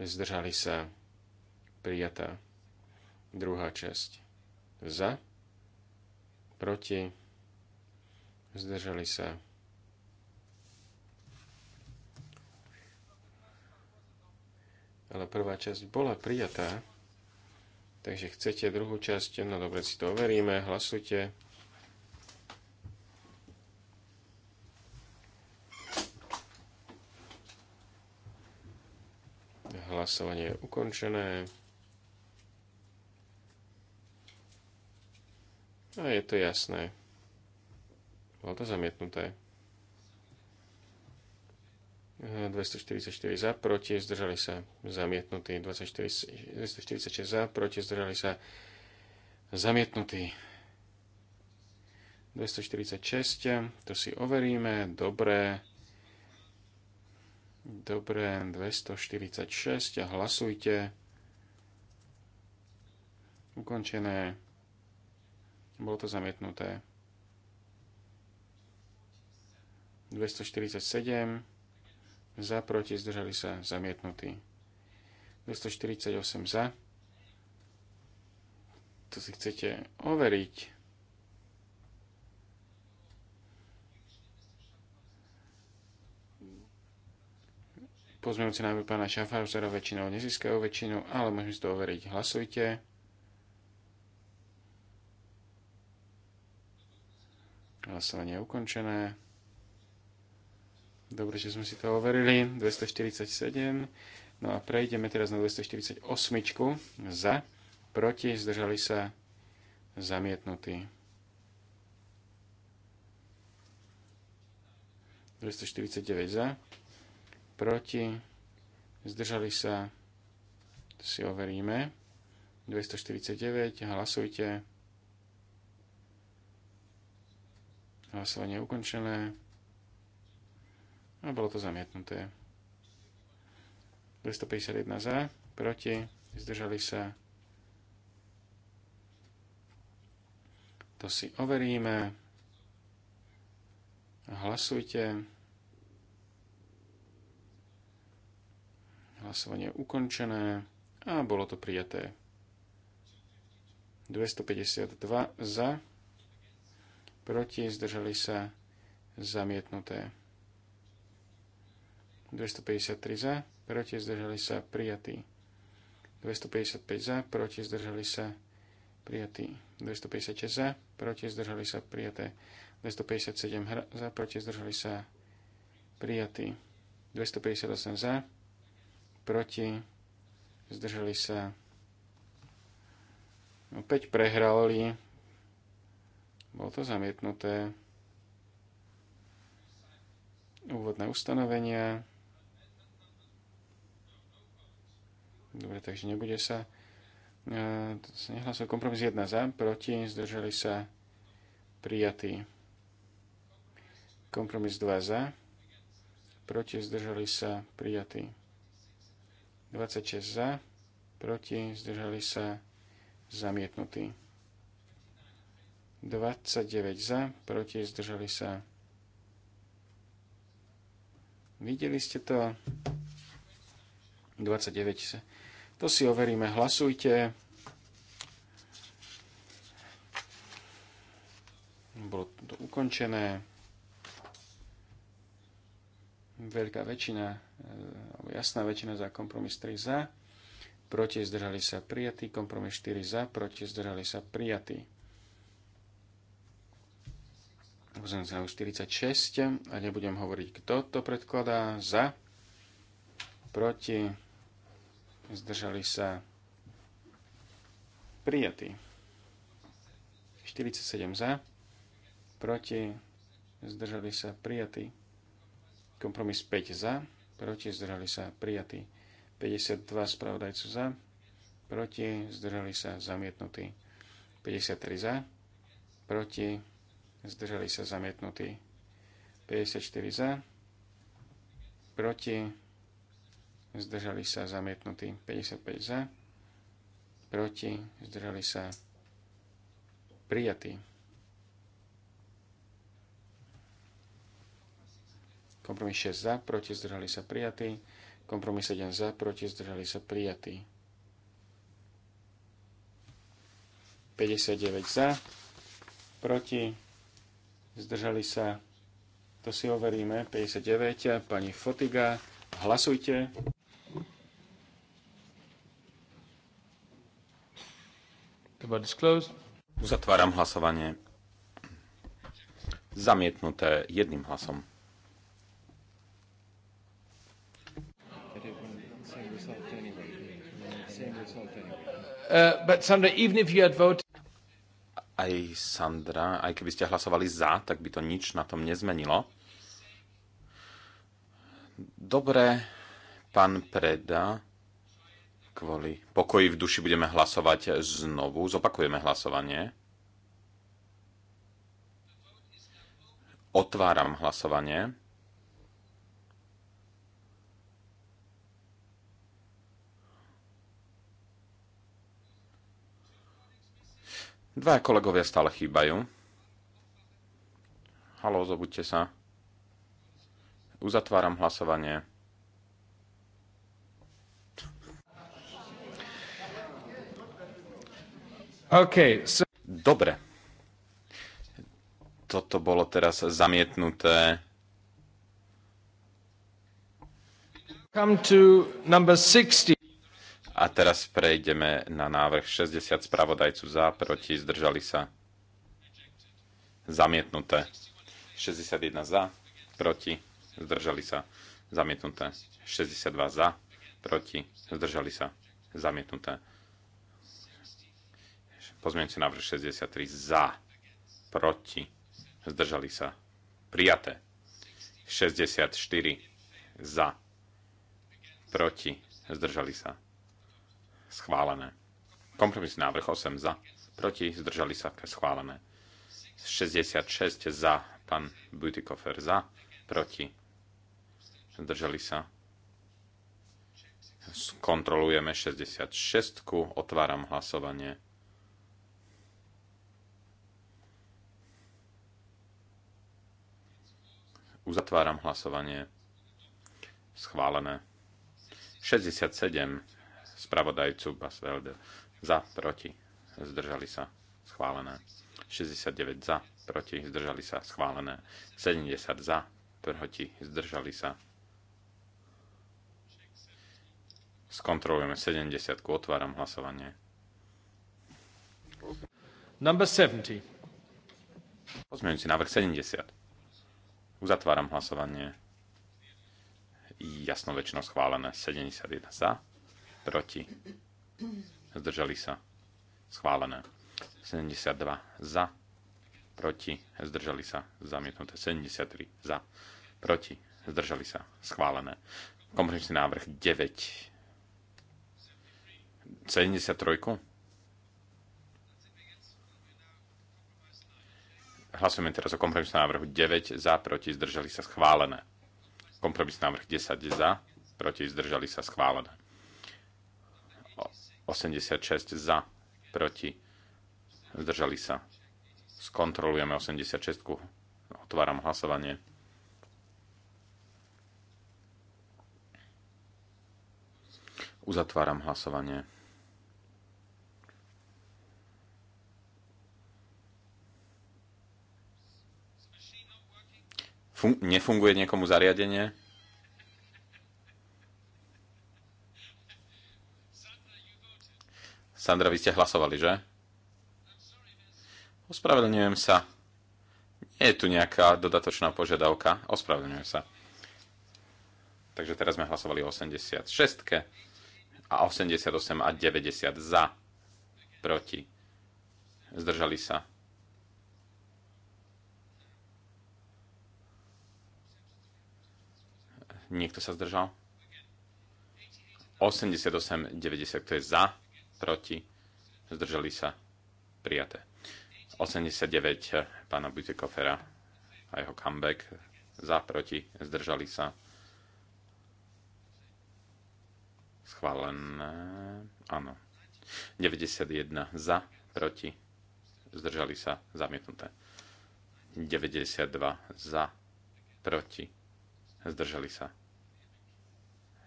zdržali sa, prijatá. Druhá časť za, proti, zdržali sa. Ale prvá časť bola prijatá, takže chcete druhú časť, no dobre, si to overíme, hlasujte. Hlasovanie je ukončené. No je to jasné. Bolo to zamietnuté. 244 za, proti, zdržali sa zamietnutí. 246 za, proti, zdržali sa zamietnutí. 246, to si overíme, dobré. Dobre, 246 a hlasujte. Ukončené. Bolo to zamietnuté. 247 za, proti, zdržali sa, zamietnutí. 248 za. To si chcete overiť. pozmeňujúci návrh pána Šafárusera väčšinou nezískajú väčšinu, ale môžeme si to overiť. Hlasujte. Hlasovanie je ukončené. Dobre, že sme si to overili. 247. No a prejdeme teraz na 248. Za, proti, zdržali sa zamietnutí. 249 za, proti, zdržali sa, to si overíme. 249, hlasujte. Hlasovanie ukončené. A bolo to zamietnuté. 251 za, proti, zdržali sa. To si overíme. Hlasujte. Hlasovanie ukončené a bolo to prijaté. 252 za, proti, zdržali sa, zamietnuté. 253 za, proti, zdržali sa, prijatí. 255 za, proti, zdržali sa, prijatí. 256 za, proti, zdržali sa, prijaté. 257 za, proti, zdržali sa, prijatí. 258 za, proti, zdržali sa. Opäť prehrali bolo to zamietnuté. Úvodné ustanovenia. Dobre, takže nebude sa. E, to sa nehlasil kompromis 1 za, proti, zdržali sa prijatí. Kompromis 2 za, proti, zdržali sa prijatí. 26 za, proti, zdržali sa zamietnutí. 29 za, proti zdržali sa. Videli ste to? 29. To si overíme. Hlasujte. Bolo to ukončené. Veľká väčšina, eh, alebo jasná väčšina za kompromis 3 za. Proti zdržali sa prijatí. Kompromis 4 za. Proti zdržali sa prijatí. Pozriem sa 46 a nebudem hovoriť, kto to predkladá. Za, proti, zdržali sa prijatí. 47 za, proti, zdržali sa prijatí. Kompromis 5 za, proti, zdržali sa prijatí. 52 spravodajcu za, proti, zdržali sa zamietnutí. 53 za, proti, zdržali sa zamietnutí. 54 za, proti, zdržali sa zamietnutí. 55 za, proti, zdržali sa prijatí. Kompromis 6 za, proti, zdržali sa prijatí. Kompromis 7 za, proti, zdržali sa prijatí. 59 za, proti, zdržali sa, to si overíme, 59, pani Fotiga, hlasujte. Uzatváram hlasovanie. Zamietnuté jedným hlasom. Uh, but Sandra, even if you had voted aj Sandra, aj keby ste hlasovali za, tak by to nič na tom nezmenilo. Dobre, pán Preda, kvôli pokoji v duši budeme hlasovať znovu. Zopakujeme hlasovanie. Otváram hlasovanie. Dva kolegovia stále chýbajú. Halo, zobuďte sa. Uzatváram hlasovanie. Okay, so... Dobre. Toto bolo teraz zamietnuté. Come to number 60. A teraz prejdeme na návrh 60 spravodajcu za, proti, zdržali sa. Zamietnuté. 61 za, proti, zdržali sa. Zamietnuté. 62 za, proti, zdržali sa. Zamietnuté. Pozmienujúci návrh 63 za, proti, zdržali sa. Prijaté. 64 za, proti, zdržali sa schválené. Kompromis návrh 8 za, proti, zdržali sa schválené. 66 za, pán Butikofer za, proti, zdržali sa. Kontrolujeme 66, otváram hlasovanie. Uzatváram hlasovanie. Schválené. 67 spravodajcu Basvelde. Za, proti, zdržali sa, schválené. 69 za, proti, zdržali sa, schválené. 70 za, proti, zdržali sa. Skontrolujeme 70, otváram hlasovanie. Number 70. Pozmeňujúci návrh 70. Uzatváram hlasovanie. Jasno väčšinou schválené 71 za, proti, zdržali sa, schválené. 72 za, proti, zdržali sa, zamietnuté. 73 za, proti, zdržali sa, schválené. Kompromisný návrh 9. 73. Hlasujeme teraz o kompromisnom návrhu 9 za, proti, zdržali sa, schválené. Kompromisný návrh 10 za, proti, zdržali sa, schválené. 86 za, proti, zdržali sa. Skontrolujeme 86. Otváram hlasovanie. Uzatváram hlasovanie. Fun- nefunguje niekomu zariadenie? Sandra, vy ste hlasovali, že? Ospravedlňujem sa. Nie je tu nejaká dodatočná požiadavka. Ospravedlňujem sa. Takže teraz sme hlasovali o 86 a 88 a 90 za. Proti. Zdržali sa. Niekto sa zdržal? 88, 90, to je za proti, zdržali sa, prijaté. 89 pána Butekofera a jeho comeback, za, proti, zdržali sa, schválené, áno. 91 za, proti, zdržali sa, zamietnuté. 92 za, proti, zdržali sa.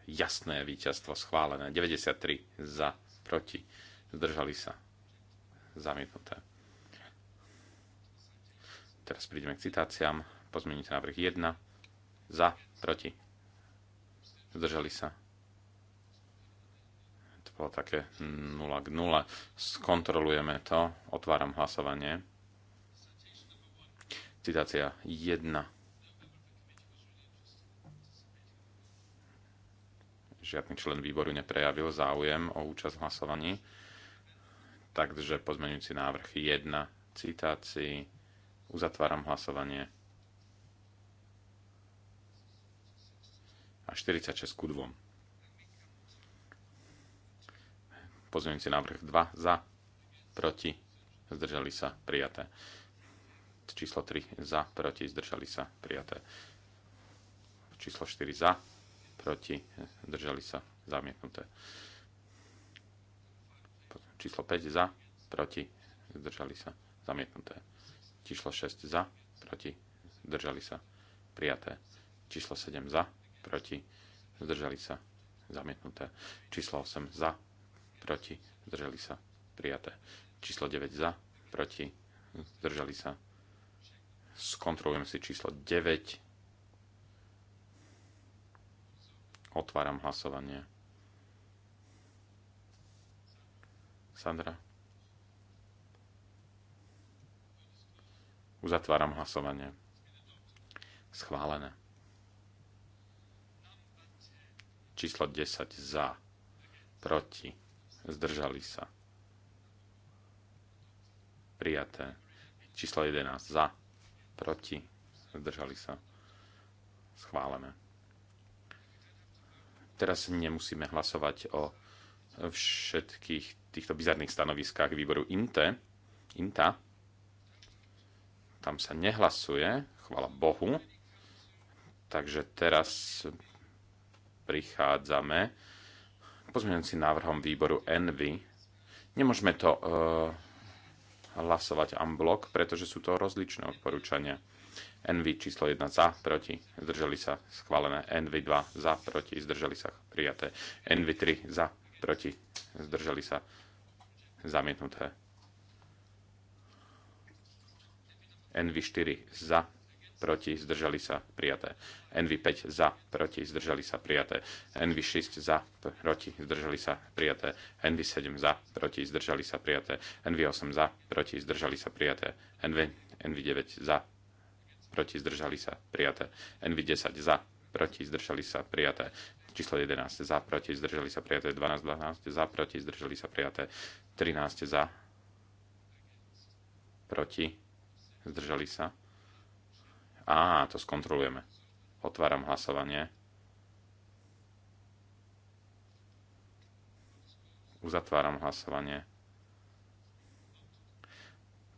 Jasné víťazstvo schválené. 93 za, proti, zdržali sa, zamietnuté. Teraz prídeme k citáciám. Pozmeníte návrh 1, za, proti, zdržali sa. To bolo také 0 k 0. Skontrolujeme to, otváram hlasovanie. Citácia 1 žiadny člen výboru neprejavil záujem o účasť v hlasovaní. Takže pozmeňujúci návrh 1 citácii. Uzatváram hlasovanie. A 46 ku 2. Pozmeňujúci návrh 2 za, proti, zdržali sa, prijaté. Číslo 3 za, proti, zdržali sa, prijaté. Číslo 4 za, proti, zdržali sa, zamietnuté. Číslo 5 za, proti, zdržali sa, zamietnuté. Číslo 6 za, proti, zdržali sa, prijaté. Číslo 7 za, proti, zdržali sa, zamietnuté. Číslo 8 za, proti, zdržali sa, prijaté. Číslo 9 za, proti, zdržali sa. Skontrolujeme si číslo 9 Otváram hlasovanie. Sandra. Uzatváram hlasovanie. Schválené. Číslo 10 za. Proti. Zdržali sa. Prijaté. Číslo 11 za. Proti. Zdržali sa. Schválené. Teraz nemusíme hlasovať o všetkých týchto bizarných stanoviskách výboru INTE, INTA. Tam sa nehlasuje, chvala Bohu. Takže teraz prichádzame k pozmeňujúcim návrhom výboru ENVY. Nemôžeme to uh, hlasovať unblock, pretože sú to rozličné odporúčania. NV číslo 1 za, proti, zdržali sa schválené. NV 2 za, proti, zdržali sa prijaté. NV 3 za, proti, zdržali sa zamietnuté. NV 4 za, proti, zdržali sa prijaté. NV 5 za, proti, zdržali sa prijaté. NV 6 za, proti, zdržali sa prijaté. NV 7 za, proti, zdržali sa prijaté. NV 8 za, proti, zdržali sa prijaté. NV, NV 9 za, proti zdržali sa prijaté. NV10 za, proti zdržali sa prijaté. Číslo 11 za, proti zdržali sa prijaté. 12, 12 za, proti zdržali sa prijaté. 13 za, proti zdržali sa. Á, to skontrolujeme. Otváram hlasovanie. Uzatváram hlasovanie.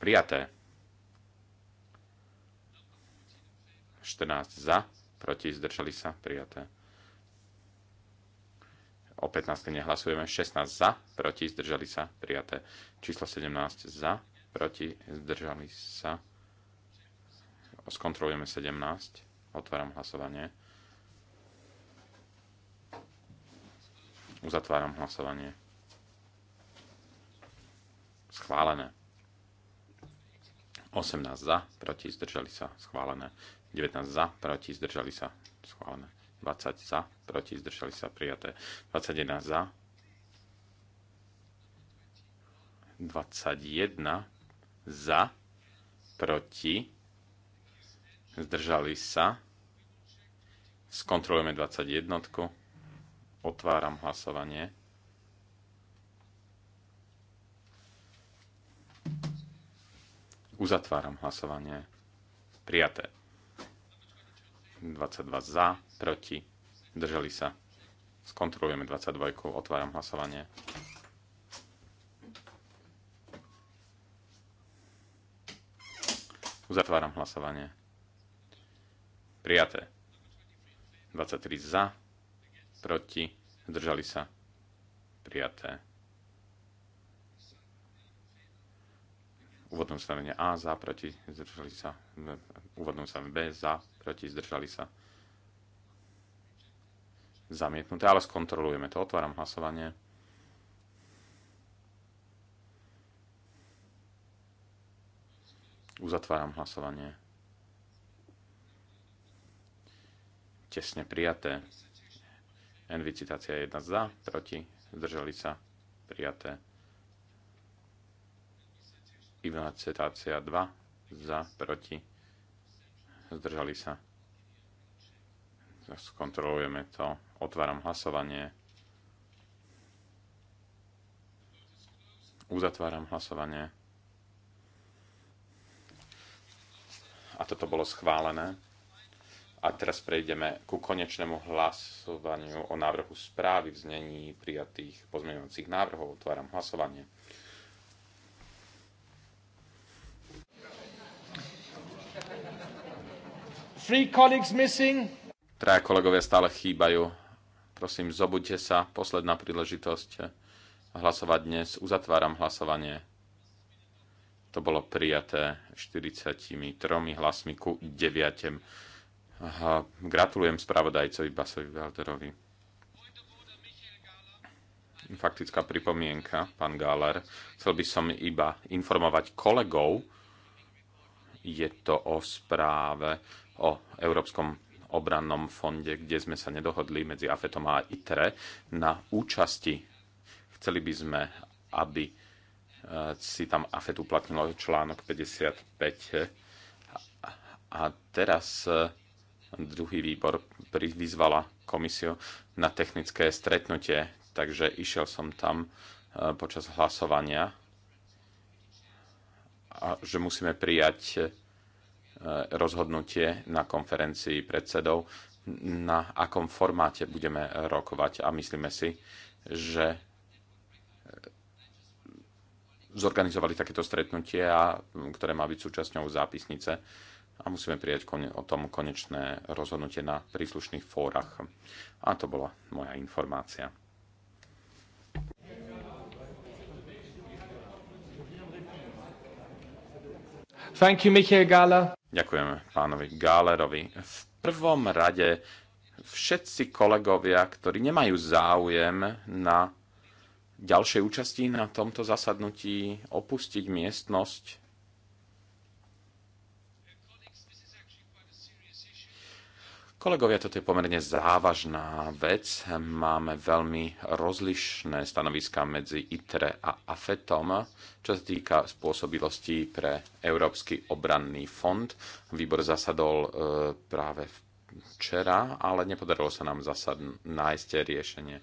Prijaté. 14 za, proti, zdržali sa, prijaté. O 15 nehlasujeme. 16 za, proti, zdržali sa, prijaté. Číslo 17 za, proti, zdržali sa. Skontrolujeme 17. Otváram hlasovanie. Uzatváram hlasovanie. Schválené. 18 za, proti, zdržali sa, schválené. 19 za, proti, zdržali sa. Schválené. 20 za, proti, zdržali sa. Prijaté. 21 za. 21 za, proti, zdržali sa. Skontrolujeme 21. Otváram hlasovanie. Uzatváram hlasovanie. Prijaté. 22 za, proti, držali sa. Skontrolujeme 22, otváram hlasovanie. Uzatváram hlasovanie. Prijaté. 23 za, proti, držali sa. Prijaté. úvodnom stanovení A za, proti, zdržali sa, úvodnom stanovení B za, proti, zdržali sa. Zamietnuté, ale skontrolujeme to. Otváram hlasovanie. Uzatváram hlasovanie. Tesne prijaté. Envicitácia 1 za, proti, zdržali sa, prijaté. Cetácia 2 za, proti, zdržali sa. Skontrolujeme to. Otváram hlasovanie. Uzatváram hlasovanie. A toto bolo schválené. A teraz prejdeme ku konečnému hlasovaniu o návrhu správy v znení prijatých pozmeňujúcich návrhov. Otváram hlasovanie. Three colleagues missing. Traja kolegovia stále chýbajú. Prosím, zobuďte sa. Posledná príležitosť hlasovať dnes. Uzatváram hlasovanie. To bolo prijaté 43 hlasmi ku 9. gratulujem spravodajcovi Basovi Valderovi. Faktická pripomienka, pán Gáler. Chcel by som iba informovať kolegov, je to o správe o Európskom obrannom fonde, kde sme sa nedohodli medzi AFETom a ITRE na účasti. Chceli by sme, aby e, si tam AFET uplatnilo článok 55 a teraz e, druhý výbor vyzvala komisiu na technické stretnutie, takže išiel som tam e, počas hlasovania, a že musíme prijať Eh, rozhodnutie na konferencii predsedov, na akom formáte budeme rokovať. A myslíme si, že eh, zorganizovali takéto stretnutie, a, ktoré má byť súčasťou zápisnice a musíme prijať o tom konečné rozhodnutie na príslušných fórach. A to bola moja informácia. Thank you, Michael Gala. Ďakujem pánovi Gálerovi. V prvom rade všetci kolegovia, ktorí nemajú záujem na ďalšej účasti na tomto zasadnutí, opustiť miestnosť Kolegovia, toto je pomerne závažná vec. Máme veľmi rozlišné stanoviská medzi ITRE a AFETom, čo sa týka spôsobilosti pre Európsky obranný fond. Výbor zasadol e, práve včera, ale nepodarilo sa nám zasad nájsť riešenie.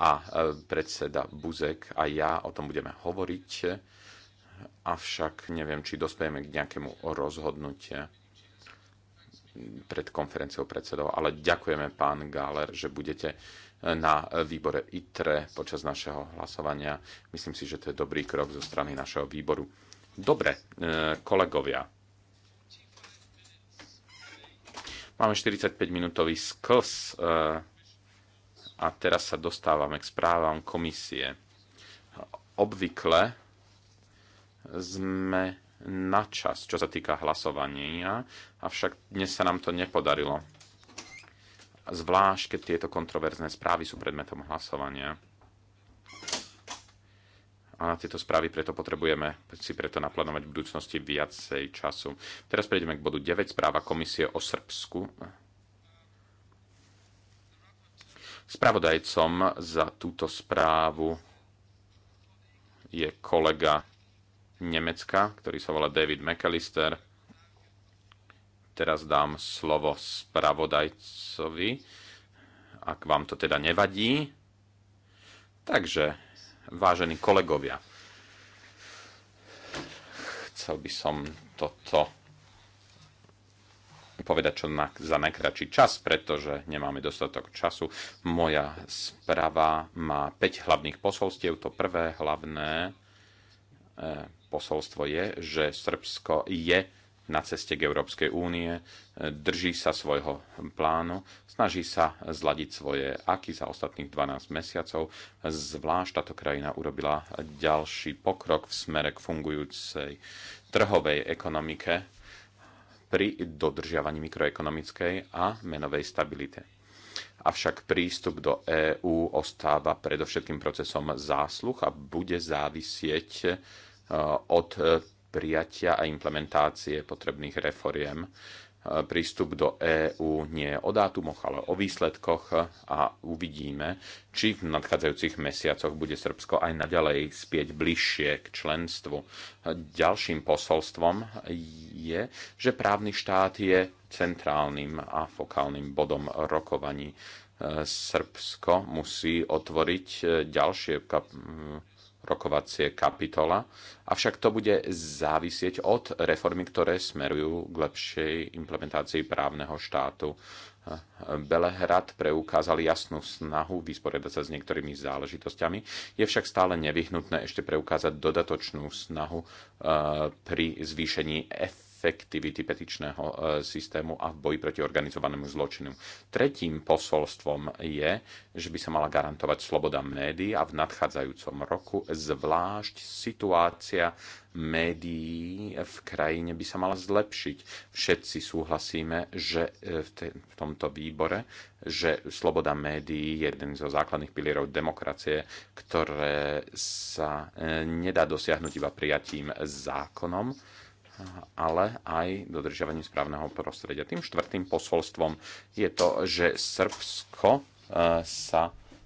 A e, predseda Buzek a ja o tom budeme hovoriť, avšak neviem, či dospejeme k nejakému rozhodnutiu pred konferenciou predsedov, ale ďakujeme pán Gáler, že budete e, na výbore ITRE počas našeho hlasovania. Myslím si, že to je dobrý krok zo strany našeho výboru. Dobre, e, kolegovia. Máme 45-minútový sklz e, a teraz sa dostávame k správam komisie. Obvykle sme na čas, čo sa týka hlasovania, avšak dnes sa nám to nepodarilo. Zvlášť, keď tieto kontroverzné správy sú predmetom hlasovania. A na tieto správy preto potrebujeme si preto naplánovať v budúcnosti viacej času. Teraz prejdeme k bodu 9, správa komisie o Srbsku. Spravodajcom za túto správu je kolega Nemecka, ktorý sa volá David McAllister. Teraz dám slovo spravodajcovi, ak vám to teda nevadí. Takže, vážení kolegovia, chcel by som toto povedať čo na, za najkračší čas, pretože nemáme dostatok času. Moja správa má 5 hlavných posolstiev. To prvé hlavné eh, posolstvo je, že Srbsko je na ceste k Európskej únie, drží sa svojho plánu, snaží sa zladiť svoje aky za ostatných 12 mesiacov. Zvlášť táto krajina urobila ďalší pokrok v smere k fungujúcej trhovej ekonomike pri dodržiavaní mikroekonomickej a menovej stability. Avšak prístup do EÚ ostáva predovšetkým procesom zásluh a bude závisieť Eh, od eh, prijatia a implementácie potrebných reforiem. Eh, prístup do EÚ nie je o dátumoch, ale o výsledkoch a uvidíme, či v nadchádzajúcich mesiacoch bude Srbsko aj naďalej spieť bližšie k členstvu. Ďalším posolstvom je, že právny štát je centrálnym a fokálnym bodom rokovaní. Srbsko musí otvoriť ďalšie rokovacie kapitola, avšak to bude závisieť od reformy, ktoré smerujú k lepšej implementácii právneho štátu. Belehrad preukázal jasnú snahu vysporiadať sa s niektorými záležitosťami. Je však stále nevyhnutné ešte preukázať dodatočnú snahu eh, pri zvýšení F efektivity petičného e, systému a v boji proti organizovanému zločinu. Tretím posolstvom je, že by sa mala garantovať sloboda médií a v nadchádzajúcom roku zvlášť situácia médií v krajine by sa mala zlepšiť. Všetci súhlasíme, že e, v, te, v tomto výbore, že sloboda médií je jeden zo základných pilierov demokracie, ktoré sa e, nedá dosiahnuť iba prijatím zákonom, ale aj dodržiavaním správneho prostredia. Tým štvrtým posolstvom je to, že Srbsko e, sa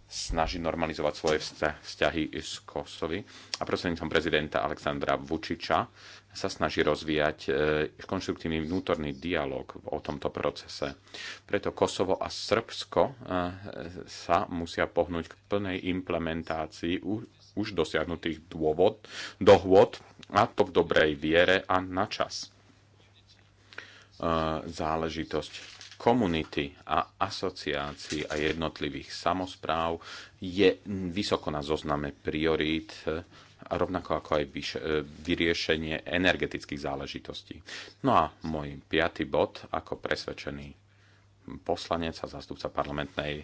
snaží normalizovať svoje vzťahy s Kosovy a prostredníctvom prezidenta Aleksandra Vučiča sa snaží rozvíjať e, konštruktívny vnútorný dialog o tomto procese. Preto Kosovo a Srbsko e, sa musia pohnúť k plnej implementácii už dosiahnutých dôvod, dohôd, a to v dobrej viere a na čas. E, záležitosť komunity a asociácií a jednotlivých samozpráv je vysoko na zozname priorít a e, rovnako ako aj e, vyriešenie energetických záležitostí. No a môj piaty bod, ako presvedčený poslanec a zastupca parlamentnej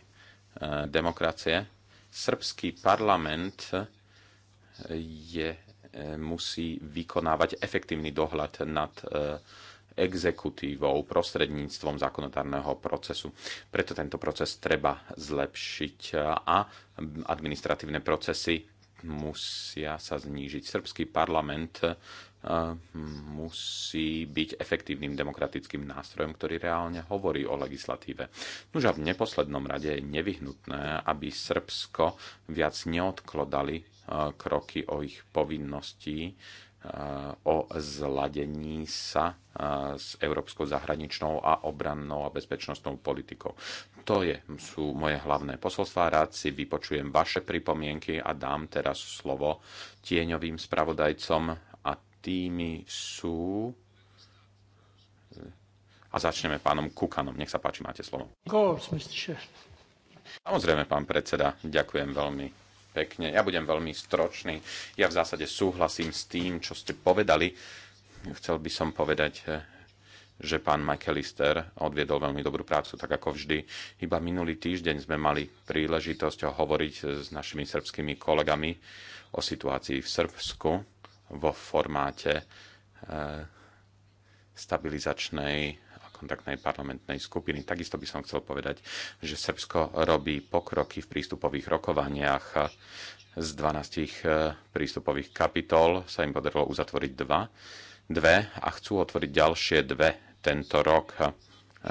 demokracie, srbský parlament je, e, musí vykonávať efektívny dohľad nad e, exekutívou prostredníctvom zákonodárneho procesu. Preto tento proces treba zlepšiť a administratívne procesy musia sa znížiť. Srbský parlament e, musí byť efektívnym demokratickým nástrojom, ktorý reálne hovorí o legislatíve. Nuž a v neposlednom rade je nevyhnutné, aby Srbsko viac neodkladali kroky, o ich povinnosti o zladení sa s európskou zahraničnou a obrannou a bezpečnostnou politikou. To je, sú moje hlavné posolstvá. Rád si vypočujem vaše pripomienky a dám teraz slovo tieňovým spravodajcom a tými sú... A začneme pánom Kukanom. Nech sa páči, máte slovo. Samozrejme, pán predseda, ďakujem veľmi pekne. Ja budem veľmi stročný. Ja v zásade súhlasím s tým, čo ste povedali. Chcel by som povedať, eh, že pán McAllister odviedol veľmi dobrú prácu, tak ako vždy. Iba minulý týždeň sme mali príležitosť hovoriť s našimi srbskými kolegami o situácii v Srbsku vo formáte eh, stabilizačnej kontaktnej parlamentnej skupiny. Takisto by som chcel povedať, že Srbsko robí pokroky v prístupových rokovaniach. Z 12 e, prístupových kapitol sa im podarilo uzatvoriť dva, dve a chcú otvoriť ďalšie dve tento rok. E,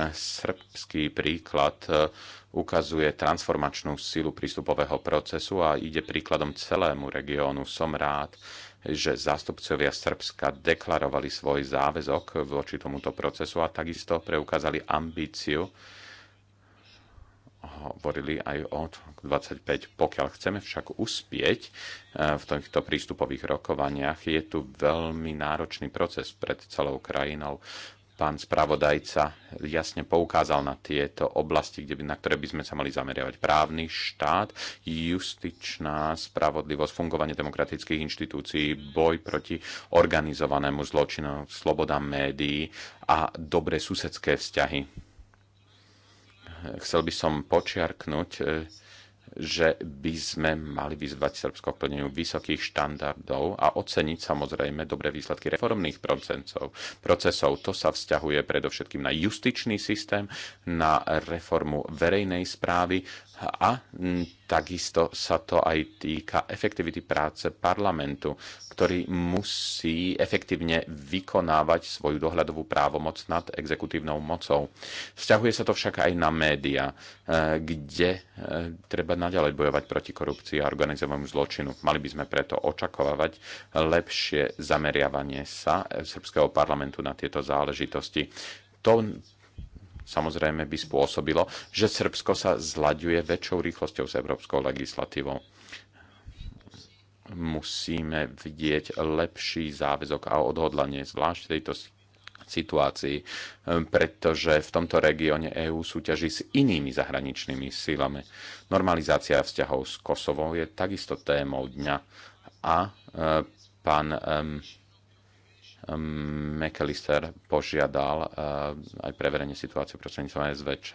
srbský príklad e, ukazuje transformačnú silu prístupového procesu a ide príkladom celému regiónu. Som rád, že zástupcovia Srbska deklarovali svoj záväzok voči tomuto procesu a takisto preukázali ambíciu hovorili aj o 25. Pokiaľ chceme však uspieť e, v týchto prístupových rokovaniach, je tu veľmi náročný proces pred celou krajinou pán spravodajca jasne poukázal na tieto oblasti, kde by, na ktoré by sme sa mali zameriavať. Právny štát, justičná spravodlivosť, fungovanie demokratických inštitúcií, boj proti organizovanému zločinu, sloboda médií a dobré susedské vzťahy. Chcel by som počiarknúť, eh, že by sme mali vyzvať Srbsko k plneniu vysokých štandardov a oceniť samozrejme dobré výsledky reformných procesov. procesov. To sa vzťahuje predovšetkým na justičný systém, na reformu verejnej správy a Takisto sa to aj týka efektivity práce parlamentu, ktorý musí efektívne vykonávať svoju dohľadovú právomoc nad exekutívnou mocou. Vzťahuje sa to však aj na média, eh, kde eh, treba naďalej bojovať proti korupcii a organizovanému zločinu. Mali by sme preto očakávať lepšie zameriavanie sa Srbského parlamentu na tieto záležitosti to samozrejme by spôsobilo, že Srbsko sa zlaďuje väčšou rýchlosťou s európskou legislatívou. Musíme vidieť lepší záväzok a odhodlanie, zvlášť v tejto situácii, pretože v tomto regióne EÚ súťaží s inými zahraničnými silami. Normalizácia vzťahov s Kosovou je takisto témou dňa a eh, pán McAllister požiadal eh, aj preverenie situácie prostredníctvom SVČ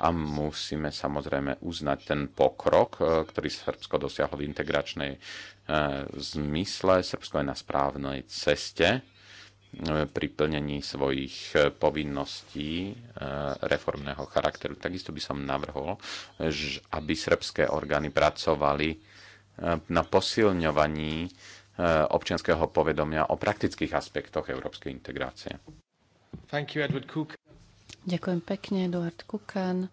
a musíme samozrejme uznať ten pokrok, eh, ktorý Srbsko dosiahlo v integračnej eh, zmysle. Srbsko je na správnej ceste pri plnení svojich povinností reformného charakteru. Takisto by som navrhol, aby srbské orgány pracovali na posilňovaní E, občianského povedomia o praktických aspektoch európskej integrácie. Thank you, Edward Cook. Ďakujem pekne, Eduard Kukan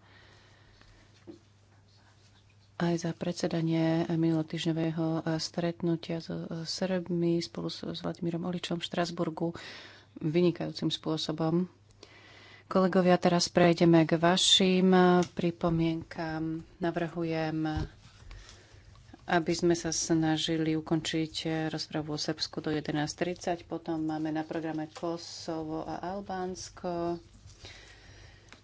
aj za predsedanie minulotýždňového e, stretnutia so e, Srbmi spolu s Vladimírom Oličom v Štrasburgu vynikajúcim spôsobom. Kolegovia, teraz prejdeme k vašim pripomienkám. Navrhujem aby sme sa snažili ukončiť eh, rozpravu o Srbsku do 11.30. Potom máme na programe Kosovo a Albánsko.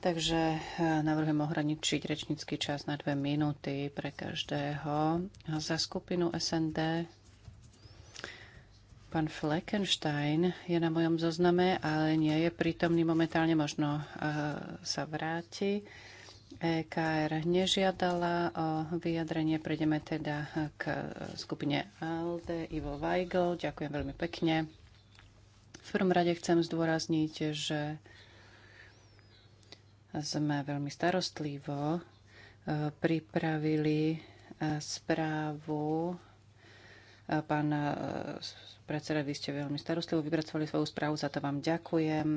Takže eh, navrhujem ohraničiť rečnícky čas na dve minúty pre každého. Za skupinu SND pán Fleckenstein je na mojom zozname, ale nie je prítomný momentálne, možno eh, sa vráti. EKR nežiadala o vyjadrenie. Prejdeme teda k skupine ALDE. Ivo Weigl, ďakujem veľmi pekne. V prvom rade chcem zdôrazniť, že sme veľmi starostlivo e, pripravili e, správu. E, pán predseda, vy ste veľmi starostlivo vypracovali svoju správu, za to vám ďakujem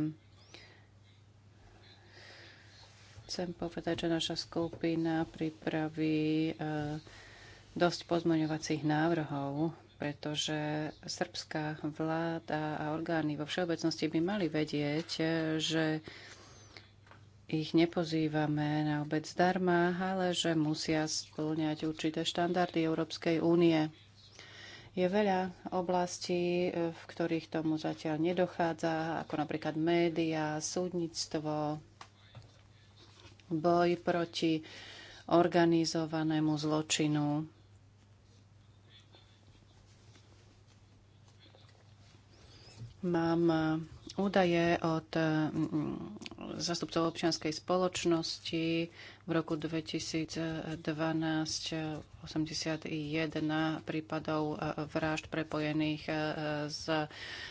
Chcem povedať, že naša skupina pripraví eh, dosť pozmoňovacích návrhov, pretože srbská vláda a orgány vo všeobecnosti by mali vedieť, eh, že ich nepozývame na obec zdarma, ale že musia splňať určité štandardy Európskej únie. Je veľa oblastí, eh, v ktorých tomu zatiaľ nedochádza, ako napríklad médiá, súdnictvo, boj proti organizovanému zločinu. Mám Údaje od mm, mm, zastupcov občianskej spoločnosti v roku 2012 81 prípadov e, vražd prepojených e, s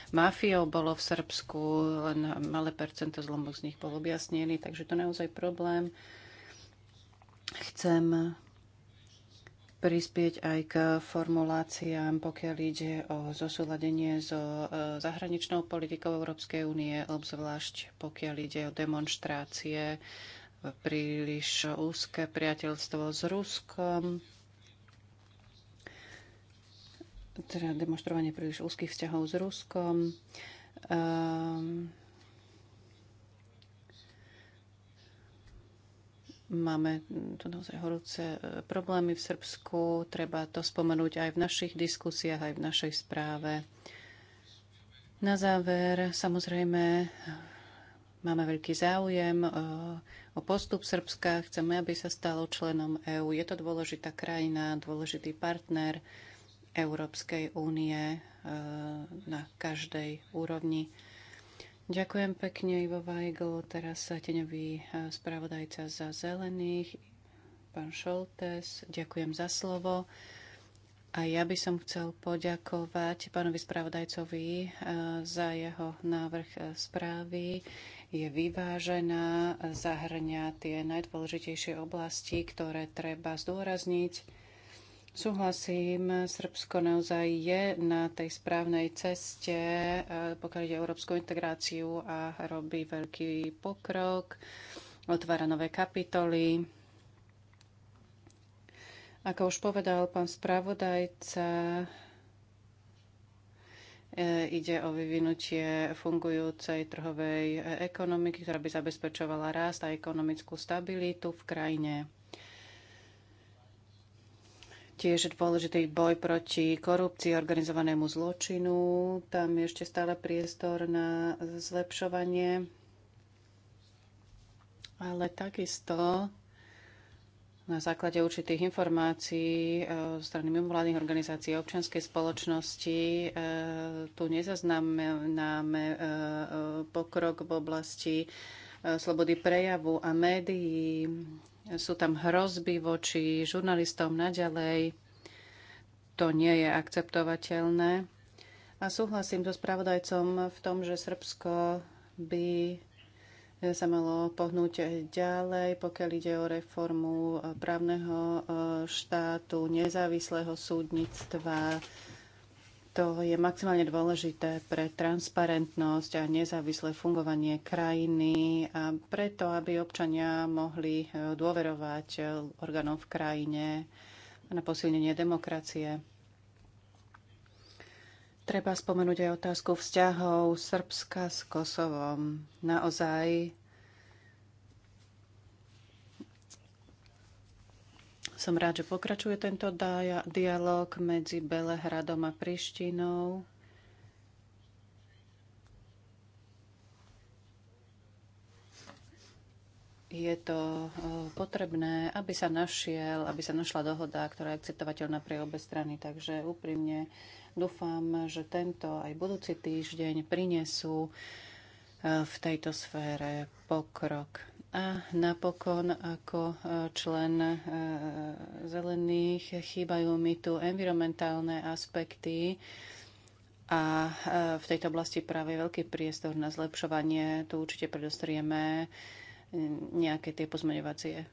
mafiou bolo v Srbsku, len malé percento zlomok z nich bol objasnený, takže to naozaj problém. Chcem prispieť aj k formuláciám, pokiaľ ide o zosúladenie so e, zahraničnou politikou Európskej únie, obzvlášť pokiaľ ide o demonstrácie, e, príliš úzke priateľstvo s Ruskom, teda demonstrovanie príliš úzkých vzťahov s Ruskom, um, Máme tu naozaj horúce e, problémy v Srbsku. Treba to spomenúť aj v našich diskusiách, aj v našej správe. Na záver, samozrejme, máme veľký záujem e, o postup Srbska. Chceme, aby sa stalo členom EÚ. Je to dôležitá krajina, dôležitý partner Európskej únie e, na každej úrovni. Ďakujem pekne, Ivo Weigl. Teraz sa teňový e, spravodajca za zelených, pán Šoltes. Ďakujem za slovo. A ja by som chcel poďakovať pánovi spravodajcovi e, za jeho návrh e, správy. Je vyvážená, zahrňa tie najdôležitejšie oblasti, ktoré treba zdôrazniť Súhlasím, Srbsko naozaj je na tej správnej ceste, eh, pokiaľ ide európsku integráciu a robí veľký pokrok, otvára nové kapitoly. Ako už povedal pán spravodajca, eh, ide o vyvinutie fungujúcej trhovej eh, ekonomiky, ktorá by zabezpečovala rast a ekonomickú stabilitu v krajine. Tiež dôležitý boj proti korupcii, organizovanému zločinu. Tam je ešte stále priestor na zlepšovanie. Ale takisto na základe určitých informácií e, zo strany mimovládnych organizácií a občianskej spoločnosti e, tu nezaznamenáme e, pokrok v oblasti slobody prejavu a médií. Sú tam hrozby voči žurnalistom naďalej. To nie je akceptovateľné. A súhlasím so spravodajcom v tom, že Srbsko by sa malo pohnúť ďalej, pokiaľ ide o reformu právneho e, štátu, nezávislého súdnictva, to je maximálne dôležité pre transparentnosť a nezávislé fungovanie krajiny a preto, aby občania mohli eh, dôverovať eh, orgánom v krajine na posilnenie demokracie. Treba spomenúť aj otázku vzťahov Srbska s Kosovom. Naozaj Som rád, že pokračuje tento dialog medzi Belehradom a Prištinou. je to potrebné, aby sa našiel, aby sa našla dohoda, ktorá je akceptovateľná pre obe strany. Takže úprimne dúfam, že tento aj budúci týždeň prinesú e, v tejto sfére pokrok. A napokon ako e, člen e, zelených chýbajú mi tu environmentálne aspekty a e, v tejto oblasti práve veľký priestor na zlepšovanie. Tu určite predostrieme nejaké tie pozmeňovacie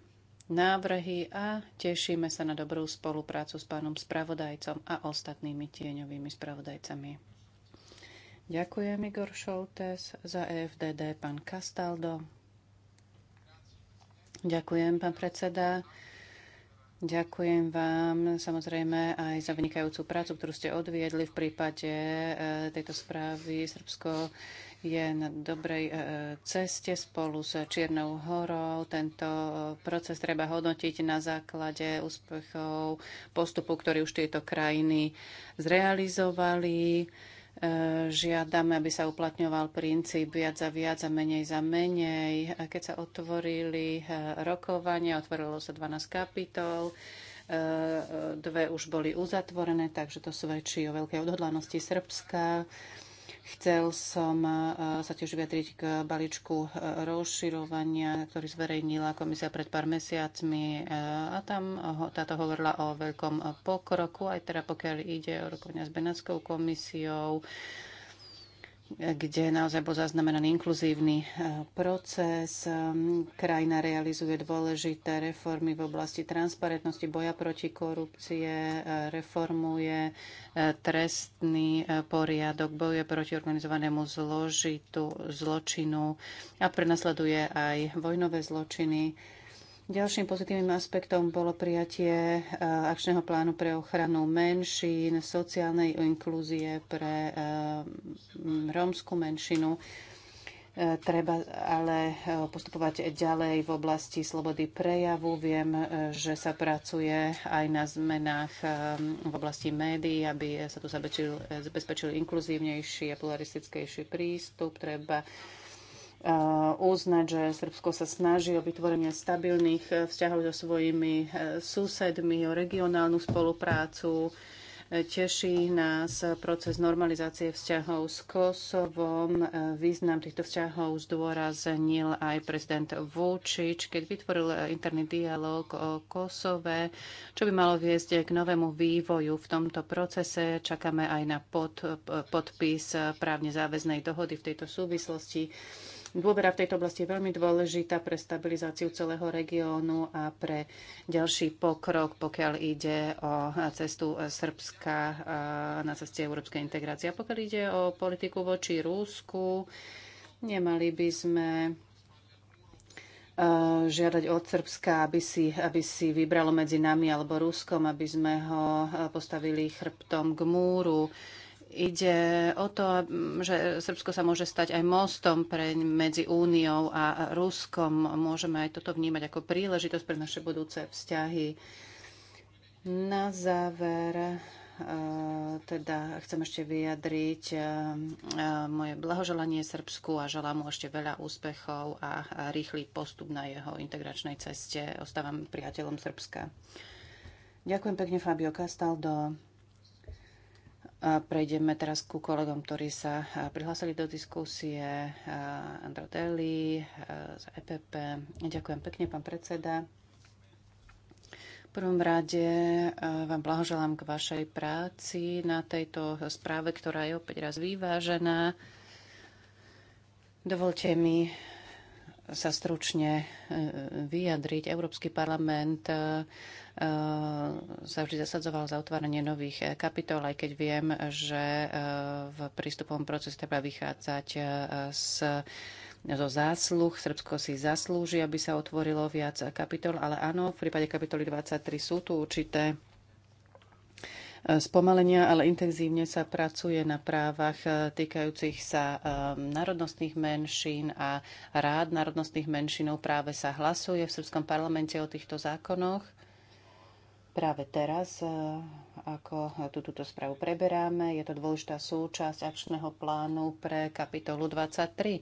návrhy a tešíme sa na dobrú spoluprácu s pánom spravodajcom a ostatnými tieňovými spravodajcami. Ďakujem Igor Šoltes za EFDD, pán Castaldo. Ďakujem, pán predseda. Ďakujem vám samozrejme aj za vynikajúcu prácu, ktorú ste odviedli v prípade eh, tejto správy. Srbsko je na dobrej eh, ceste spolu s Čiernou horou. Tento eh, proces treba hodnotiť na základe úspechov postupu, ktorý už tieto krajiny zrealizovali žiadame, aby sa uplatňoval princíp viac za viac a menej za menej. Keď sa otvorili eh, rokovania, otvorilo sa 12 kapitol, eh, dve už boli uzatvorené, takže to svedčí o veľkej odhodlanosti Srbska Chcel som e, sa tiež vyjadriť k balíčku e, rozširovania, ktorý zverejnila komisia pred pár mesiacmi e, a tam táto hovorila o veľkom pokroku, aj teda pokiaľ ide o rokovania s Benátskou komisiou, kde naozaj bol zaznamenaný inkluzívny e, proces. E, krajina realizuje dôležité reformy v oblasti transparentnosti, boja proti korupcie, e, reformuje trestný poriadok, boje proti organizovanému zložitu, zločinu a prenasleduje aj vojnové zločiny Ďalším pozitívnym aspektom bolo prijatie e, akčného plánu pre ochranu menšín, sociálnej inklúzie pre e, rómskú menšinu. E, treba ale postupovať ďalej v oblasti slobody prejavu. Viem, že sa pracuje aj na zmenách v oblasti médií, aby sa tu zabezpečil, zabezpečil inkluzívnejší a pluralistickejší prístup. Treba Uh, uznať, že Srbsko sa snaží o vytvorenie stabilných uh, vzťahov so svojimi uh, susedmi, o regionálnu spoluprácu. Teší nás proces normalizácie vzťahov s Kosovom. Význam týchto vzťahov zdôraznil aj prezident Vučič, keď vytvoril interný dialog o Kosove, čo by malo viesť k novému vývoju v tomto procese. Čakáme aj na pod, podpis právne záväznej dohody v tejto súvislosti. Dôvera v tejto oblasti je veľmi dôležitá pre stabilizáciu celého regiónu a pre ďalší pokrok, pokiaľ ide o cestu Srbska eh, na ceste európskej integrácie. A pokiaľ ide o politiku voči Rúsku, nemali by sme eh, žiadať od Srbska, aby si, aby si vybralo medzi nami alebo Ruskom, aby sme ho eh, postavili chrbtom k múru. Ide o to, že Srbsko sa môže stať aj mostom pre, medzi Úniou a Ruskom. Môžeme aj toto vnímať ako príležitosť pre naše budúce vzťahy. Na záver e, teda chcem ešte vyjadriť e, e, moje blahoželanie Srbsku a želám mu ešte veľa úspechov a rýchly postup na jeho integračnej ceste. Ostávam priateľom Srbska. Ďakujem pekne Fabio Castaldo. Prejdeme teraz ku kolegom, ktorí sa prihlásili do diskusie. Andro Deli z EPP. Ďakujem pekne, pán predseda. V prvom rade vám blahoželám k vašej práci na tejto správe, ktorá je opäť raz vyvážená. Dovolte mi sa stručne e, vyjadriť. Európsky parlament Ehm, sa vždy zasadzoval za otváranie nových eh, kapitol, aj keď viem, že eh, v prístupovom procese treba vychádzať z eh, zo zásluh. Srbsko si zaslúži, aby sa otvorilo viac kapitol, ale áno, v prípade kapitoly 23 sú tu určité spomalenia, ale intenzívne sa pracuje na právach týkajúcich sa ehm, národnostných menšín a rád národnostných menšinov práve sa hlasuje v Srbskom parlamente o týchto zákonoch práve teraz, e, ako tú, túto správu preberáme. Je to dôležitá súčasť akčného plánu pre kapitolu 23.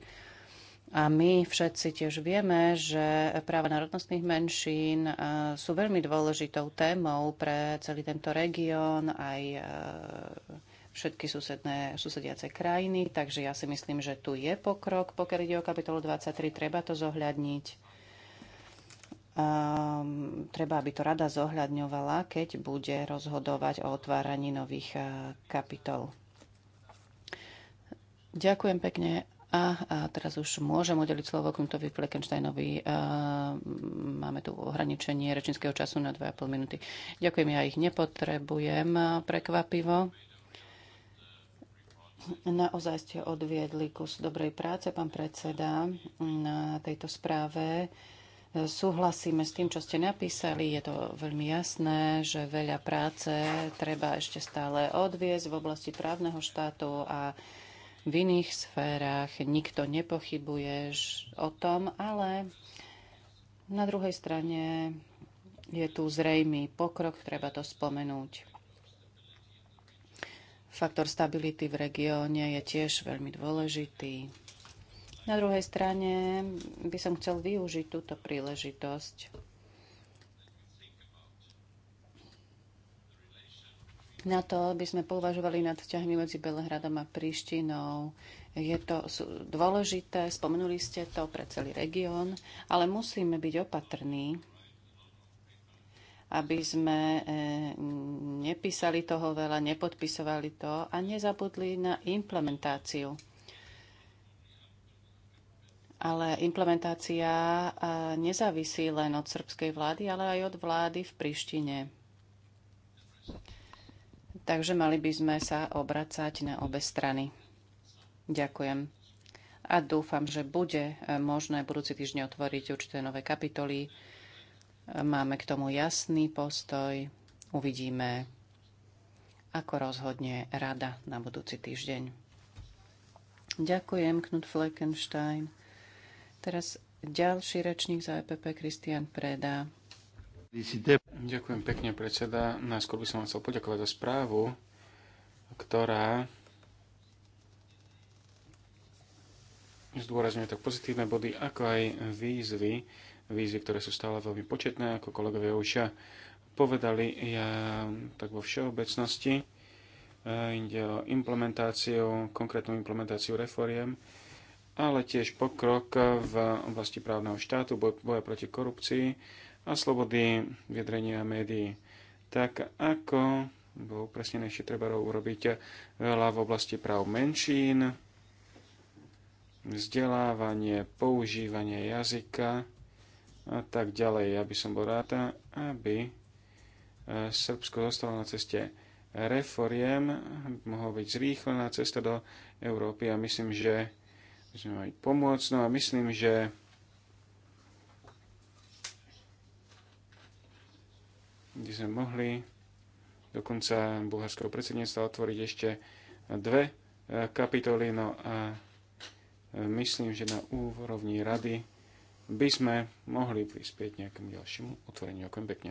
A my všetci tiež vieme, že práva národnostných menšín e, sú veľmi dôležitou témou pre celý tento región, aj e, všetky susedné, susediace krajiny, takže ja si myslím, že tu je pokrok. Pokiaľ ide o kapitolu 23, treba to zohľadniť um, treba, aby to rada zohľadňovala, keď bude rozhodovať o otváraní nových uh, kapitol. Ďakujem pekne. A, a teraz už môžem udeliť slovo Knutovi Fleckensteinovi. Uh, máme tu ohraničenie rečinského času na 2,5 minúty. Ďakujem, ja ich nepotrebujem eh, prekvapivo. Naozaj ste odviedli kus dobrej práce, pán predseda, na tejto správe Súhlasíme s tým, čo ste napísali. Je to veľmi jasné, že veľa práce treba ešte stále odviesť v oblasti právneho štátu a v iných sférach nikto nepochybuje o tom, ale na druhej strane je tu zrejmý pokrok, treba to spomenúť. Faktor stability v regióne je tiež veľmi dôležitý. Na druhej strane by som chcel využiť túto príležitosť na to, aby sme pouvažovali nad vzťahmi medzi Belehradom a Príštinou. Je to dôležité, spomenuli ste to pre celý región, ale musíme byť opatrní, aby sme e, nepísali toho veľa, nepodpisovali to a nezabudli na implementáciu ale implementácia nezávisí len od srbskej vlády, ale aj od vlády v Prištine. Takže mali by sme sa obracať na obe strany. Ďakujem. A dúfam, že bude e, možné budúci týždeň otvoriť určité nové kapitoly. E, máme k tomu jasný postoj. Uvidíme, ako rozhodne rada na budúci týždeň. Ďakujem, Knut Fleckenstein. Teraz ďalší rečník za EPP, Kristian Preda. Ďakujem pekne, predseda. Najskôr by som vám chcel poďakovať za správu, ktorá zdôrazňuje tak pozitívne body, ako aj výzvy, výzvy, ktoré sú stále veľmi početné, ako kolegovia už povedali, ja tak vo všeobecnosti eh, ide o implementáciu, konkrétnu implementáciu reforiem, ale tiež pokrok v oblasti právneho štátu, boja proti korupcii a slobody vyjadrenia médií. Tak ako bolo upresnenejšie, treba urobiť veľa v oblasti práv menšín, vzdelávanie, používanie jazyka a tak ďalej. Ja by som bol rád, aby Srbsko zostalo na ceste reforiem, mohol byť zrýchlená cesta do Európy a myslím, že sme mali pomôcť. No a myslím, že kde sme mohli do konca bulharského predsedníctva otvoriť ešte dve e, kapitoly. No a e, myslím, že na úrovni rady by sme mohli prispieť nejakému ďalšiemu otvoreniu. Ďakujem pekne.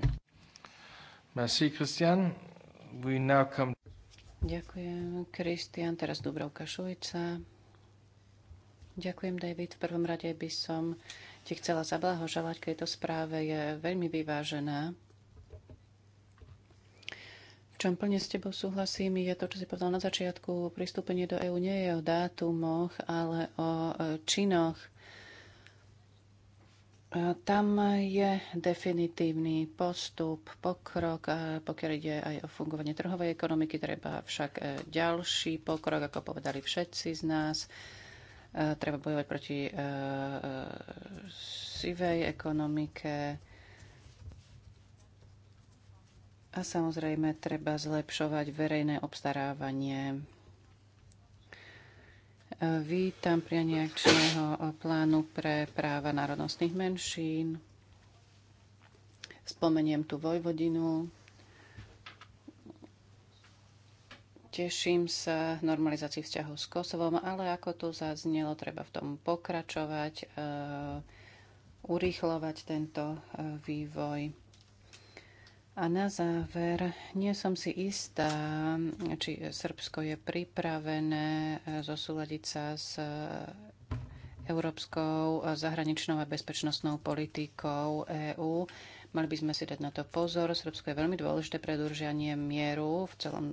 Merci, Christian. We now come... Ďakujem, Kristian. Teraz Dubravka Šujca. Ďakujem, David. V prvom rade by som ti chcela zablahoželať keď to správe. Je veľmi vyvážená. V čom plne s tebou súhlasím, je to, čo si povedal na začiatku. Pristúpenie do EÚ nie je o dátumoch, ale o e, činoch. Tam je definitívny postup, pokrok, pokiaľ ide aj o fungovanie trhovej ekonomiky, treba však e, ďalší pokrok, ako povedali všetci z nás. Eh, treba bojovať proti eh, eh, sivej ekonomike. A samozrejme, treba zlepšovať verejné obstarávanie. Vítam prianie akčného plánu pre práva národnostných menšín. Spomeniem tu Vojvodinu, Teším sa normalizácii vzťahov s Kosovom, ale ako tu zaznelo, treba v tom pokračovať, e, urýchlovať tento e, vývoj. A na záver, nie som si istá, či Srbsko je pripravené e, zosúľadiť sa s európskou zahraničnou a bezpečnostnou politikou EÚ. EU Mali by sme si dať na to pozor. Srbsko je veľmi dôležité pre udržanie mieru v celom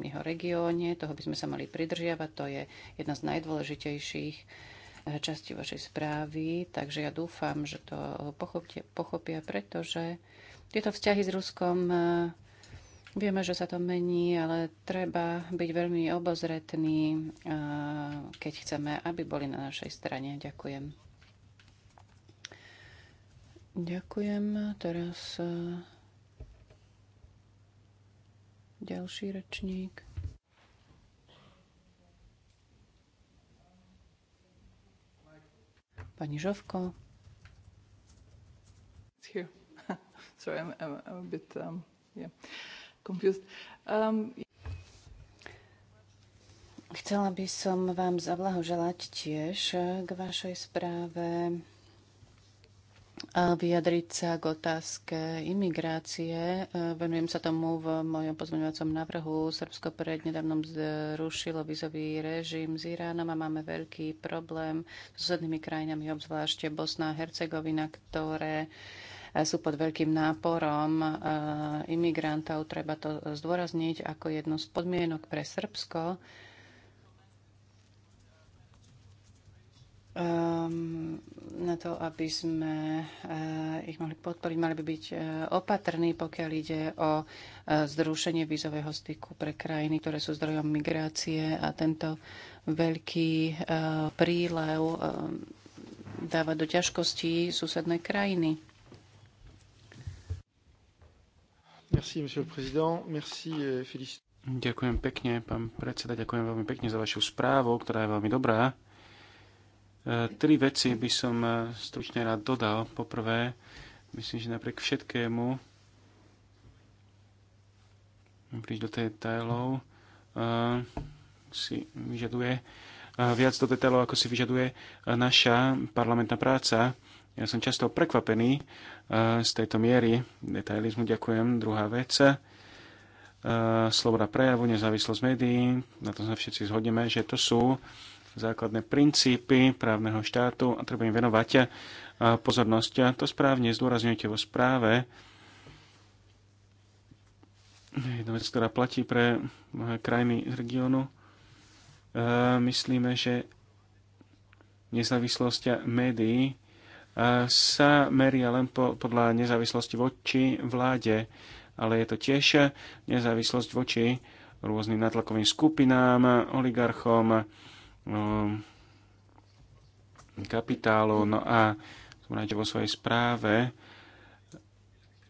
jeho regióne. Toho by sme sa mali pridržiavať. To je jedna z najdôležitejších eh, časti vašej správy. Takže ja dúfam, že to pochopte, pochopia, pretože tieto vzťahy s Ruskom eh, Vieme, že sa to mení, ale treba byť veľmi obozretný, eh, keď chceme, aby boli na našej strane. Ďakujem. Ďakujem. Teraz eh, ďalší rečník. Pani Žovko. Sorry, I'm, I'm, I'm a bit um, yeah, confused. Um, Chcela by som vám zablahoželať tiež eh, k vašej správe vyjadriť sa k otázke imigrácie. E, venujem sa tomu v mojom pozmeňovacom návrhu. Srbsko prednedávnom zrušilo vizový režim s Iránom a máme veľký problém s susednými krajinami, obzvlášť Bosna a Hercegovina, ktoré e, sú pod veľkým náporom e, imigrantov. Treba to zdôrazniť ako jednu z podmienok pre Srbsko um, na to, aby sme uh, ich mohli podporiť, mali by byť uh, opatrní, pokiaľ ide o uh, zrušenie vízového styku pre krajiny, ktoré sú zdrojom migrácie a tento veľký uh, prílev uh, dáva do ťažkostí susedné krajiny. Merci, monsieur le président. Merci, Ďakujem pekne, pán predseda, ďakujem veľmi pekne za vašu správu, ktorá je veľmi dobrá Tri veci by som e, stručne rád dodal. Poprvé, myslím, že napriek všetkému, prísť do detailov, e, si vyžaduje e, viac do detailov, ako si vyžaduje naša parlamentná práca. Ja som často prekvapený z tejto miery detailizmu. Ďakujem. Druhá vec, sloboda prejavu, nezávislosť médií, na to sa všetci zhodneme, že to sú základné princípy právneho štátu a treba im venovať eh, pozornosť. A to správne zdôrazňujete vo správe. Jedna vec, ktorá platí pre mnohé krajiny z regiónu, eh, myslíme, že nezávislosť médií eh, sa meria len po, podľa nezávislosti voči vláde, ale je to tiež nezávislosť voči rôznym natlakovým skupinám, oligarchom, Um, kapitálu. No a vo svojej správe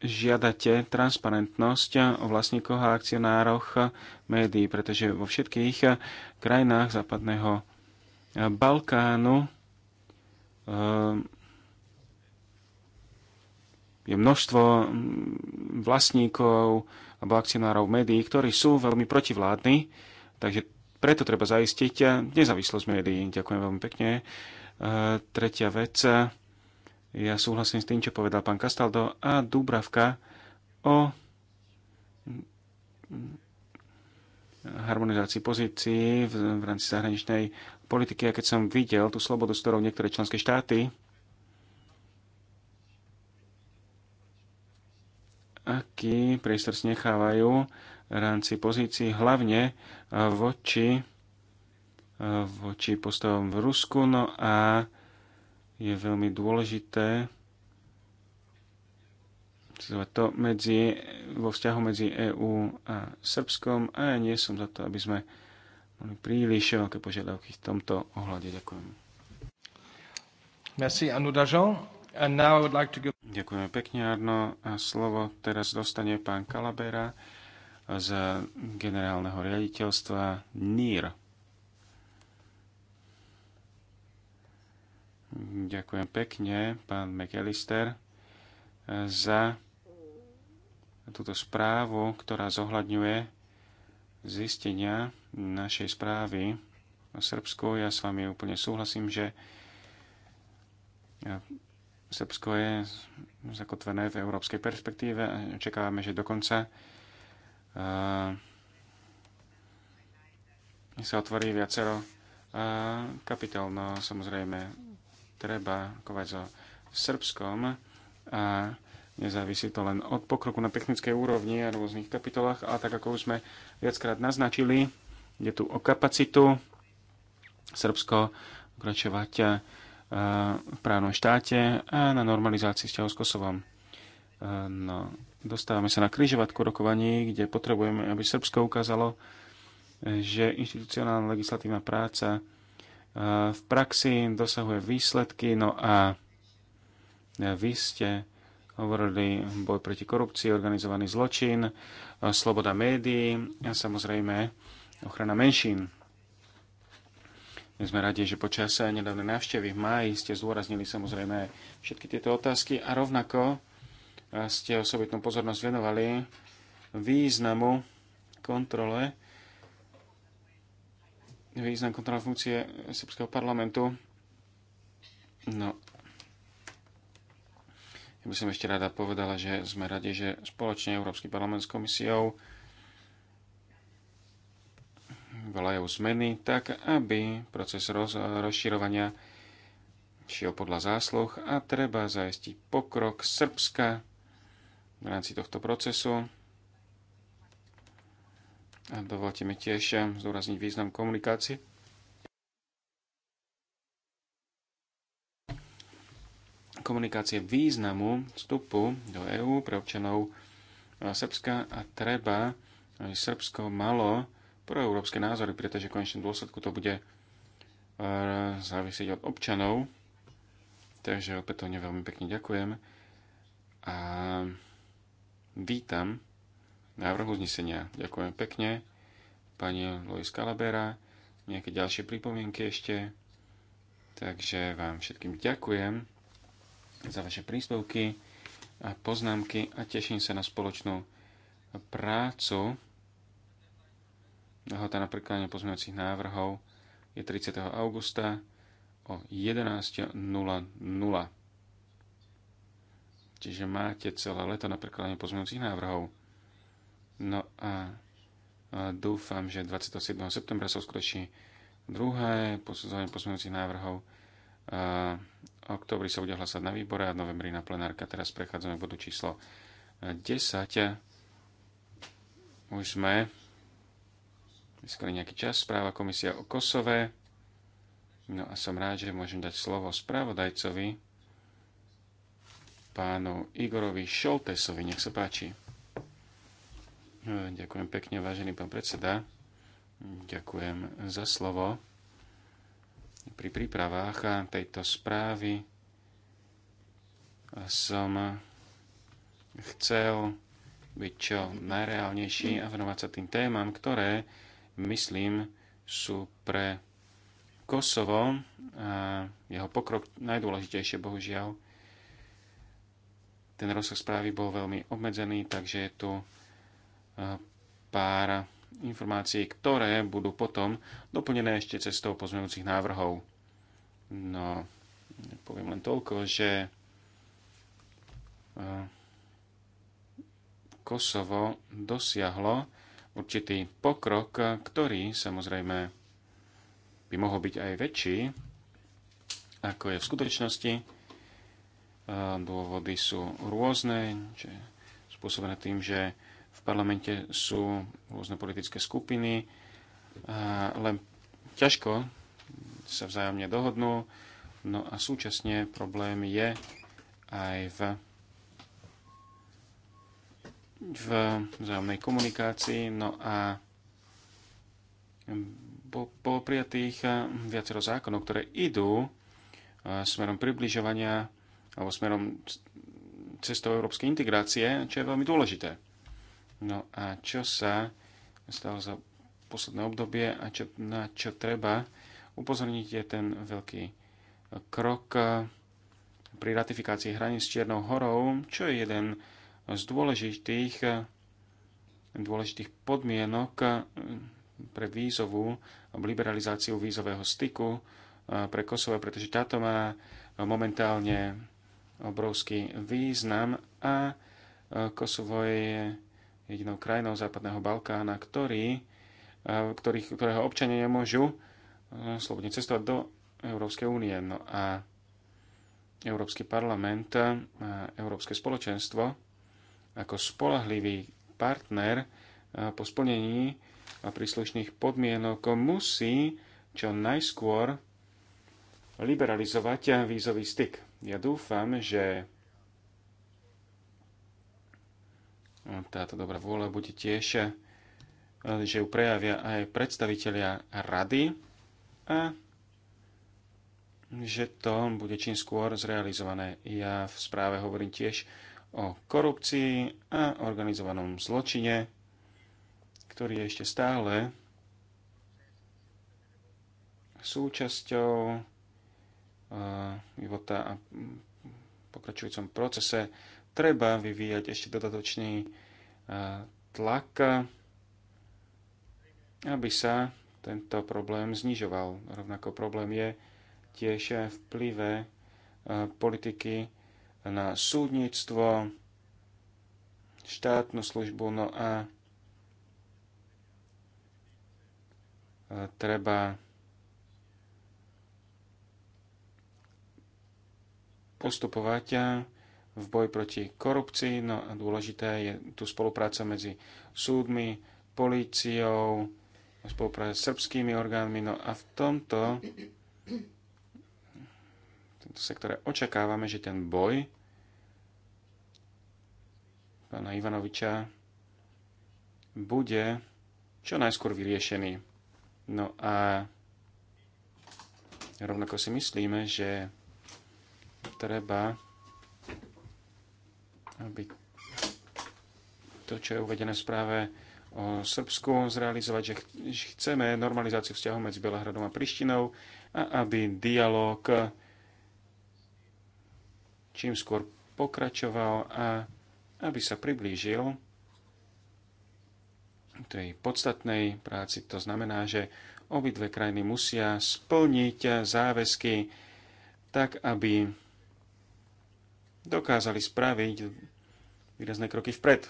žiadate transparentnosť o vlastníkoch a akcionároch médií, pretože vo všetkých krajinách západného Balkánu um, je množstvo vlastníkov alebo akcionárov médií, ktorí sú veľmi protivládni, takže preto treba zaistiť nezávislosť médií. Ďakujem veľmi pekne. E, tretia vec. Ja súhlasím s tým, čo povedal pán Kastaldo a Dúbravka o harmonizácii pozícií v, v rámci zahraničnej politiky. A keď som videl tú slobodu, s ktorou niektoré členské štáty aký priestor si nechávajú rámci pozícií, hlavne e, voči, e, voči postavom v Rusku. No a je veľmi dôležité to medzi, vo vzťahu medzi EÚ a Srbskom a ja nie som za to, aby sme mali príliš veľké požiadavky v tomto ohľade. Ďakujem. Merci, And now I would like to give... Ďakujeme pekne, Arno. A slovo teraz dostane pán Kalabera z generálneho riaditeľstva NIR. Ďakujem pekne, pán McAllister, za túto správu, ktorá zohľadňuje zistenia našej správy o Srbsku. Ja s vami úplne súhlasím, že Srbsko je zakotvené v európskej perspektíve a čakávame, že dokonca. konca sa otvorí viacero kapitol. No samozrejme, treba kovať so Srbskom a nezávisí to len od pokroku na technickej úrovni a rôznych kapitolách, ale tak ako už sme viackrát naznačili, je tu o kapacitu Srbsko pokračovať v právnom štáte a na normalizácii vzťahov s Kosovom. No, dostávame sa na križovatku rokovaní, kde potrebujeme, aby Srbsko ukázalo, že inštitucionálna legislatívna práca e, v praxi dosahuje výsledky. No a e, vy ste hovorili boj proti korupcii, organizovaný zločin, e, sloboda médií a samozrejme ochrana menšín. My sme radi, že počas nedávnej návštevy v máji ste zdôraznili samozrejme všetky tieto otázky a rovnako ste osobitnú pozornosť venovali významu kontrole, význam kontrolné funkcie Srbského parlamentu. No, ja by som ešte rada povedala, že sme radi, že spoločne Európsky parlament s komisiou volajú zmeny tak, aby proces roz, rozširovania šiel podľa zásluh a treba zajistiť pokrok Srbska v rámci tohto procesu. A dovolte mi tiež eh, zdôrazniť význam komunikácie. Komunikácie významu vstupu do EÚ pre občanov eh, Srbska a treba, aby Srbsko malo proeurópske názory, pretože v konečnom dôsledku to bude eh, závisieť od občanov. Takže opätovne veľmi pekne ďakujem. A vítam návrh uznesenia. Ďakujem pekne. Pani Lois Calabera, nejaké ďalšie pripomienky ešte. Takže vám všetkým ďakujem za vaše príspevky a poznámky a teším sa na spoločnú prácu. Lehota na prekladanie pozmeňovacích návrhov je 30. augusta o 11.00. Čiže máte celé leto na prekladanie pozmeňujúcich návrhov. No a, dúfam, že 27. septembra sa uskutoční druhé posudzovanie pozmeňujúcich návrhov. A, oktobri sa bude hlasať na výbore a v novembri na plenárka. Teraz prechádzame k bodu číslo 10. Už sme vyskali nejaký čas. Správa komisia o Kosove. No a som rád, že môžem dať slovo spravodajcovi pánu Igorovi Šoltesovi. Nech sa páči. E, ďakujem pekne, vážený pán predseda. Ďakujem za slovo. Pri prípravách tejto správy som chcel byť čo najreálnejší a venovať sa tým témam, ktoré, myslím, sú pre Kosovo a jeho pokrok najdôležitejšie, bohužiaľ, ten rozsah správy bol veľmi obmedzený, takže je tu eh, pár informácií, ktoré budú potom doplnené ešte cestou pozmeňujúcich návrhov. No, poviem len toľko, že eh, Kosovo dosiahlo určitý pokrok, ktorý samozrejme by mohol byť aj väčší, ako je v skutočnosti Dôvody sú rôzne, čiže spôsobené tým, že v parlamente sú rôzne politické skupiny, len ťažko sa vzájomne dohodnú. No a súčasne problém je aj v, v vzájomnej komunikácii. No a po, po prijatých viacero zákonov, ktoré idú smerom približovania alebo smerom cestou európskej integrácie, čo je veľmi dôležité. No a čo sa stalo za posledné obdobie a čo, na čo treba upozorniť je ten veľký krok pri ratifikácii hraní s Čiernou horou, čo je jeden z dôležitých, dôležitých podmienok pre vízovú alebo liberalizáciu vízového styku eh, pre Kosovo, pretože táto má momentálne obrovský význam a e, Kosovo je jedinou krajinou Západného Balkána, ktorý, e, ktorých, ktorého občania nemôžu e, slobodne cestovať do Európskej únie. No a Európsky parlament a Európske spoločenstvo ako spolahlivý partner po splnení a príslušných podmienok musí čo najskôr liberalizovať vízový styk. Ja dúfam, že táto dobrá vôľa bude tiež, eh, že ju prejavia aj predstavitelia rady a že to bude čím skôr zrealizované. Ja v správe hovorím tiež o korupcii a organizovanom zločine, ktorý je ešte stále súčasťou života a mm, pokračujúcom procese treba vyvíjať ešte dodatočný tlak, aby sa tento problém znižoval. Rovnako problém je tiež vplyve politiky na súdnictvo, štátnu službu, no a treba postupovať eh, v boji proti korupcii. No a dôležité je tu spolupráca medzi súdmi, políciou, spolupráca s srbskými orgánmi. No a v tomto, v tomto sektore očakávame, že ten boj pána Ivanoviča bude čo najskôr vyriešený. No a rovnako si myslíme, že treba, aby to, čo je uvedené v správe o Srbsku, zrealizovať, že chceme normalizáciu vzťahov medzi Bielohradom a Prištinou a aby dialog čím skôr pokračoval a aby sa priblížil tej podstatnej práci. To znamená, že obidve krajiny musia splniť záväzky tak, aby dokázali spraviť výrazné kroky vpred.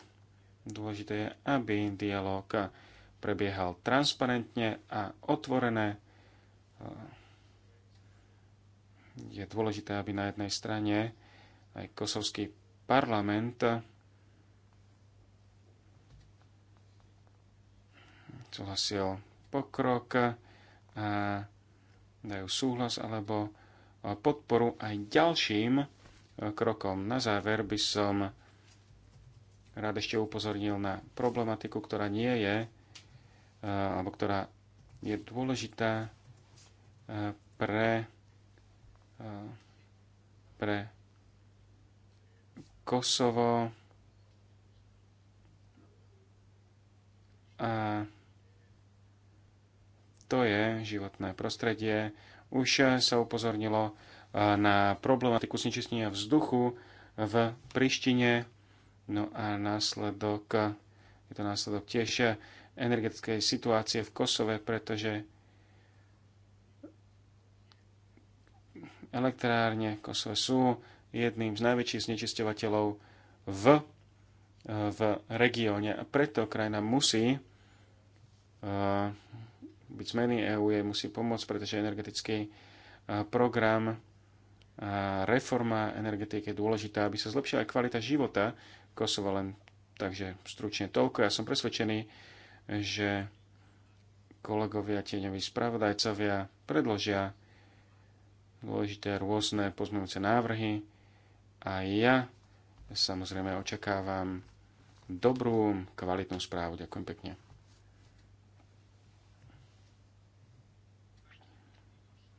Dôležité je, aby dialog prebiehal transparentne a otvorené. Je dôležité, aby na jednej strane aj kosovský parlament súhlasil pokrok a dajú súhlas alebo podporu aj ďalším krokom. Na záver by som rád ešte upozornil na problematiku, ktorá nie je, eh, alebo ktorá je dôležitá eh, pre, eh, pre Kosovo a to je životné prostredie. Už sa upozornilo na problematiku znečistenia vzduchu v Prištine. No a následok, je to následok tiež energetickej situácie v Kosove, pretože elektrárne v Kosove sú jedným z najväčších znečisťovateľov v, v regióne. A preto krajina musí e, byť zmeny EÚ jej musí pomôcť, pretože energetický e, program reforma energetiky je dôležitá, aby sa zlepšila aj kvalita života Kosova len takže stručne toľko. Ja som presvedčený, že kolegovia tieňoví spravodajcovia predložia dôležité rôzne pozmeňujúce návrhy a ja samozrejme očakávam dobrú, kvalitnú správu. Ďakujem pekne.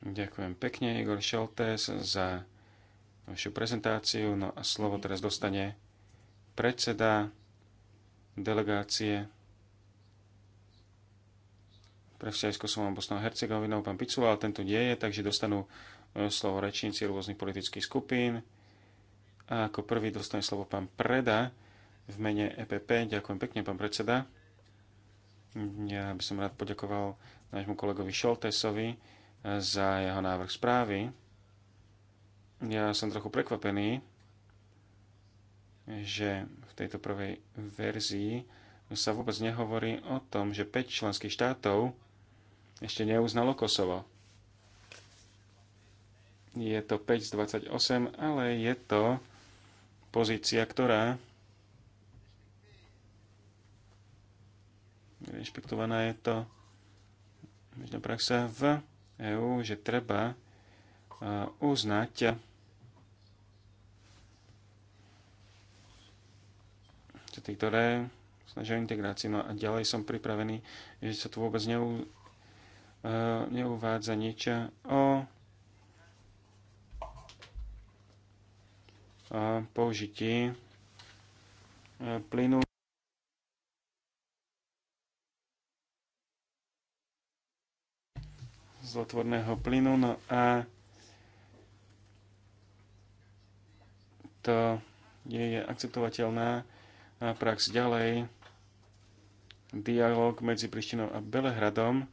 Ďakujem pekne, Igor Šeltes, za vašu prezentáciu. No a slovo teraz dostane predseda delegácie pre vzťahy s Kosovom a Bosnou Hercegovinou, pán Picula, ale tento nie je, takže dostanú e, slovo rečníci rôznych politických skupín. A ako prvý dostane slovo pán Preda v mene EPP. Ďakujem pekne, pán predseda. Ja by som rád poďakoval nášmu kolegovi Šoltesovi, za jeho návrh správy. Ja som trochu prekvapený, že v tejto prvej verzii sa vôbec nehovorí o tom, že 5 členských štátov ešte neuznalo Kosovo. Je to 5 z 28, ale je to pozícia, ktorá rešpektovaná je to bežná praxa v EÚ, že treba e, uznať tí, ktoré snažia integráciu. No a ďalej som pripravený, že sa tu vôbec neu, e, neuvádza nič o, e, použití plynu zlotvorného plynu. No a to nie je akceptovateľná prax ďalej. Dialóg medzi Prištinou a Belehradom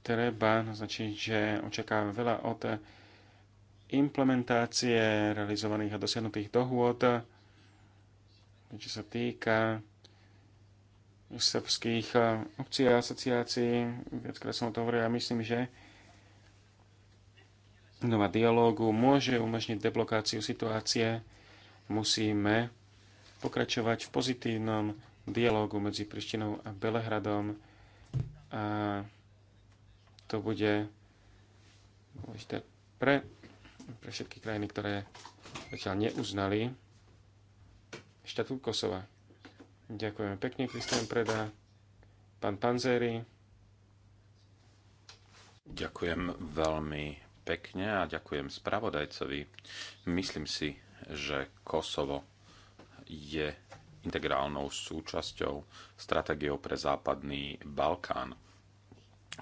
treba naznačiť, že očakáva veľa od implementácie realizovaných a dosiahnutých dohôd, čo sa týka srbských eh, obcí a asociácií. Viackrát som o to hovoril a myslím, že doma dialógu môže umožniť deblokáciu situácie. Musíme pokračovať v pozitívnom dialógu medzi Prištinou a Belehradom a to bude dôležité pre, pre všetky krajiny, ktoré zatiaľ neuznali štatút Kosova. Ďakujem pekne, Kristian Preda. Pán Panzeri. Ďakujem veľmi pekne a ďakujem spravodajcovi. Myslím si, že Kosovo je integrálnou súčasťou stratégiou pre západný Balkán.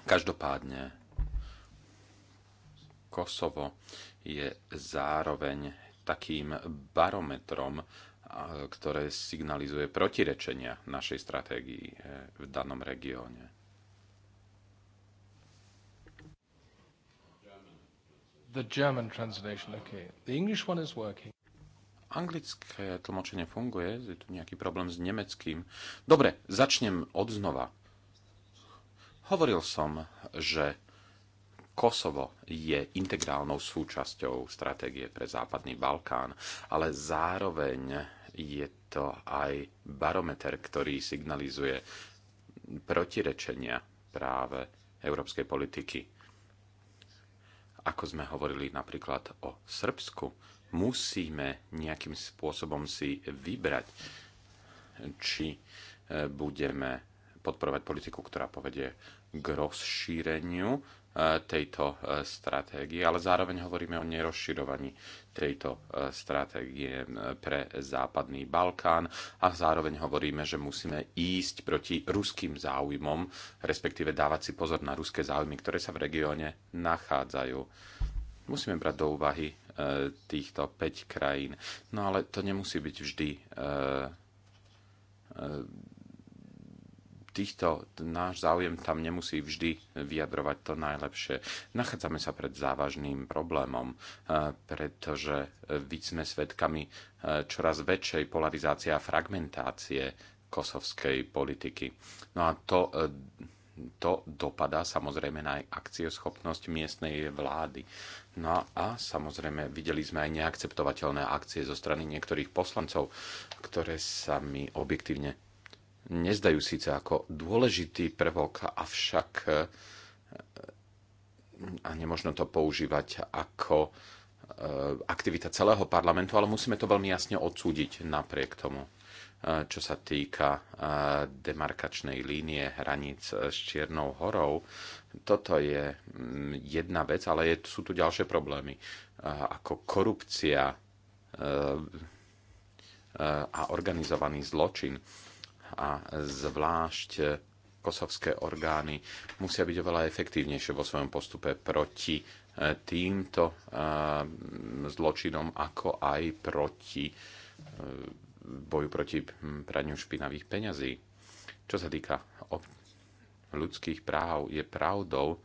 Každopádne Kosovo je zároveň takým barometrom ktoré signalizuje protirečenia našej stratégii eh, v danom regióne. The German translation, okay. The English one is working. Anglické tlmočenie funguje, je tu nejaký problém s nemeckým. Dobre, začnem od znova. Hovoril som, že Kosovo je integrálnou súčasťou stratégie pre Západný Balkán, ale zároveň je to aj barometer, ktorý signalizuje protirečenia práve európskej politiky. Ako sme hovorili napríklad o Srbsku, musíme nejakým spôsobom si vybrať, či e, budeme podporovať politiku, ktorá povedie k rozšíreniu E, tejto e, stratégie, ale zároveň hovoríme o nerozširovaní tejto e, stratégie pre západný Balkán a zároveň hovoríme, že musíme ísť proti ruským záujmom, respektíve dávať si pozor na ruské záujmy, ktoré sa v regióne nachádzajú. Musíme brať do úvahy týchto 5 krajín. No ale to nemusí byť vždy týchto náš záujem tam nemusí vždy vyjadrovať to najlepšie. Nachádzame sa pred závažným problémom, e, pretože sme svedkami e, čoraz väčšej polarizácie a fragmentácie kosovskej politiky. No a to, e, to dopadá samozrejme na aj akcieschopnosť miestnej vlády. No a samozrejme videli sme aj neakceptovateľné akcie zo strany niektorých poslancov, ktoré sa mi objektívne nezdajú síce ako dôležitý prvok, avšak e, a nemožno to používať ako e, aktivita celého parlamentu, ale musíme to veľmi jasne odsúdiť napriek tomu, e, čo sa týka demarkačnej línie hraníc s Čiernou horou. Toto je jedna vec, ale je, sú tu ďalšie problémy, ako korupcia a organizovaný zločin a zvlášť kosovské orgány musia byť oveľa efektívnejšie vo svojom postupe proti e, týmto e, zločinom, ako aj proti e, boju proti hm, praniu špinavých peňazí. Čo sa týka ľudských práv, je pravdou,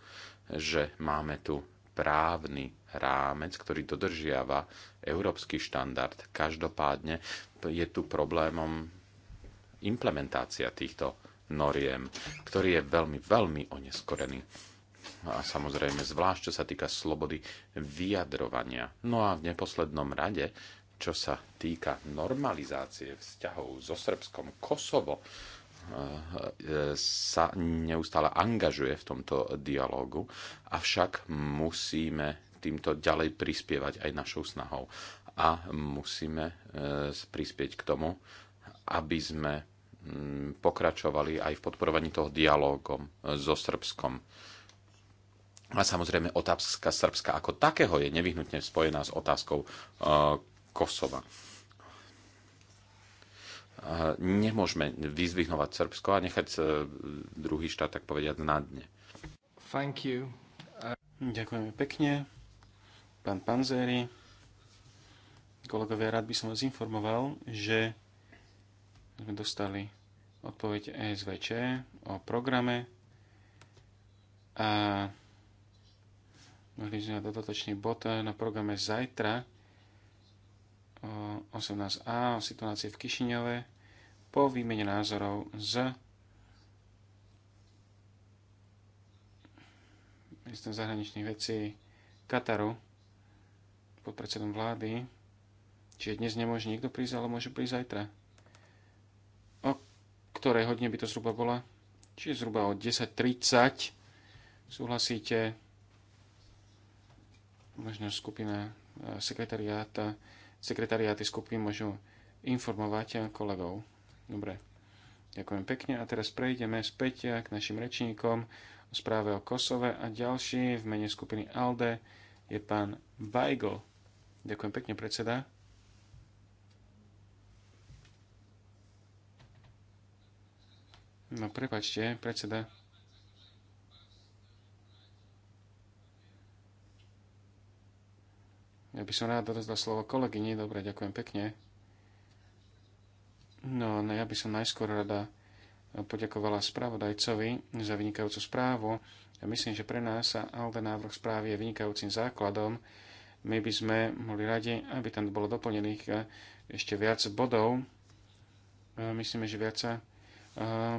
že máme tu právny rámec, ktorý dodržiava európsky štandard. Každopádne je tu problémom implementácia týchto noriem, ktorý je veľmi, veľmi oneskorený. A samozrejme, zvlášť čo sa týka slobody vyjadrovania. No a v neposlednom rade, čo sa týka normalizácie vzťahov so Srbskom, Kosovo e, e, sa neustále angažuje v tomto dialogu, avšak musíme týmto ďalej prispievať aj našou snahou. A musíme e, prispieť k tomu, aby sme Mm, pokračovali aj v podporovaní toho dialogom e, so Srbskom. A samozrejme otázka Srbska ako takého je nevyhnutne spojená s otázkou e, Kosova. E, nemôžeme vyzvihnovať Srbsko a nechať druhý štát, tak povediať, na dne. Thank you. Ďakujeme pekne. Pán Panzeri, kolegovia, rád by som vás informoval, že sme dostali odpoveď e SVČ o programe a mohli sme dodatočný bod na programe zajtra o 18a o situácii v Kišiňove po výmene názorov z ministrom zahraničných vecí Kataru pod predsedom vlády. Čiže dnes nemôže nikto prísť, ale môže prísť zajtra ktorej hodine by to zhruba bola? Čiže zhruba o 10.30 súhlasíte možno skupina e, sekretariáta, sekretariáty skupiny môžu informovať e, kolegov. Dobre, ďakujem pekne a teraz prejdeme späť e, k našim rečníkom o správe o Kosove a ďalší v mene skupiny ALDE je pán Weigl. Ďakujem pekne, predseda. No prepačte, predseda. Ja by som rád odozdal slovo kolegyni. Dobre, ďakujem pekne. No, no ja by som najskôr rada poďakovala spravodajcovi za vynikajúcu správu. Ja myslím, že pre nás sa ALDE návrh správy je vynikajúcim základom. My by sme mohli radi, aby tam bolo doplnených eh, ešte viac bodov. Eh, myslíme, že viac sa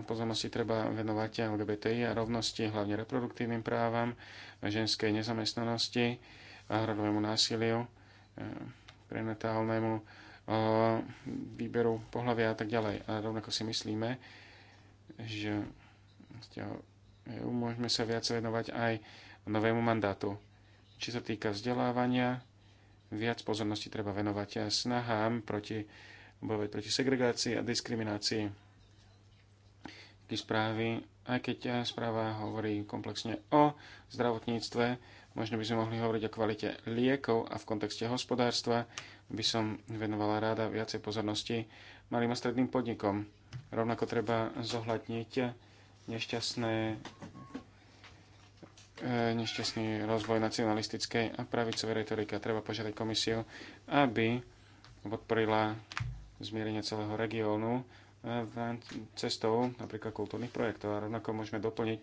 pozornosti treba venovať LGBTI a rovnosti, hlavne reproduktívnym právam, ženskej nezamestnanosti, hradovému násiliu, e, prenatálnemu e, výberu pohľavia a tak ďalej. A rovnako si myslíme, že môžeme sa viac venovať aj novému mandátu. Či sa týka vzdelávania, viac pozornosti treba venovať snahám proti bojovať proti segregácii a diskriminácii správy, aj keď eh, správa hovorí komplexne o zdravotníctve, možno by sme mohli hovoriť o kvalite liekov a v kontexte hospodárstva by som venovala ráda viacej pozornosti malým a stredným podnikom. Rovnako treba zohľadniť eh, nešťastné eh, nešťastný rozvoj nacionalistickej a pravicovej retoriky. Treba požiadať komisiu, aby podporila zmierenie celého regiónu cestou napríklad kultúrnych projektov. A rovnako môžeme doplniť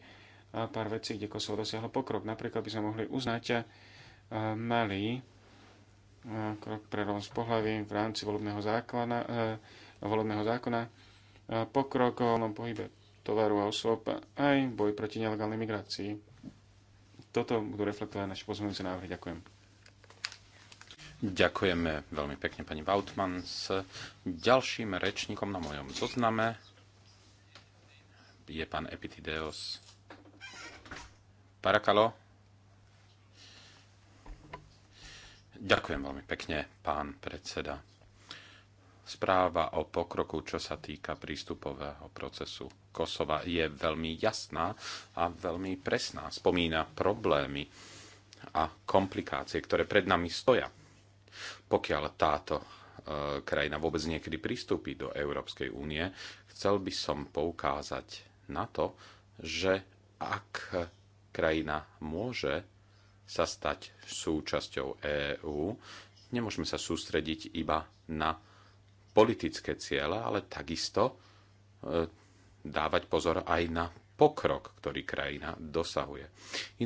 pár vecí, kde Kosovo dosiahlo pokrok. Napríklad by sme mohli uznať malý krok pre rovnosť pohľavy v rámci volebného zákona, volebného zákona pokrok o voľnom pohybe tovaru a osôb aj boj proti nelegálnej migrácii. Toto budú reflektovať naše pozmeňujúce návrhy. Ďakujem. Ďakujeme veľmi pekne pani s Ďalším rečníkom na mojom zozname je pán Epitideos Parakalo. Ďakujem veľmi pekne, pán predseda. Správa o pokroku, čo sa týka prístupového procesu Kosova, je veľmi jasná a veľmi presná. Spomína problémy a komplikácie, ktoré pred nami stoja pokiaľ táto e, krajina vôbec niekedy pristúpi do Európskej únie, chcel by som poukázať na to, že ak krajina môže sa stať súčasťou EÚ, nemôžeme sa sústrediť iba na politické ciele, ale takisto e, dávať pozor aj na pokrok, ktorý krajina dosahuje.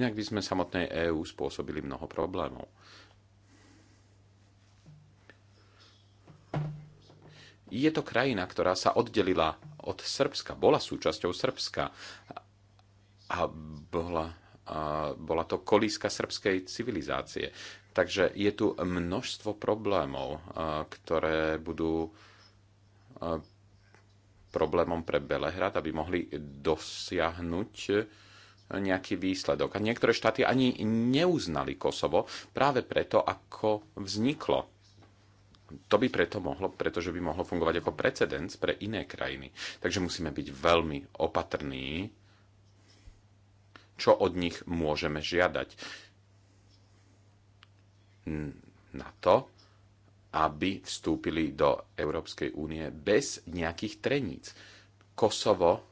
Inak by sme samotnej EÚ spôsobili mnoho problémov. Je to krajina, ktorá sa oddelila od Srbska, bola súčasťou Srbska a bola, a bola to kolíska srbskej civilizácie. Takže je tu množstvo problémov, ktoré budú problémom pre Belehrad, aby mohli dosiahnuť nejaký výsledok. A niektoré štáty ani neuznali Kosovo práve preto, ako vzniklo to by preto mohlo, pretože by mohlo fungovať ako precedens pre iné krajiny. Takže musíme byť veľmi opatrní, čo od nich môžeme žiadať. Na to, aby vstúpili do Európskej únie bez nejakých treníc. Kosovo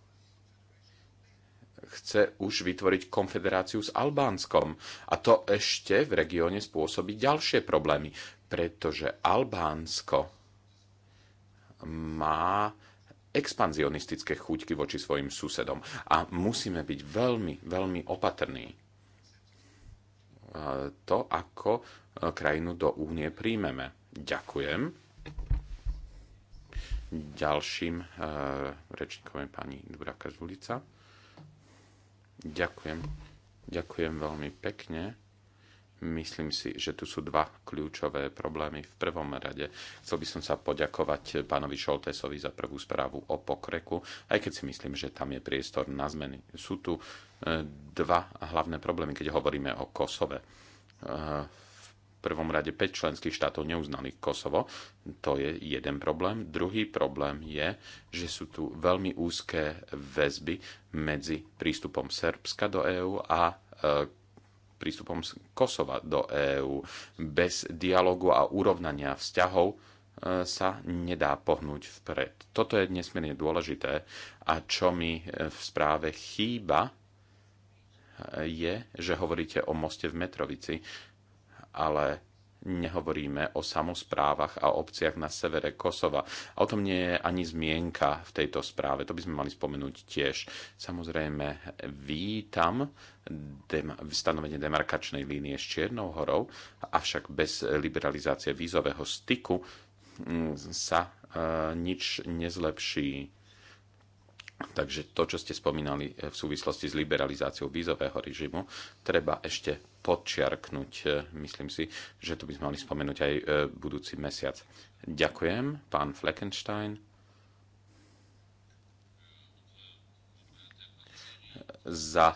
chce už vytvoriť konfederáciu s Albánskom a to ešte v regióne spôsobí ďalšie problémy pretože Albánsko má expanzionistické chuťky voči svojim susedom a musíme byť veľmi, veľmi opatrní e, to, ako e, krajinu do únie príjmeme. Ďakujem. Ďalším e, rečníkom je pani Duraka Žulica. Ďakujem. Ďakujem veľmi pekne Myslím si, že tu sú dva kľúčové problémy. V prvom rade chcel by som sa poďakovať pánovi Šoltesovi za prvú správu o pokreku, aj keď si myslím, že tam je priestor na zmeny. Sú tu e, dva hlavné problémy, keď hovoríme o Kosove. E, v prvom rade 5 členských štátov neuznali Kosovo. To je jeden problém. Druhý problém je, že sú tu veľmi úzké väzby medzi prístupom Srbska do EÚ a e, prístupom z Kosova do EÚ. Bez dialogu a urovnania vzťahov e, sa nedá pohnúť vpred. Toto je nesmierne dôležité a čo mi e, v správe chýba, e, je, že hovoríte o moste v Metrovici, ale nehovoríme o samozprávach a obciach na severe Kosova. A o tom nie je ani zmienka v tejto správe. To by sme mali spomenúť tiež. Samozrejme, vítam dem- stanovenie demarkačnej línie s Čiernou horou, avšak bez liberalizácie vízového styku mm, sa e, nič nezlepší. Takže to, čo ste spomínali e, v súvislosti s liberalizáciou vízového režimu, treba ešte podčiarknúť. E, myslím si, že to by sme mali spomenúť aj e, budúci mesiac. Ďakujem, pán Fleckenstein. Za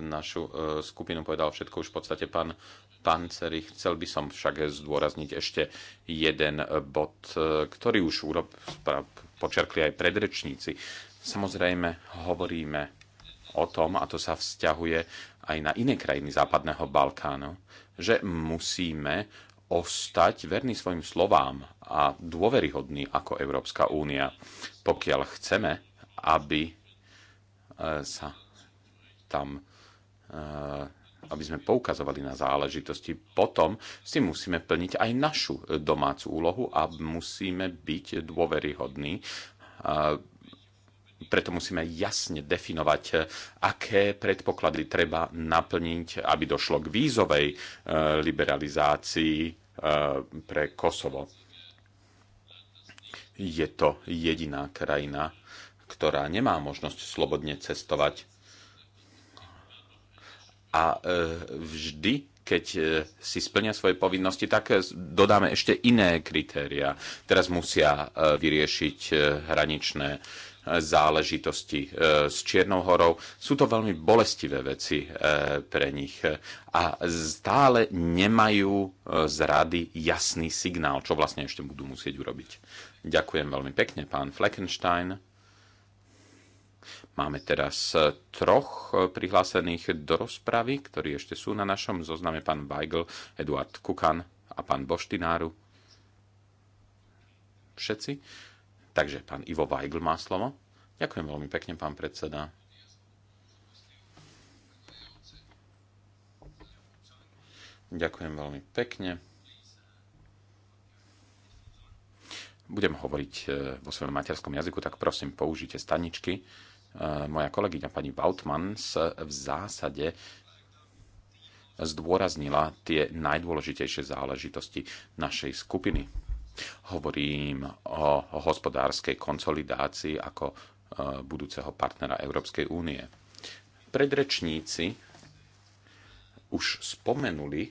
našu skupinu povedal všetko už v podstate pán Pancery. Chcel by som však zdôrazniť ešte jeden bod, ktorý už počiarkli aj predrečníci. Samozrejme hovoríme o tom, a to sa vzťahuje aj na iné krajiny Západného Balkánu, že musíme ostať verní svojim slovám a dôveryhodní ako Európska únia, pokiaľ chceme, aby e, sa tam e, aby sme poukazovali na záležitosti. Potom si musíme plniť aj našu domácu úlohu a musíme byť dôveryhodní e, preto musíme jasne definovať, eh, aké predpoklady treba naplniť, aby došlo k vízovej eh, liberalizácii eh, pre Kosovo. Je to jediná krajina, ktorá nemá možnosť slobodne cestovať. A vždy keď si splnia svoje povinnosti, tak dodáme ešte iné kritéria. Teraz musia vyriešiť hraničné záležitosti e, s Čiernou horou. Sú to veľmi bolestivé veci e, pre nich a stále nemajú e, z rady jasný signál, čo vlastne ešte budú musieť urobiť. Ďakujem veľmi pekne, pán Fleckenstein. Máme teraz troch prihlásených do rozpravy, ktorí ešte sú na našom zozname pán Weigl, Eduard Kukan a pán Boštináru. Všetci? Takže pán Ivo Weigl má slovo. Ďakujem veľmi pekne, pán predseda. Ďakujem veľmi pekne. Budem hovoriť e, vo svojom materskom jazyku, tak prosím, použite staničky. E, moja kolegyňa pani Vautmans v zásade zdôraznila tie najdôležitejšie záležitosti našej skupiny. Hovorím o, hospodárskej konsolidácii ako e, budúceho partnera Európskej únie. Predrečníci už spomenuli e,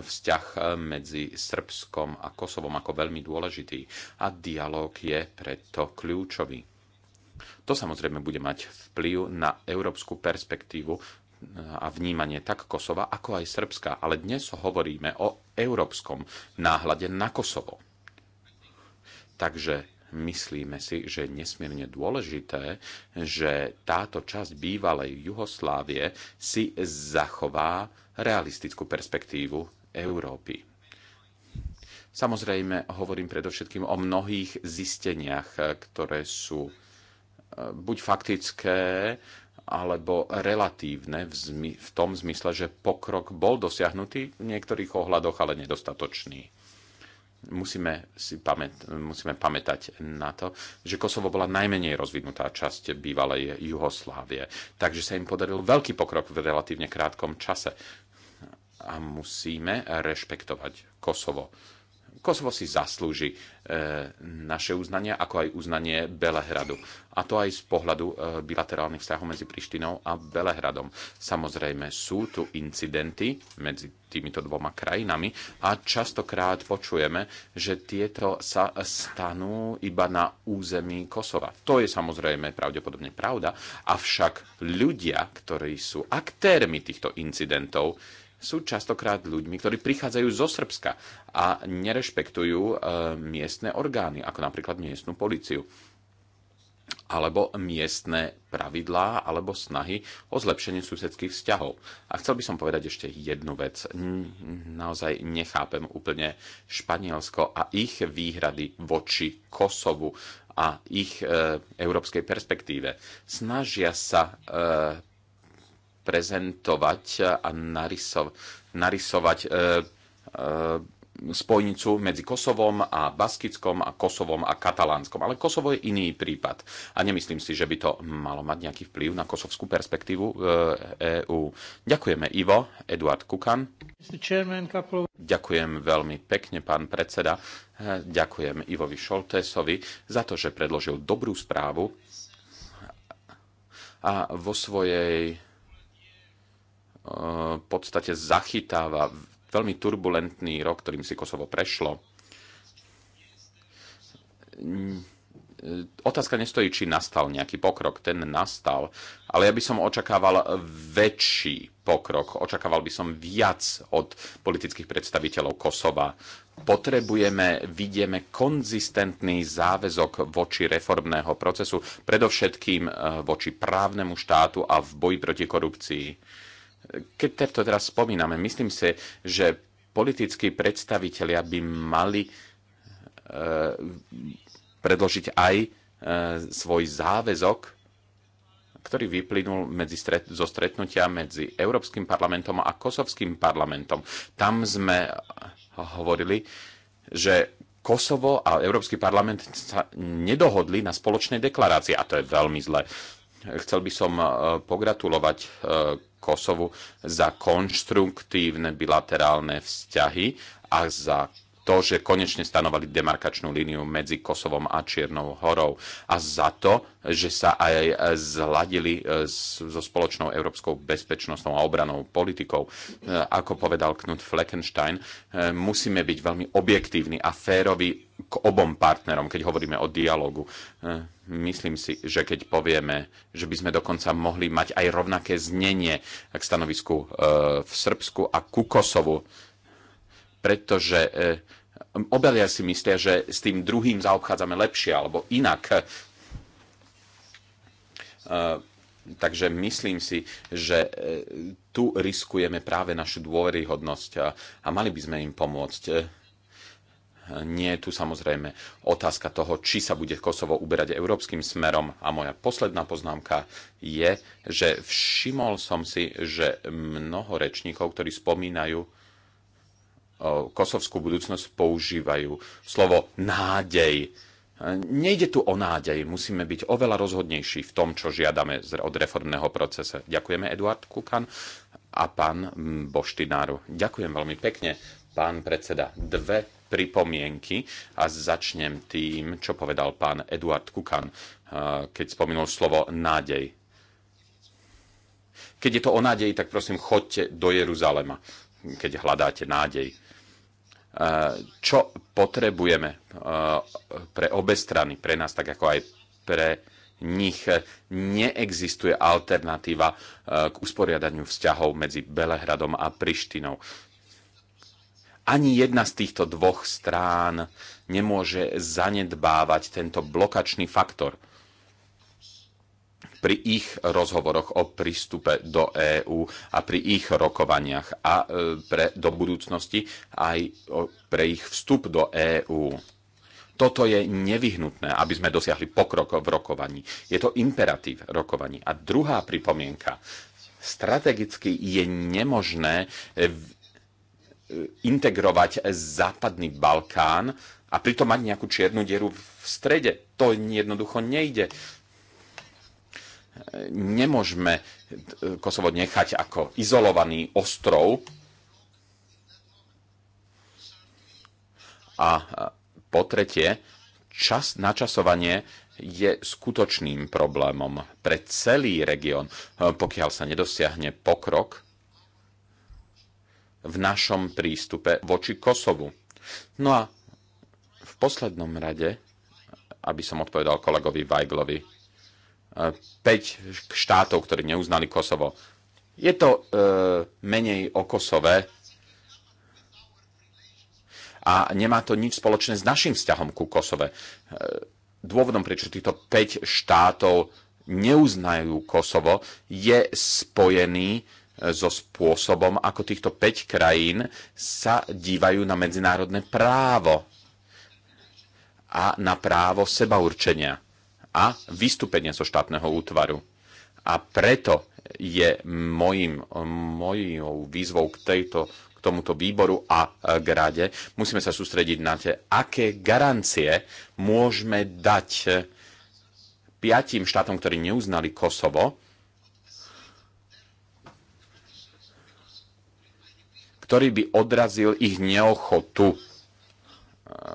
vzťah e, medzi Srbskom a Kosovom ako veľmi dôležitý a dialog je preto kľúčový. To samozrejme bude mať vplyv na európsku perspektívu a vnímanie tak Kosova, ako aj Srbska. Ale dnes hovoríme o európskom náhľade na Kosovo. Takže myslíme si, že je nesmierne dôležité, že táto časť bývalej Juhoslávie si zachová realistickú perspektívu Európy. Samozrejme, hovorím predovšetkým o mnohých zisteniach, ktoré sú eh, buď faktické, alebo relatívne v, zmi- v tom zmysle, že pokrok bol dosiahnutý v niektorých ohľadoch, ale nedostatočný. Musíme, si pamät- musíme pamätať na to, že Kosovo bola najmenej rozvinutá časť bývalej Juhoslávie, takže sa im podaril veľký pokrok v relatívne krátkom čase. A musíme rešpektovať Kosovo Kosovo si zaslúži e, naše uznanie, ako aj uznanie Belehradu. A to aj z pohľadu e, bilaterálnych vzťahov medzi Prištinou a Belehradom. Samozrejme sú tu incidenty medzi týmito dvoma krajinami a častokrát počujeme, že tieto sa stanú iba na území Kosova. To je samozrejme pravdepodobne pravda, avšak ľudia, ktorí sú aktérmi týchto incidentov, sú častokrát ľuďmi, ktorí prichádzajú zo Srbska a nerešpektujú e, miestne orgány, ako napríklad miestnu policiu alebo miestne pravidlá alebo snahy o zlepšenie susedských vzťahov. A chcel by som povedať ešte jednu vec. Naozaj nechápem úplne Španielsko a ich výhrady voči Kosovu a ich e, európskej perspektíve. Snažia sa e, prezentovať a narisovať narysovať e, e, spojnicu medzi Kosovom a Baskickom a Kosovom a Katalánskom. Ale Kosovo je iný prípad a nemyslím si, že by to malo mať nejaký vplyv na kosovskú perspektívu EÚ. E Ďakujeme Ivo, Eduard Kukan. Ďakujem veľmi pekne, pán predseda. E, ďakujem Ivovi Šoltésovi za to, že predložil dobrú správu a vo svojej v podstate zachytáva veľmi turbulentný rok, ktorým si Kosovo prešlo. Otázka nestojí, či nastal nejaký pokrok. Ten nastal, ale ja by som očakával väčší pokrok. Očakával by som viac od politických predstaviteľov Kosova. Potrebujeme, vidieme konzistentný záväzok voči reformného procesu, predovšetkým eh, voči právnemu štátu a v boji proti korupcii keď to teraz spomíname, myslím si, že politickí predstavitelia by mali e, predložiť aj e, svoj záväzok, ktorý vyplynul medzi stret, zo stretnutia medzi Európskym parlamentom a Kosovským parlamentom. Tam sme hovorili, že Kosovo a Európsky parlament sa nedohodli na spoločnej deklarácii a to je veľmi zle. Chcel by som e, pogratulovať Kosovu za konštruktívne bilaterálne vzťahy a za to, že konečne stanovali demarkačnú líniu medzi Kosovom a Čiernou horou a za to, že sa aj zladili e, so spoločnou európskou bezpečnostnou a obranou politikou. E, ako povedal Knut Fleckenstein, e, musíme byť veľmi objektívni a féroví k obom partnerom, keď hovoríme o dialogu. E, myslím si, že keď povieme, že by sme dokonca mohli mať aj rovnaké znenie k stanovisku e, v Srbsku a ku Kosovu, pretože e, obelia si myslia, že s tým druhým zaobchádzame lepšie alebo inak. Takže myslím si, že tu riskujeme práve našu dôveryhodnosť a, a mali by sme im pomôcť nie je tu samozrejme otázka toho, či sa bude Kosovo uberať európskym smerom. A moja posledná poznámka je, že všimol som si, že mnoho rečníkov, ktorí spomínajú kosovskú budúcnosť, používajú slovo nádej. Nejde tu o nádej, musíme byť oveľa rozhodnejší v tom, čo žiadame od reformného procese. Ďakujeme Eduard Kukan a pán Boštináru. Ďakujem veľmi pekne, pán predseda. Dve pripomienky a začnem tým, čo povedal pán Eduard Kukan, eh, keď spomenul slovo nádej. Keď je to o nádeji, tak prosím, choďte do Jeruzalema, keď hľadáte nádej. Eh, čo potrebujeme eh, pre obe strany, pre nás, tak ako aj pre nich neexistuje alternatíva k usporiadaniu vzťahov medzi Belehradom a Prištinou. Ani jedna z týchto dvoch strán nemôže zanedbávať tento blokačný faktor pri ich rozhovoroch o prístupe do EÚ a pri ich rokovaniach a e, pre, do budúcnosti aj pre ich vstup do EÚ. Toto je nevyhnutné, aby sme dosiahli pokrok v rokovaní. Je to imperatív rokovaní. A druhá pripomienka. Strategicky je nemožné integrovať západný Balkán a pritom mať nejakú čiernu dieru v strede. To jednoducho nejde. Nemôžeme Kosovo nechať ako izolovaný ostrov a po tretie, čas, načasovanie je skutočným problémom pre celý región, pokiaľ sa nedosiahne pokrok v našom prístupe voči Kosovu. No a v poslednom rade, aby som odpovedal kolegovi Weiglovi, 5 eh, štátov, ktorí neuznali Kosovo. Je to e, menej o Kosove a nemá to nič spoločné s našim vzťahom ku Kosove. E, dôvodom, prečo týchto 5 štátov neuznajú Kosovo, je spojený E, so spôsobom, ako týchto 5 krajín sa dívajú na medzinárodné právo a na právo seba určenia a vystúpenia zo štátneho útvaru. A preto je mojim, mojou výzvou k, tejto, k tomuto výboru a e, k rade, musíme sa sústrediť na tie, aké garancie môžeme dať piatim štátom, ktorí neuznali Kosovo, ktorý by odrazil ich neochotu eh,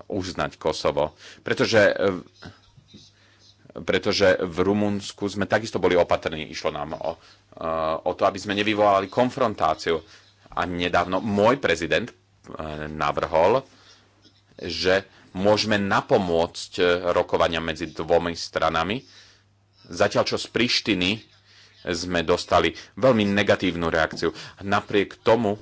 uznať Kosovo. Pretože, eh, pretože v Rumunsku sme takisto boli opatrní. Išlo nám o, eh, o to, aby sme nevyvolali konfrontáciu. A nedávno môj prezident navrhol, že môžeme napomôcť rokovania medzi dvomi stranami, zatiaľ čo z Prištiny sme dostali veľmi negatívnu reakciu. Napriek tomu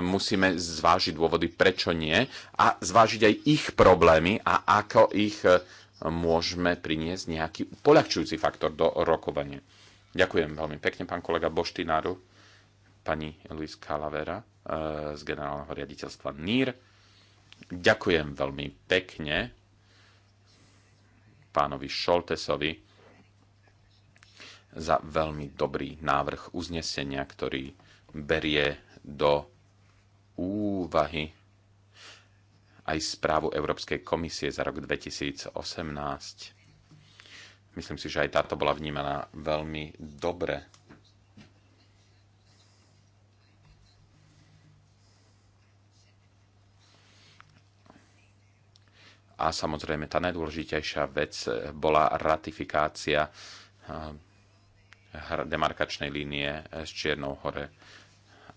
musíme zvážiť dôvody, prečo nie a zvážiť aj ich problémy a ako ich e, môžeme priniesť nejaký poľahčujúci faktor do rokovania. Ďakujem veľmi pekne, pán kolega Boštináru, pani Luis Calavera e, z generálneho riaditeľstva NIR. Ďakujem veľmi pekne pánovi Šoltesovi za veľmi dobrý návrh uznesenia, ktorý berie do úvahy aj správu Európskej komisie za rok 2018. Myslím si, že aj táto bola vnímaná veľmi dobre. A samozrejme, tá najdôležitejšia vec bola ratifikácia eh, demarkačnej línie z Čiernou hore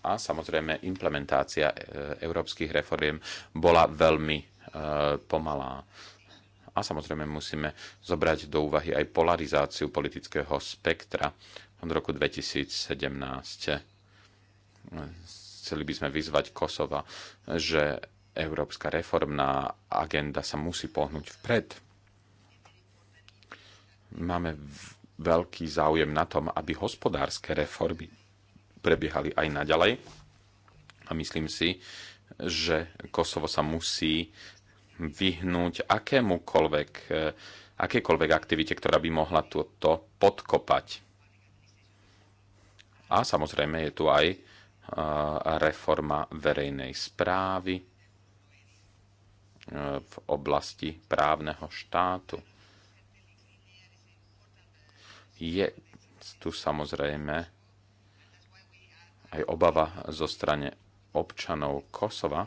a samozrejme implementácia e, európskych reforiem bola veľmi e, pomalá. A samozrejme musíme zobrať do úvahy aj polarizáciu politického spektra od roku 2017. Chceli by sme vyzvať Kosova, že európska reformná agenda sa musí pohnúť vpred. Máme veľký záujem na tom, aby hospodárske reformy prebiehali aj naďalej. A myslím si, že Kosovo sa musí vyhnúť akémukoľvek, eh, akékoľvek aktivite, ktorá by mohla toto podkopať. A samozrejme je tu aj eh, reforma verejnej správy eh, v oblasti právneho štátu. Je tu samozrejme aj obava zo strane občanov Kosova,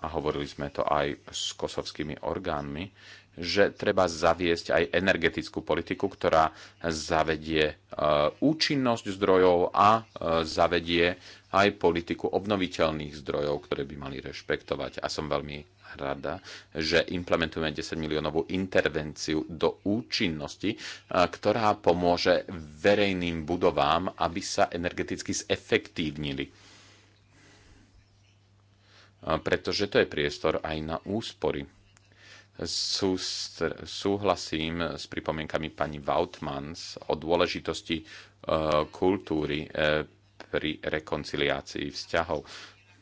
a hovorili sme to aj s kosovskými orgánmi, že treba zaviesť aj energetickú politiku, ktorá zavedie e, účinnosť zdrojov a e, zavedie aj politiku obnoviteľných zdrojov, ktoré by mali rešpektovať. A som veľmi rada, že implementujeme 10 miliónovú intervenciu do účinnosti, ktorá pomôže verejným budovám, aby sa energeticky zefektívnili. Pretože to je priestor aj na úspory. súhlasím s pripomienkami pani Vautmans o dôležitosti e, kultúry e, pri rekonciliácii vzťahov.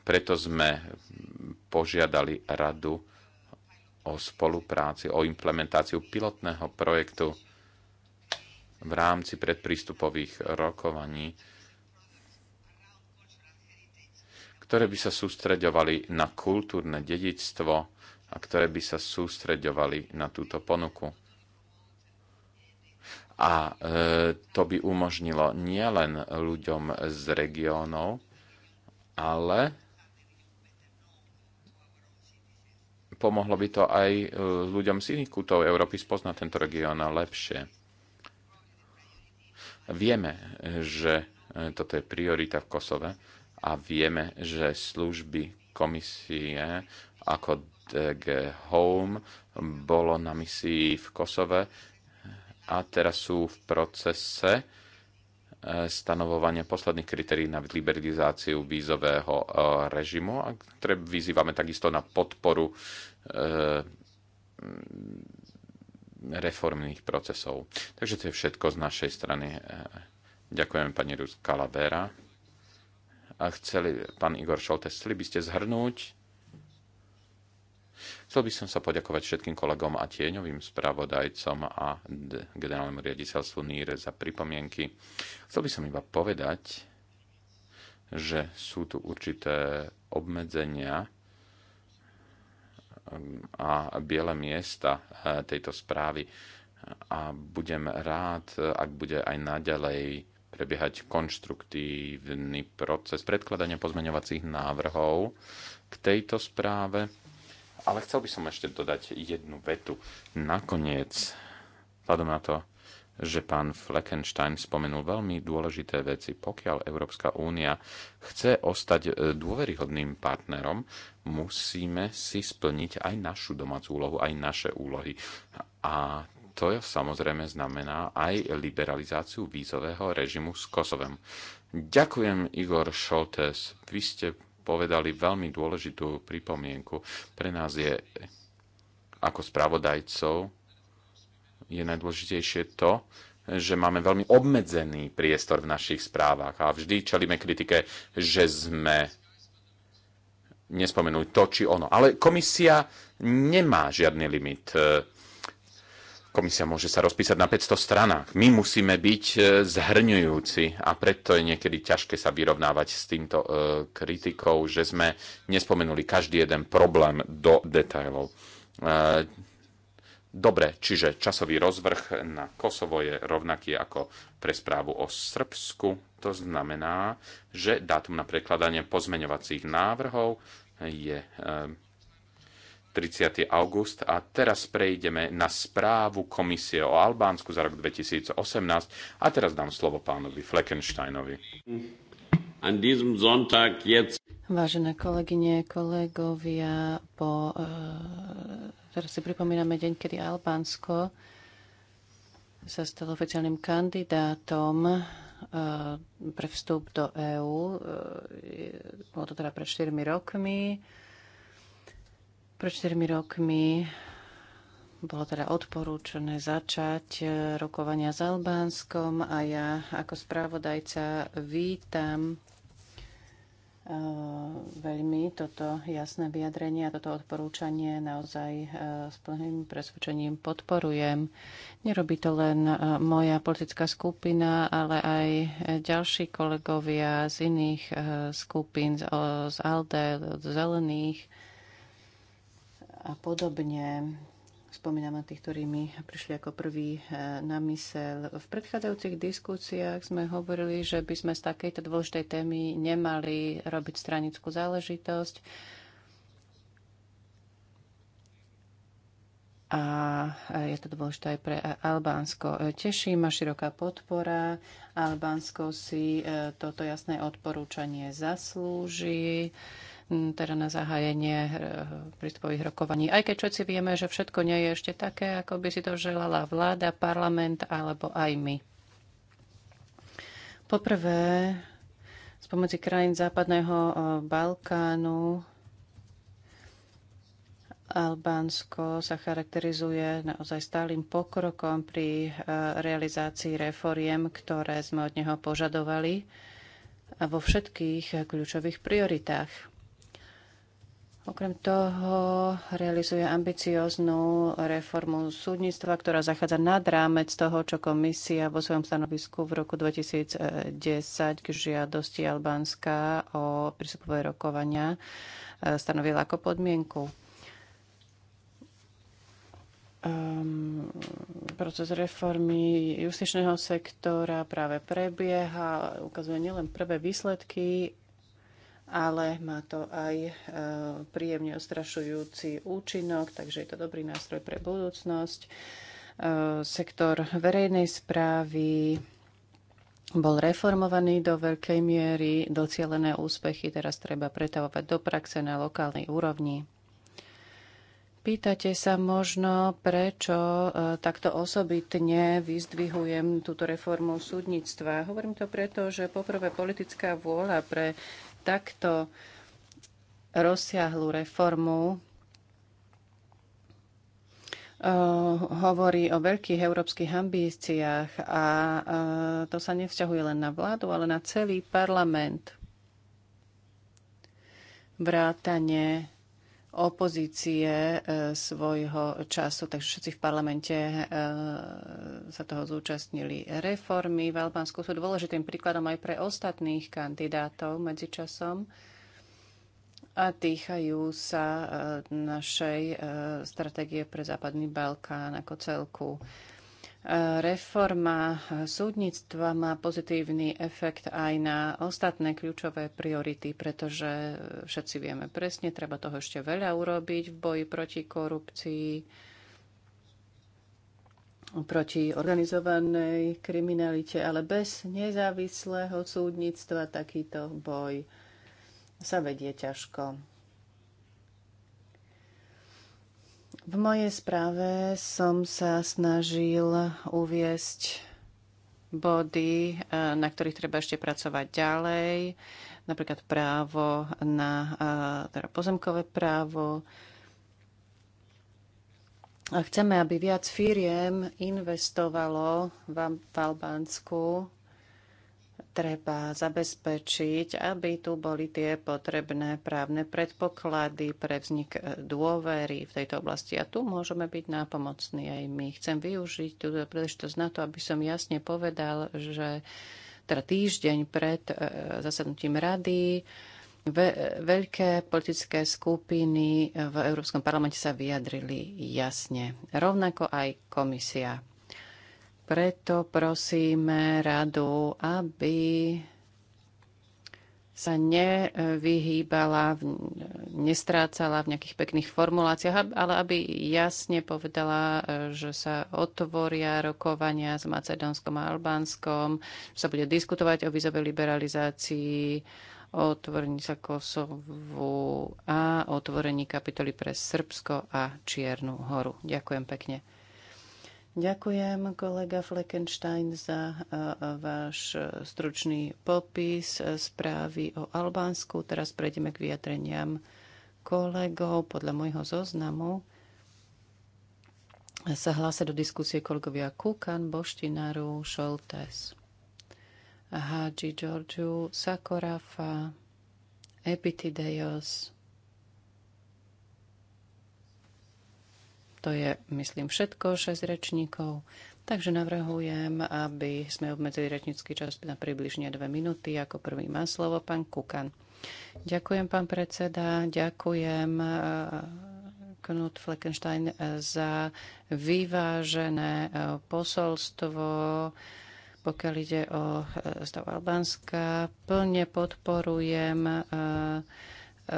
Preto sme požiadali radu o spolupráci, o implementáciu pilotného projektu v rámci predprístupových rokovaní, ktoré by sa sústreďovali na kultúrne dedičstvo a ktoré by sa sústreďovali na túto ponuku. A e, to by umožnilo nielen ľuďom z regiónov, ale pomohlo by to aj e, ľuďom z iných kútov Európy spoznať tento región lepšie. Vieme, že e, toto je priorita v Kosove a vieme, že služby komisie ako DG Home bolo na misii v Kosove a teraz sú v procese stanovovania posledných kritérií na liberalizáciu vízového eh, režimu a ktoré vyzývame takisto na podporu eh, reformných procesov. Takže to je všetko z našej strany. Eh, ďakujem pani Ruska Kalabera. A chceli, pán Igor Šoltes, chceli by ste zhrnúť Chcel by som sa poďakovať všetkým kolegom a tieňovým spravodajcom a generálnemu riaditeľstvu NIRE za pripomienky. Chcel by som iba povedať, že sú tu určité obmedzenia mm, a biele miesta e, tejto správy a budem rád, ak bude aj naďalej prebiehať konštruktívny proces predkladania pozmeňovacích návrhov k tejto správe ale chcel by som ešte dodať jednu vetu. Nakoniec, vzhľadom na to, že pán Fleckenstein spomenul veľmi dôležité veci. Pokiaľ Európska únia chce ostať e, dôveryhodným partnerom, musíme si splniť aj našu domácu úlohu, aj naše úlohy. A to samozrejme znamená aj liberalizáciu vízového režimu s Kosovom. Ďakujem, Igor Šoltes. Vy ste povedali veľmi dôležitú pripomienku. Pre nás je ako spravodajcov je najdôležitejšie to, že máme veľmi obmedzený priestor v našich správach a vždy čelíme kritike, že sme nespomenuli to či ono. Ale komisia nemá žiadny limit eh, Komisia môže sa rozpísať na 500 stranách. My musíme byť e, zhrňujúci a preto je niekedy ťažké sa vyrovnávať s týmto e, kritikou, že sme nespomenuli každý jeden problém do detajlov. E, dobre, čiže časový rozvrh na Kosovo je rovnaký ako pre správu o Srbsku. To znamená, že dátum na prekladanie pozmeňovacích návrhov je 30. august a teraz prejdeme na správu Komisie o Albánsku za rok 2018 a teraz dám slovo pánovi Fleckensteinovi. Vážené kolegyne, kolegovia, po, eh, teraz si pripomíname deň, kedy Albánsko sa stalo oficiálnym kandidátom eh, pre vstup do EÚ. Eh, bolo to teda pred 4 rokmi. Pred 4 rokmi bolo teda odporúčané začať e, rokovania s Albánskom a ja ako správodajca vítam e, veľmi toto jasné vyjadrenie a toto odporúčanie naozaj e, s plným presvedčením podporujem. Nerobí to len moja politická skupina, ale aj ďalší kolegovia z iných skupín, z ALDE, z Zelených, a podobne. Spomínam na tých, ktorí mi prišli ako prvý eh, na mysel. V predchádzajúcich diskúciách sme hovorili, že by sme z takejto dôležitej témy nemali robiť stranickú záležitosť. A je to dôležité aj pre Albánsko. Teší ma široká podpora. Albánsko si eh, toto jasné odporúčanie zaslúži teda na zahájenie e, prístupových rokovaní. Aj keď všetci vieme, že všetko nie je ešte také, ako by si to želala vláda, parlament alebo aj my. Poprvé, spomedzi krajín západného e, Balkánu Albánsko sa charakterizuje naozaj stálym pokrokom pri e, realizácii reforiem, ktoré sme od neho požadovali a vo všetkých kľúčových prioritách. Okrem toho realizuje ambicióznu reformu súdnictva, ktorá zachádza nad rámec toho, čo komisia vo svojom stanovisku v roku 2010 k žiadosti Albánska o prístupové rokovania e, stanovila ako podmienku. Um, proces reformy justičného sektora práve prebieha, ukazuje nielen prvé výsledky, ale má to aj e, príjemne ostrašujúci účinok, takže je to dobrý nástroj pre budúcnosť. E, sektor verejnej správy bol reformovaný do veľkej miery, docielené úspechy teraz treba pretavovať do praxe na lokálnej úrovni. Pýtate sa možno, prečo e, takto osobitne vyzdvihujem túto reformu súdnictva. Hovorím to preto, že poprvé politická vôľa pre takto rozsiahlu reformu eh, hovorí o veľkých európskych ambíciách a eh, to sa nevzťahuje len na vládu, ale na celý parlament. Vrátanie opozície e, svojho času, takže všetci v parlamente e, sa toho zúčastnili. Reformy v Albánsku sú dôležitým príkladom aj pre ostatných kandidátov medzičasom a týkajú sa e, našej stratégie pre Západný Balkán ako celku. Reforma súdnictva má pozitívny efekt aj na ostatné kľúčové priority, pretože všetci vieme presne, treba toho ešte veľa urobiť v boji proti korupcii, proti organizovanej kriminalite, ale bez nezávislého súdnictva takýto boj sa vedie ťažko. V mojej správe som sa snažil uviesť body, eh, na ktorých treba ešte pracovať ďalej, napríklad právo na eh, teda pozemkové právo. A chceme, aby viac firiem investovalo v Albánsku treba zabezpečiť, aby tu boli tie potrebné právne predpoklady pre vznik e, dôvery v tejto oblasti. A tu môžeme byť nápomocní aj my. Chcem využiť túto príležitosť na to, aby som jasne povedal, že teda týždeň pred e, zasadnutím rady ve- veľké politické skupiny v Európskom parlamente sa vyjadrili jasne. Rovnako aj komisia. Preto prosíme radu, aby sa nevyhýbala, nestrácala v nejakých pekných formuláciách, ale aby jasne povedala, e, že sa otvoria rokovania s Macedónskom a Albánskom, že sa bude diskutovať o vízovej liberalizácii, o otvorení sa Kosovu a otvorení kapitoly pre Srbsko a Čiernu horu. Ďakujem pekne. Ďakujem, kolega Fleckenstein, za e, e, váš e, stručný popis správy o Albánsku. Teraz prejdeme k vyjadreniam kolegov. Podľa môjho zoznamu sa hlásia do diskusie kolegovia Kukan, Boštinaru, Šoltes, Haji Georgiu, Sakorafa, Epitideios, To je, myslím, všetko, 6 rečníkov. Takže navrhujem, aby sme obmedzili rečnícky čas na približne 2 minúty. Ako prvý má slovo pán Kukan. Ďakujem, pán predseda. Ďakujem eh, Knut Fleckenstein za vyvážené eh, posolstvo pokiaľ ide o eh, stav Albánska. Plne podporujem Eh,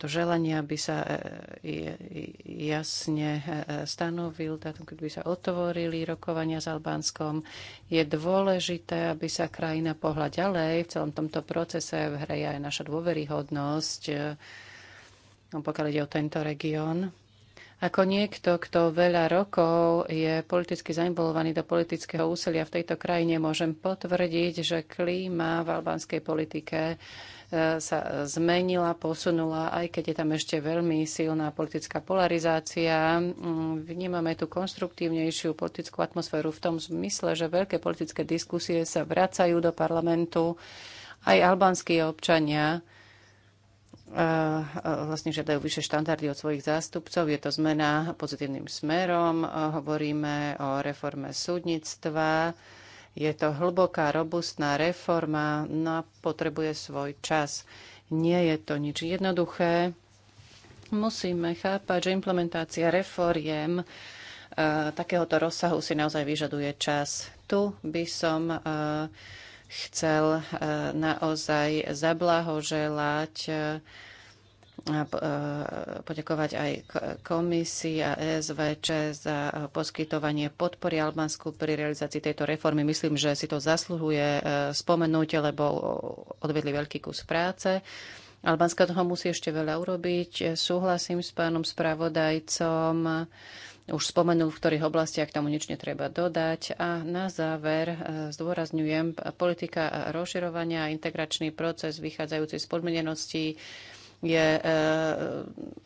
to želanie, aby sa eh, jasne eh, stanovil dátum, keď by sa otvorili rokovania s Albánskom. Je dôležité, aby sa krajina pohľa ďalej. V celom tomto procese v hre je aj naša dôveryhodnosť, no, pokiaľ ide o tento región. Ako niekto, kto veľa rokov je politicky zainvolovaný do politického úsilia v tejto krajine, môžem potvrdiť, že klíma v albánskej politike sa zmenila, posunula, aj keď je tam ešte veľmi silná politická polarizácia. Vnímame tu konstruktívnejšiu politickú atmosféru v tom zmysle, že veľké politické diskusie sa vracajú do parlamentu. Aj albanskí občania eh, vlastne žiadajú vyššie štandardy od svojich zástupcov. Je to zmena pozitívnym smerom. Hovoríme o reforme súdnictva je to hlboká, robustná reforma, no a potrebuje svoj čas. Nie je to nič jednoduché. Musíme chápať, že implementácia reforiem e, takéhoto rozsahu si naozaj vyžaduje čas. Tu by som e, chcel e, naozaj zablahoželať E, poďakovať aj komisii a ESVČ za poskytovanie podpory Albánsku pri realizácii tejto reformy. Myslím, že si to zasluhuje e, spomenúť, lebo odvedli veľký kus práce. Albánska toho musí ešte veľa urobiť. Súhlasím s pánom spravodajcom. Už spomenul, v ktorých oblastiach tomu nič netreba dodať. A na záver e, zdôrazňujem, politika rozširovania a integračný proces vychádzajúci z podmienenosti je eh,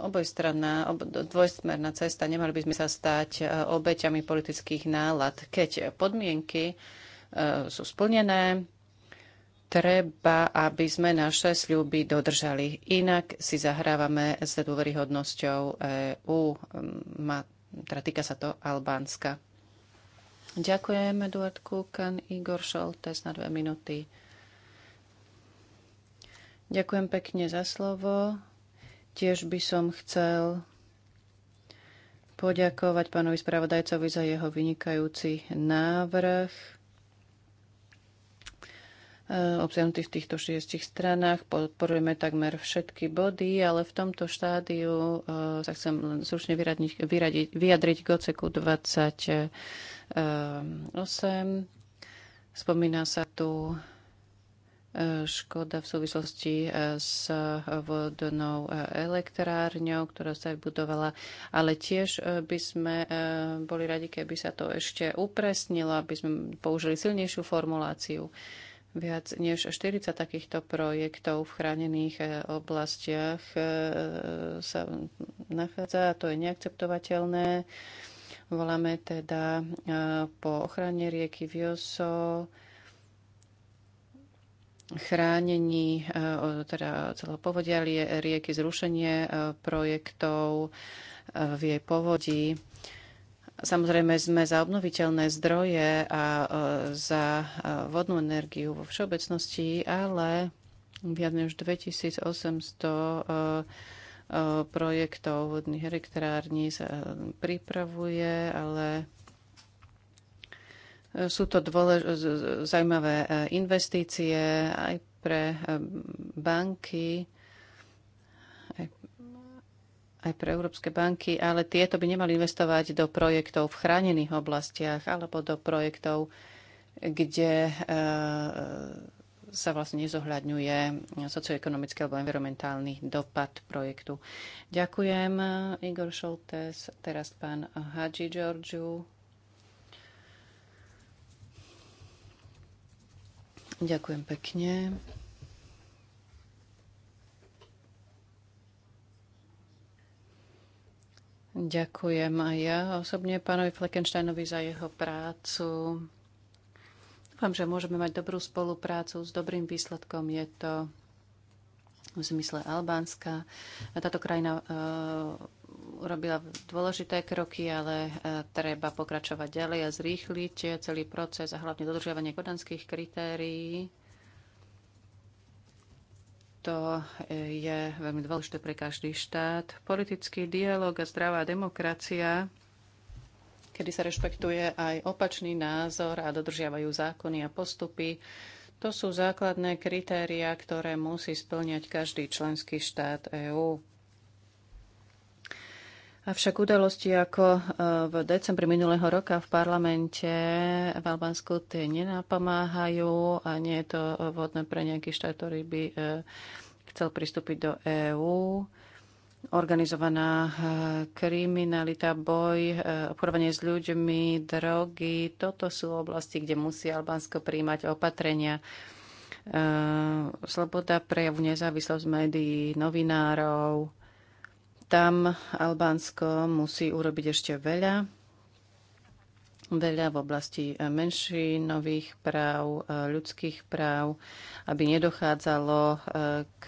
obojstranná, dvojsmerná cesta. Nemali by sme sa stať eh, obeťami politických nálad. Keď podmienky eh, sú splnené, treba, aby sme naše sľuby dodržali. Inak si zahrávame s dôveryhodnosťou EÚ. Mm, teda týka sa to Albánska. Ďakujem, Eduard Kukan Igor Šoltes na dve minúty. Ďakujem pekne za slovo. Tiež by som chcel poďakovať pánovi spravodajcovi za jeho vynikajúci návrh e, obsiahnutý v týchto šiestich stranách. Podporujeme takmer všetky body, ale v tomto štádiu e, sa chcem len slušne vyradiť, vyradiť, vyjadriť k oceku 28. Spomína sa tu škoda v súvislosti e, s vodnou e, elektrárňou, ktorá sa budovala, ale tiež e, by sme boli radi, keby sa to ešte upresnilo, aby sme použili silnejšiu formuláciu. Viac než 40 takýchto projektov v chránených oblastiach sa nachádza a to je neakceptovateľné. Voláme teda po ochrane rieky Vioso, chránení eh, teda celého povodia rieky, zrušenie eh, projektov eh, v jej povodí. Samozrejme sme za obnoviteľné zdroje a za vodnú energiu vo všeobecnosti, ale viac než 2800 projektov vodných elektrární sa pripravuje, ale sú to dôlež- zaujímavé e, investície aj pre e, banky, aj, aj pre európske banky, ale tieto by nemali investovať do projektov v chránených oblastiach alebo do projektov, kde e, sa vlastne nezohľadňuje socioekonomický alebo environmentálny dopad projektu. Ďakujem, Igor Šoltes, teraz pán Hadži Georgiu Ďakujem pekne. Ďakujem aj ja osobne pánovi Fleckensteinovi za jeho prácu. Dúfam, že môžeme mať dobrú spoluprácu s dobrým výsledkom. Je to v zmysle Albánska. Táto krajina e urobila dôležité kroky, ale e, treba pokračovať ďalej a zrýchliť celý proces a hlavne dodržiavanie kodanských kritérií. To e, je veľmi dôležité pre každý štát. Politický dialog a zdravá demokracia, kedy sa rešpektuje aj opačný názor a dodržiavajú zákony a postupy, to sú základné kritéria, ktoré musí splňať každý členský štát EÚ. Avšak udalosti ako e, v decembri minulého roka v parlamente v Albánsku tie nenapomáhajú a nie je to vhodné pre nejaký štát, ktorý by e, chcel pristúpiť do EÚ. Organizovaná e, kriminalita, boj, obchodovanie s ľuďmi, drogy, toto sú oblasti, kde musí Albánsko príjmať opatrenia sloboda prejavu, nezávislosť médií, novinárov, tam Albánsko musí urobiť ešte veľa. Veľa v oblasti eh, menšinových práv, eh, ľudských práv, aby nedochádzalo eh, k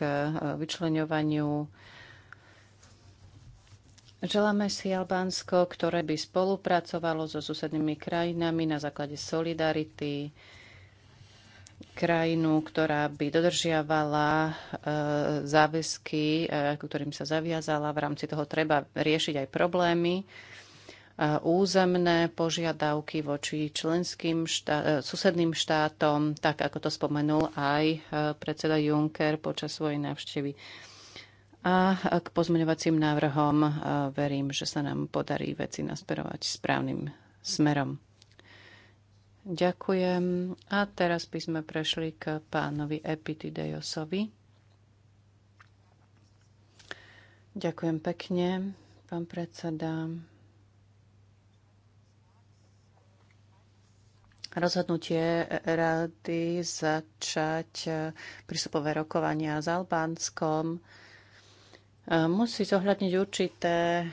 vyčlenovaniu. Želáme si Albánsko, ktoré by spolupracovalo so susednými krajinami na základe solidarity, krajinu, ktorá by dodržiavala eh, záväzky, eh, ktorým sa zaviazala. V rámci toho treba riešiť aj problémy, eh, územné požiadavky voči členským štá- susedným štátom, tak ako to spomenul aj predseda Juncker počas svojej návštevy. A k pozmeňovacím návrhom verím, že sa nám podarí veci nasperovať správnym smerom. Ďakujem. A teraz by sme prešli k pánovi Epitidejosovi. Ďakujem pekne, pán predseda. rozhodnutie rady začať prístupové rokovania s Albánskom Eh, musí zohľadniť určité eh,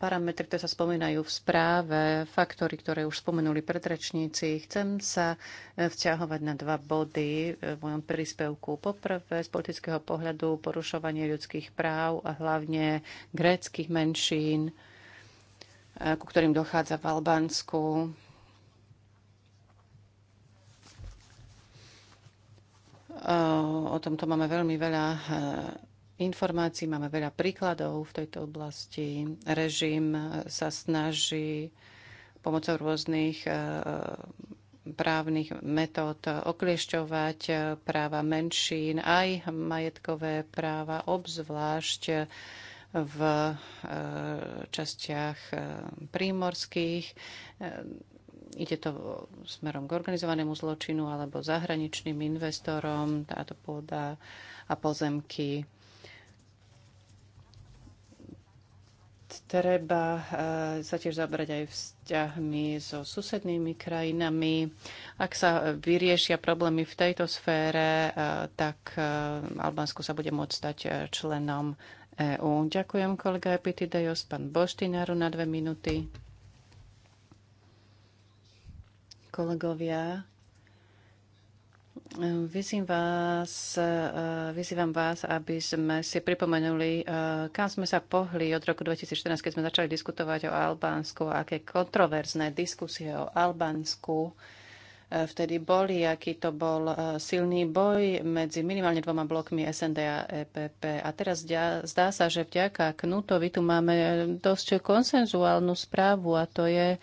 parametre, ktoré sa spomínajú v správe, faktory, ktoré už spomenuli predrečníci. Chcem sa eh, vťahovať na dva body v mojom príspevku. Poprvé, z politického pohľadu porušovanie ľudských práv a hlavne gréckých menšín, ku ktorým dochádza v Albánsku. O tomto máme veľmi veľa informácií, máme veľa príkladov v tejto oblasti. Režim sa snaží pomocou rôznych e, právnych metód okliešťovať e, práva menšín, aj majetkové práva, obzvlášť v e, častiach prímorských. Ide to smerom k organizovanému zločinu alebo zahraničným investorom, táto pôda a pozemky Treba e, sa tiež zabrať aj vzťahmi so susednými krajinami. Ak sa vyriešia problémy v tejto sfére, e, tak e, Albánsko sa bude môcť stať členom EÚ. Ďakujem kolega Epitidejos, pán Boštinaru na dve minúty. Kolegovia, Vyzývam vás, eh, vyzývam vás, aby sme si pripomenuli, eh, kam sme sa pohli od roku 2014, keď sme začali diskutovať o Albánsku, aké kontroverzné diskusie o Albánsku eh, vtedy boli, aký to bol silný boj medzi minimálne dvoma blokmi SND a EPP. A teraz zdá sa, že vďaka Knutovi tu máme dosť konsenzuálnu správu a to je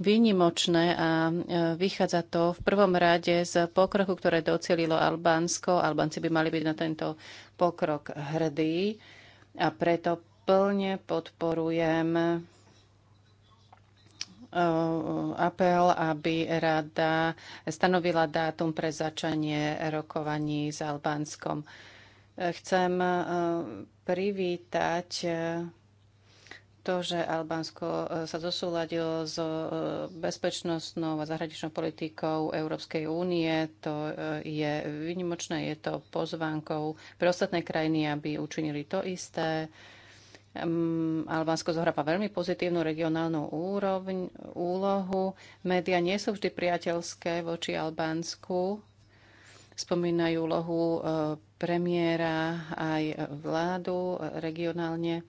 výnimočné a e, vychádza to v prvom rade z pokroku, ktoré docelilo Albánsko. Albánci by mali byť na tento pokrok hrdí a preto plne podporujem e, apel, aby rada stanovila dátum pre začanie rokovaní s Albánskom. E, chcem privítať to, že Albánsko e, sa zosúladilo s e, bezpečnostnou a zahraničnou politikou Európskej únie, to e, je vynimočné, je to pozvánkou pre ostatné krajiny, aby učinili to isté. Albánsko zohráva veľmi pozitívnu regionálnu úroveň, úlohu. Média nie sú vždy priateľské voči Albánsku. Spomínajú úlohu premiéra aj vládu regionálne.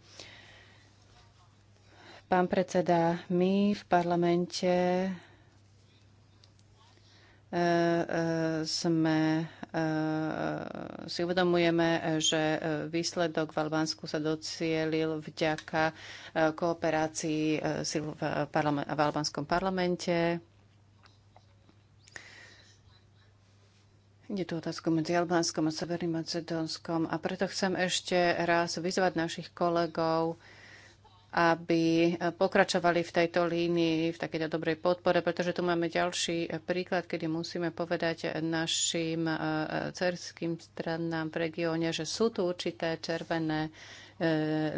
Pán predseda, my v parlamente e, e, sme e, si uvedomujeme, že výsledok v Albánsku sa docielil vďaka kooperácii v, v albánskom parlamente. Je tu otázku medzi Albánskom a Severným Macedónskom a preto chcem ešte raz vyzvať našich kolegov, aby eh, pokračovali v tejto línii, v takejto dobrej podpore, pretože tu máme ďalší eh, príklad, kedy musíme povedať eh, našim cerským stranám v regióne, že sú tu určité červené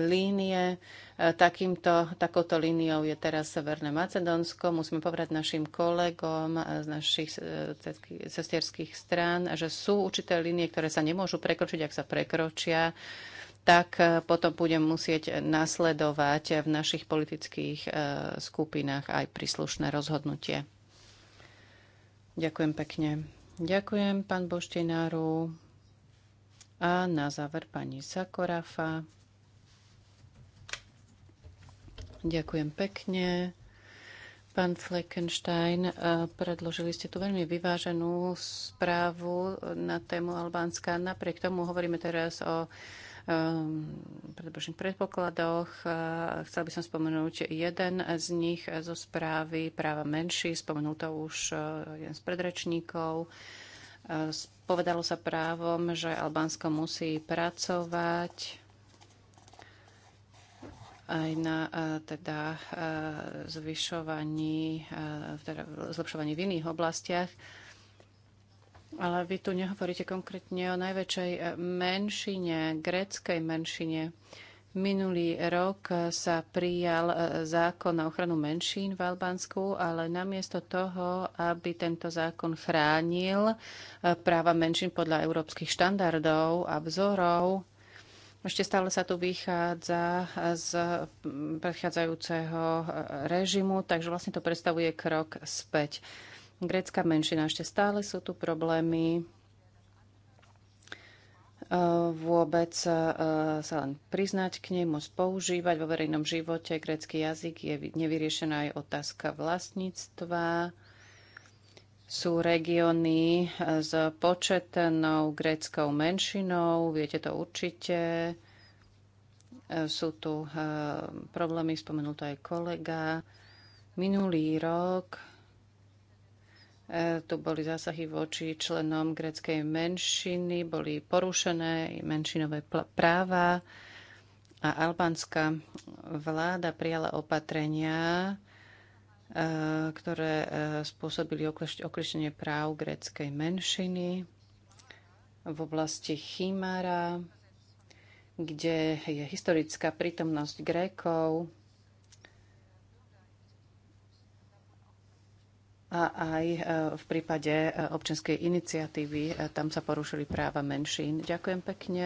línie. Takýmto, takouto líniou je teraz Severné Macedónsko. Musíme povedať našim kolegom z našich cestierských strán, že sú určité línie, ktoré sa nemôžu prekročiť, ak sa prekročia tak e, potom budem musieť nasledovať v našich politických e, skupinách aj príslušné rozhodnutie. Ďakujem pekne. Ďakujem, pán Boštináru. A na záver pani Sakorafa. Ďakujem pekne. Pán Fleckenstein, e, predložili ste tu veľmi vyváženú správu na tému Albánska. Napriek tomu hovoríme teraz o Ehm, predbežných predpokladoch. Eh, chcel by som spomenúť jeden z nich zo správy práva menší. Spomenul to už eh, jeden z predrečníkov. Eh, Povedalo sa právom, že Albánsko musí pracovať aj na teda zvyšovaní, teda zlepšovaní v iných oblastiach. Ale vy tu nehovoríte konkrétne o najväčšej menšine, gréckej menšine. Minulý rok sa prijal zákon na ochranu menšín v Albánsku, ale namiesto toho, aby tento zákon chránil práva menšín podľa európskych štandardov a vzorov, ešte stále sa tu vychádza z predchádzajúceho režimu, takže vlastne to predstavuje krok späť grécka menšina. Ešte stále sú tu problémy e, vôbec e, sa len priznať k nej, môcť používať vo verejnom živote. Grécky jazyk je nevyriešená aj otázka vlastníctva. Sú regióny e, s početnou gréckou menšinou, viete to určite. Sú tu problémy, spomenul to aj kolega. Minulý rok E, tu boli zásahy voči členom greckej menšiny, boli porušené menšinové práva a albánska vláda prijala opatrenia, e, ktoré e, spôsobili okrešenie práv gréckej menšiny v oblasti Chimara, kde je historická prítomnosť Grékov a aj e, v prípade e, občianskej iniciatívy e, tam sa porušili práva menšín. Ďakujem pekne.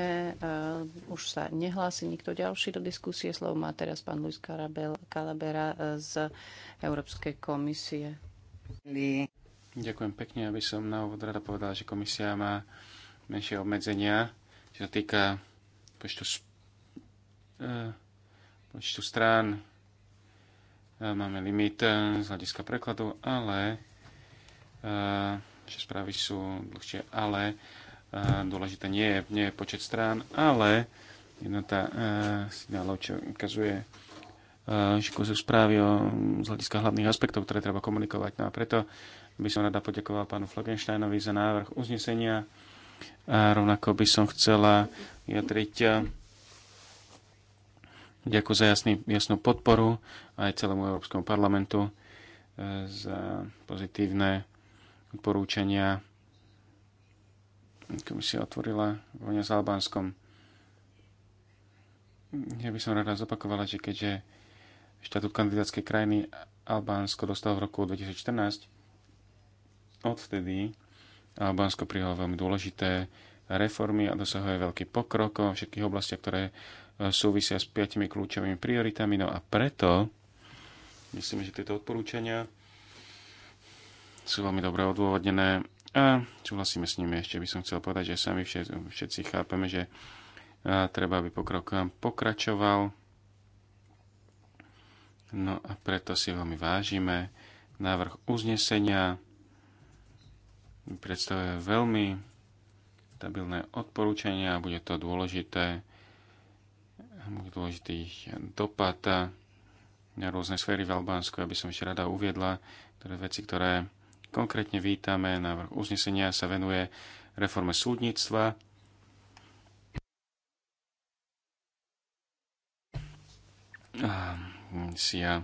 Už sa nehlási nikto ďalší do diskusie. Slovo má teraz pán Luis Kalabera z Európskej komisie. Ďakujem pekne, aby som na úvod rada povedala, že komisia má menšie obmedzenia, čo sa týka počtu, počtu strán máme limit e, z hľadiska prekladu, ale e, že správy sú dlhšie, ale e, dôležité nie je, nie je počet strán, ale jednota signálov, čo ukazuje že sú správy o, z hľadiska hlavných aspektov, ktoré treba komunikovať. No a preto by som rada poďakoval pánu Flagensteinovi za návrh uznesenia a rovnako by som chcela vyjadriť Ďakujem za jasný, jasnú podporu aj celému Európskom parlamentu e, za pozitívne odporúčania. Komisia otvorila voňa s Albánskom. Ja by som rada zopakovala, že keďže štatút kandidátskej krajiny Albánsko dostal v roku 2014, odvtedy Albánsko prijalo veľmi dôležité reformy a dosahuje veľký pokrok vo všetkých oblastiach, ktoré súvisia s piatimi kľúčovými prioritami. No a preto myslím, že tieto odporúčania sú veľmi dobre odôvodnené a súhlasíme s nimi. Ešte by som chcel povedať, že sami všetci chápeme, že treba, aby pokrok pokračoval. No a preto si veľmi vážime návrh uznesenia. Predstavuje veľmi stabilné odporúčania a bude to dôležité dôležitých dopad na rôzne sféry v Albánsku. Aby som ešte rada uviedla, ktoré veci, ktoré konkrétne vítame. Návrh uznesenia sa venuje reforme súdnictva, si ja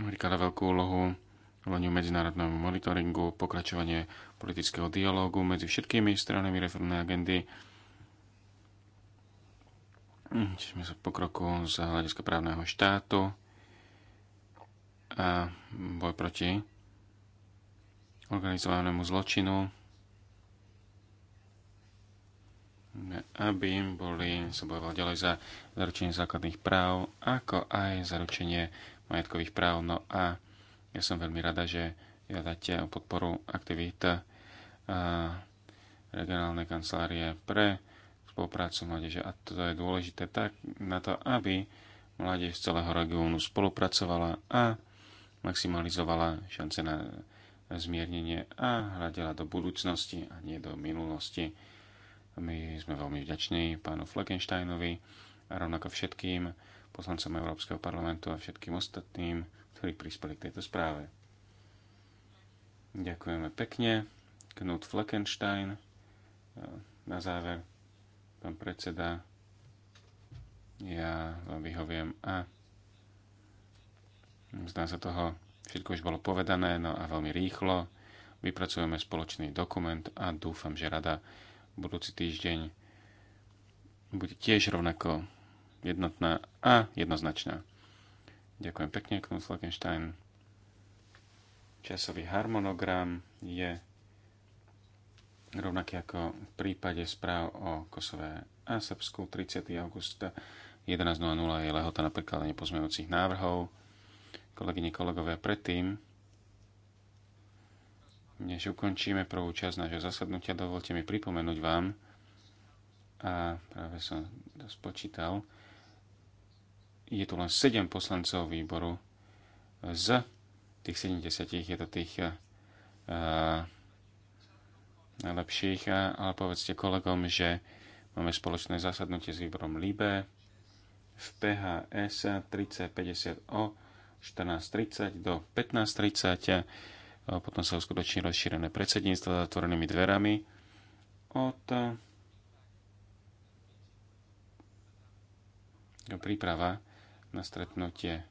veľkú úlohu hľadňu medzinárodnému monitoringu, pokračovanie politického dialógu medzi všetkými stranami reformnej agendy, Hm, čiže sme sa pokroku z hľadiska právneho štátu a boj proti organizovanému zločinu, hm, aby boli, sa bojovali ďalej za zaručenie základných práv, ako aj zaručenie majetkových práv. No a ja som veľmi rada, že žiadate o podporu aktivít regionálnej kancelárie pre spoluprácu mládeže. A to je dôležité tak na to, aby mládež z celého regiónu spolupracovala a maximalizovala šance na zmiernenie a hľadela do budúcnosti a nie do minulosti. My sme veľmi vďační pánu Fleckensteinovi a rovnako všetkým poslancom Európskeho parlamentu a všetkým ostatným, ktorí prispeli k tejto správe. Ďakujeme pekne. Knut Fleckenstein na záver pán predseda. Ja vám vyhoviem a zdá sa toho, všetko už bolo povedané, no a veľmi rýchlo. Vypracujeme spoločný dokument a dúfam, že rada budúci týždeň bude tiež rovnako jednotná a jednoznačná. Ďakujem pekne, Knut Fleckenstein. Časový harmonogram je rovnaký ako v prípade správ o Kosové a Srbsku 30. august 11.00 je lehota na prekladanie pozmeňujúcich návrhov. Kolegyne, kolegovia, predtým, než ukončíme prvú časť nášho zasadnutia, dovolte mi pripomenúť vám, a práve som to spočítal, je tu len 7 poslancov výboru z tých 70, je to tých uh, najlepších, ale povedzte kolegom, že máme spoločné zasadnutie s výborom Libe v PHS 3050O 14.30 do 15.30. Potom sa uskutoční rozšírené predsedníctvo s zatvorenými dverami od príprava na stretnutie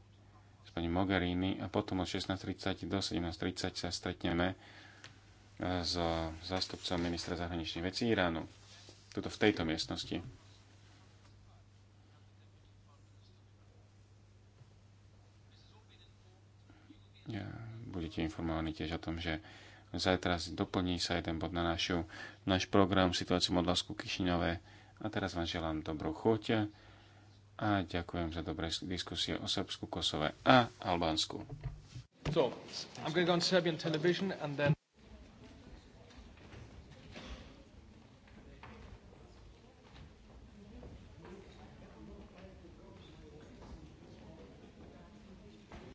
s pani Mogherini a potom od 16.30 do 17.30 sa stretneme s zástupcom ministra zahraničných vecí Iránu. Tuto v tejto miestnosti. Ja, budete informovaní tiež o tom, že zajtra doplní sa jeden bod na našu, náš program Situáciu modlasku Kišinové. A teraz vám želám dobrú chuť a ďakujem za dobré diskusie o Srbsku, Kosove a Albánsku. So, I'm going to go on Serbian television and then...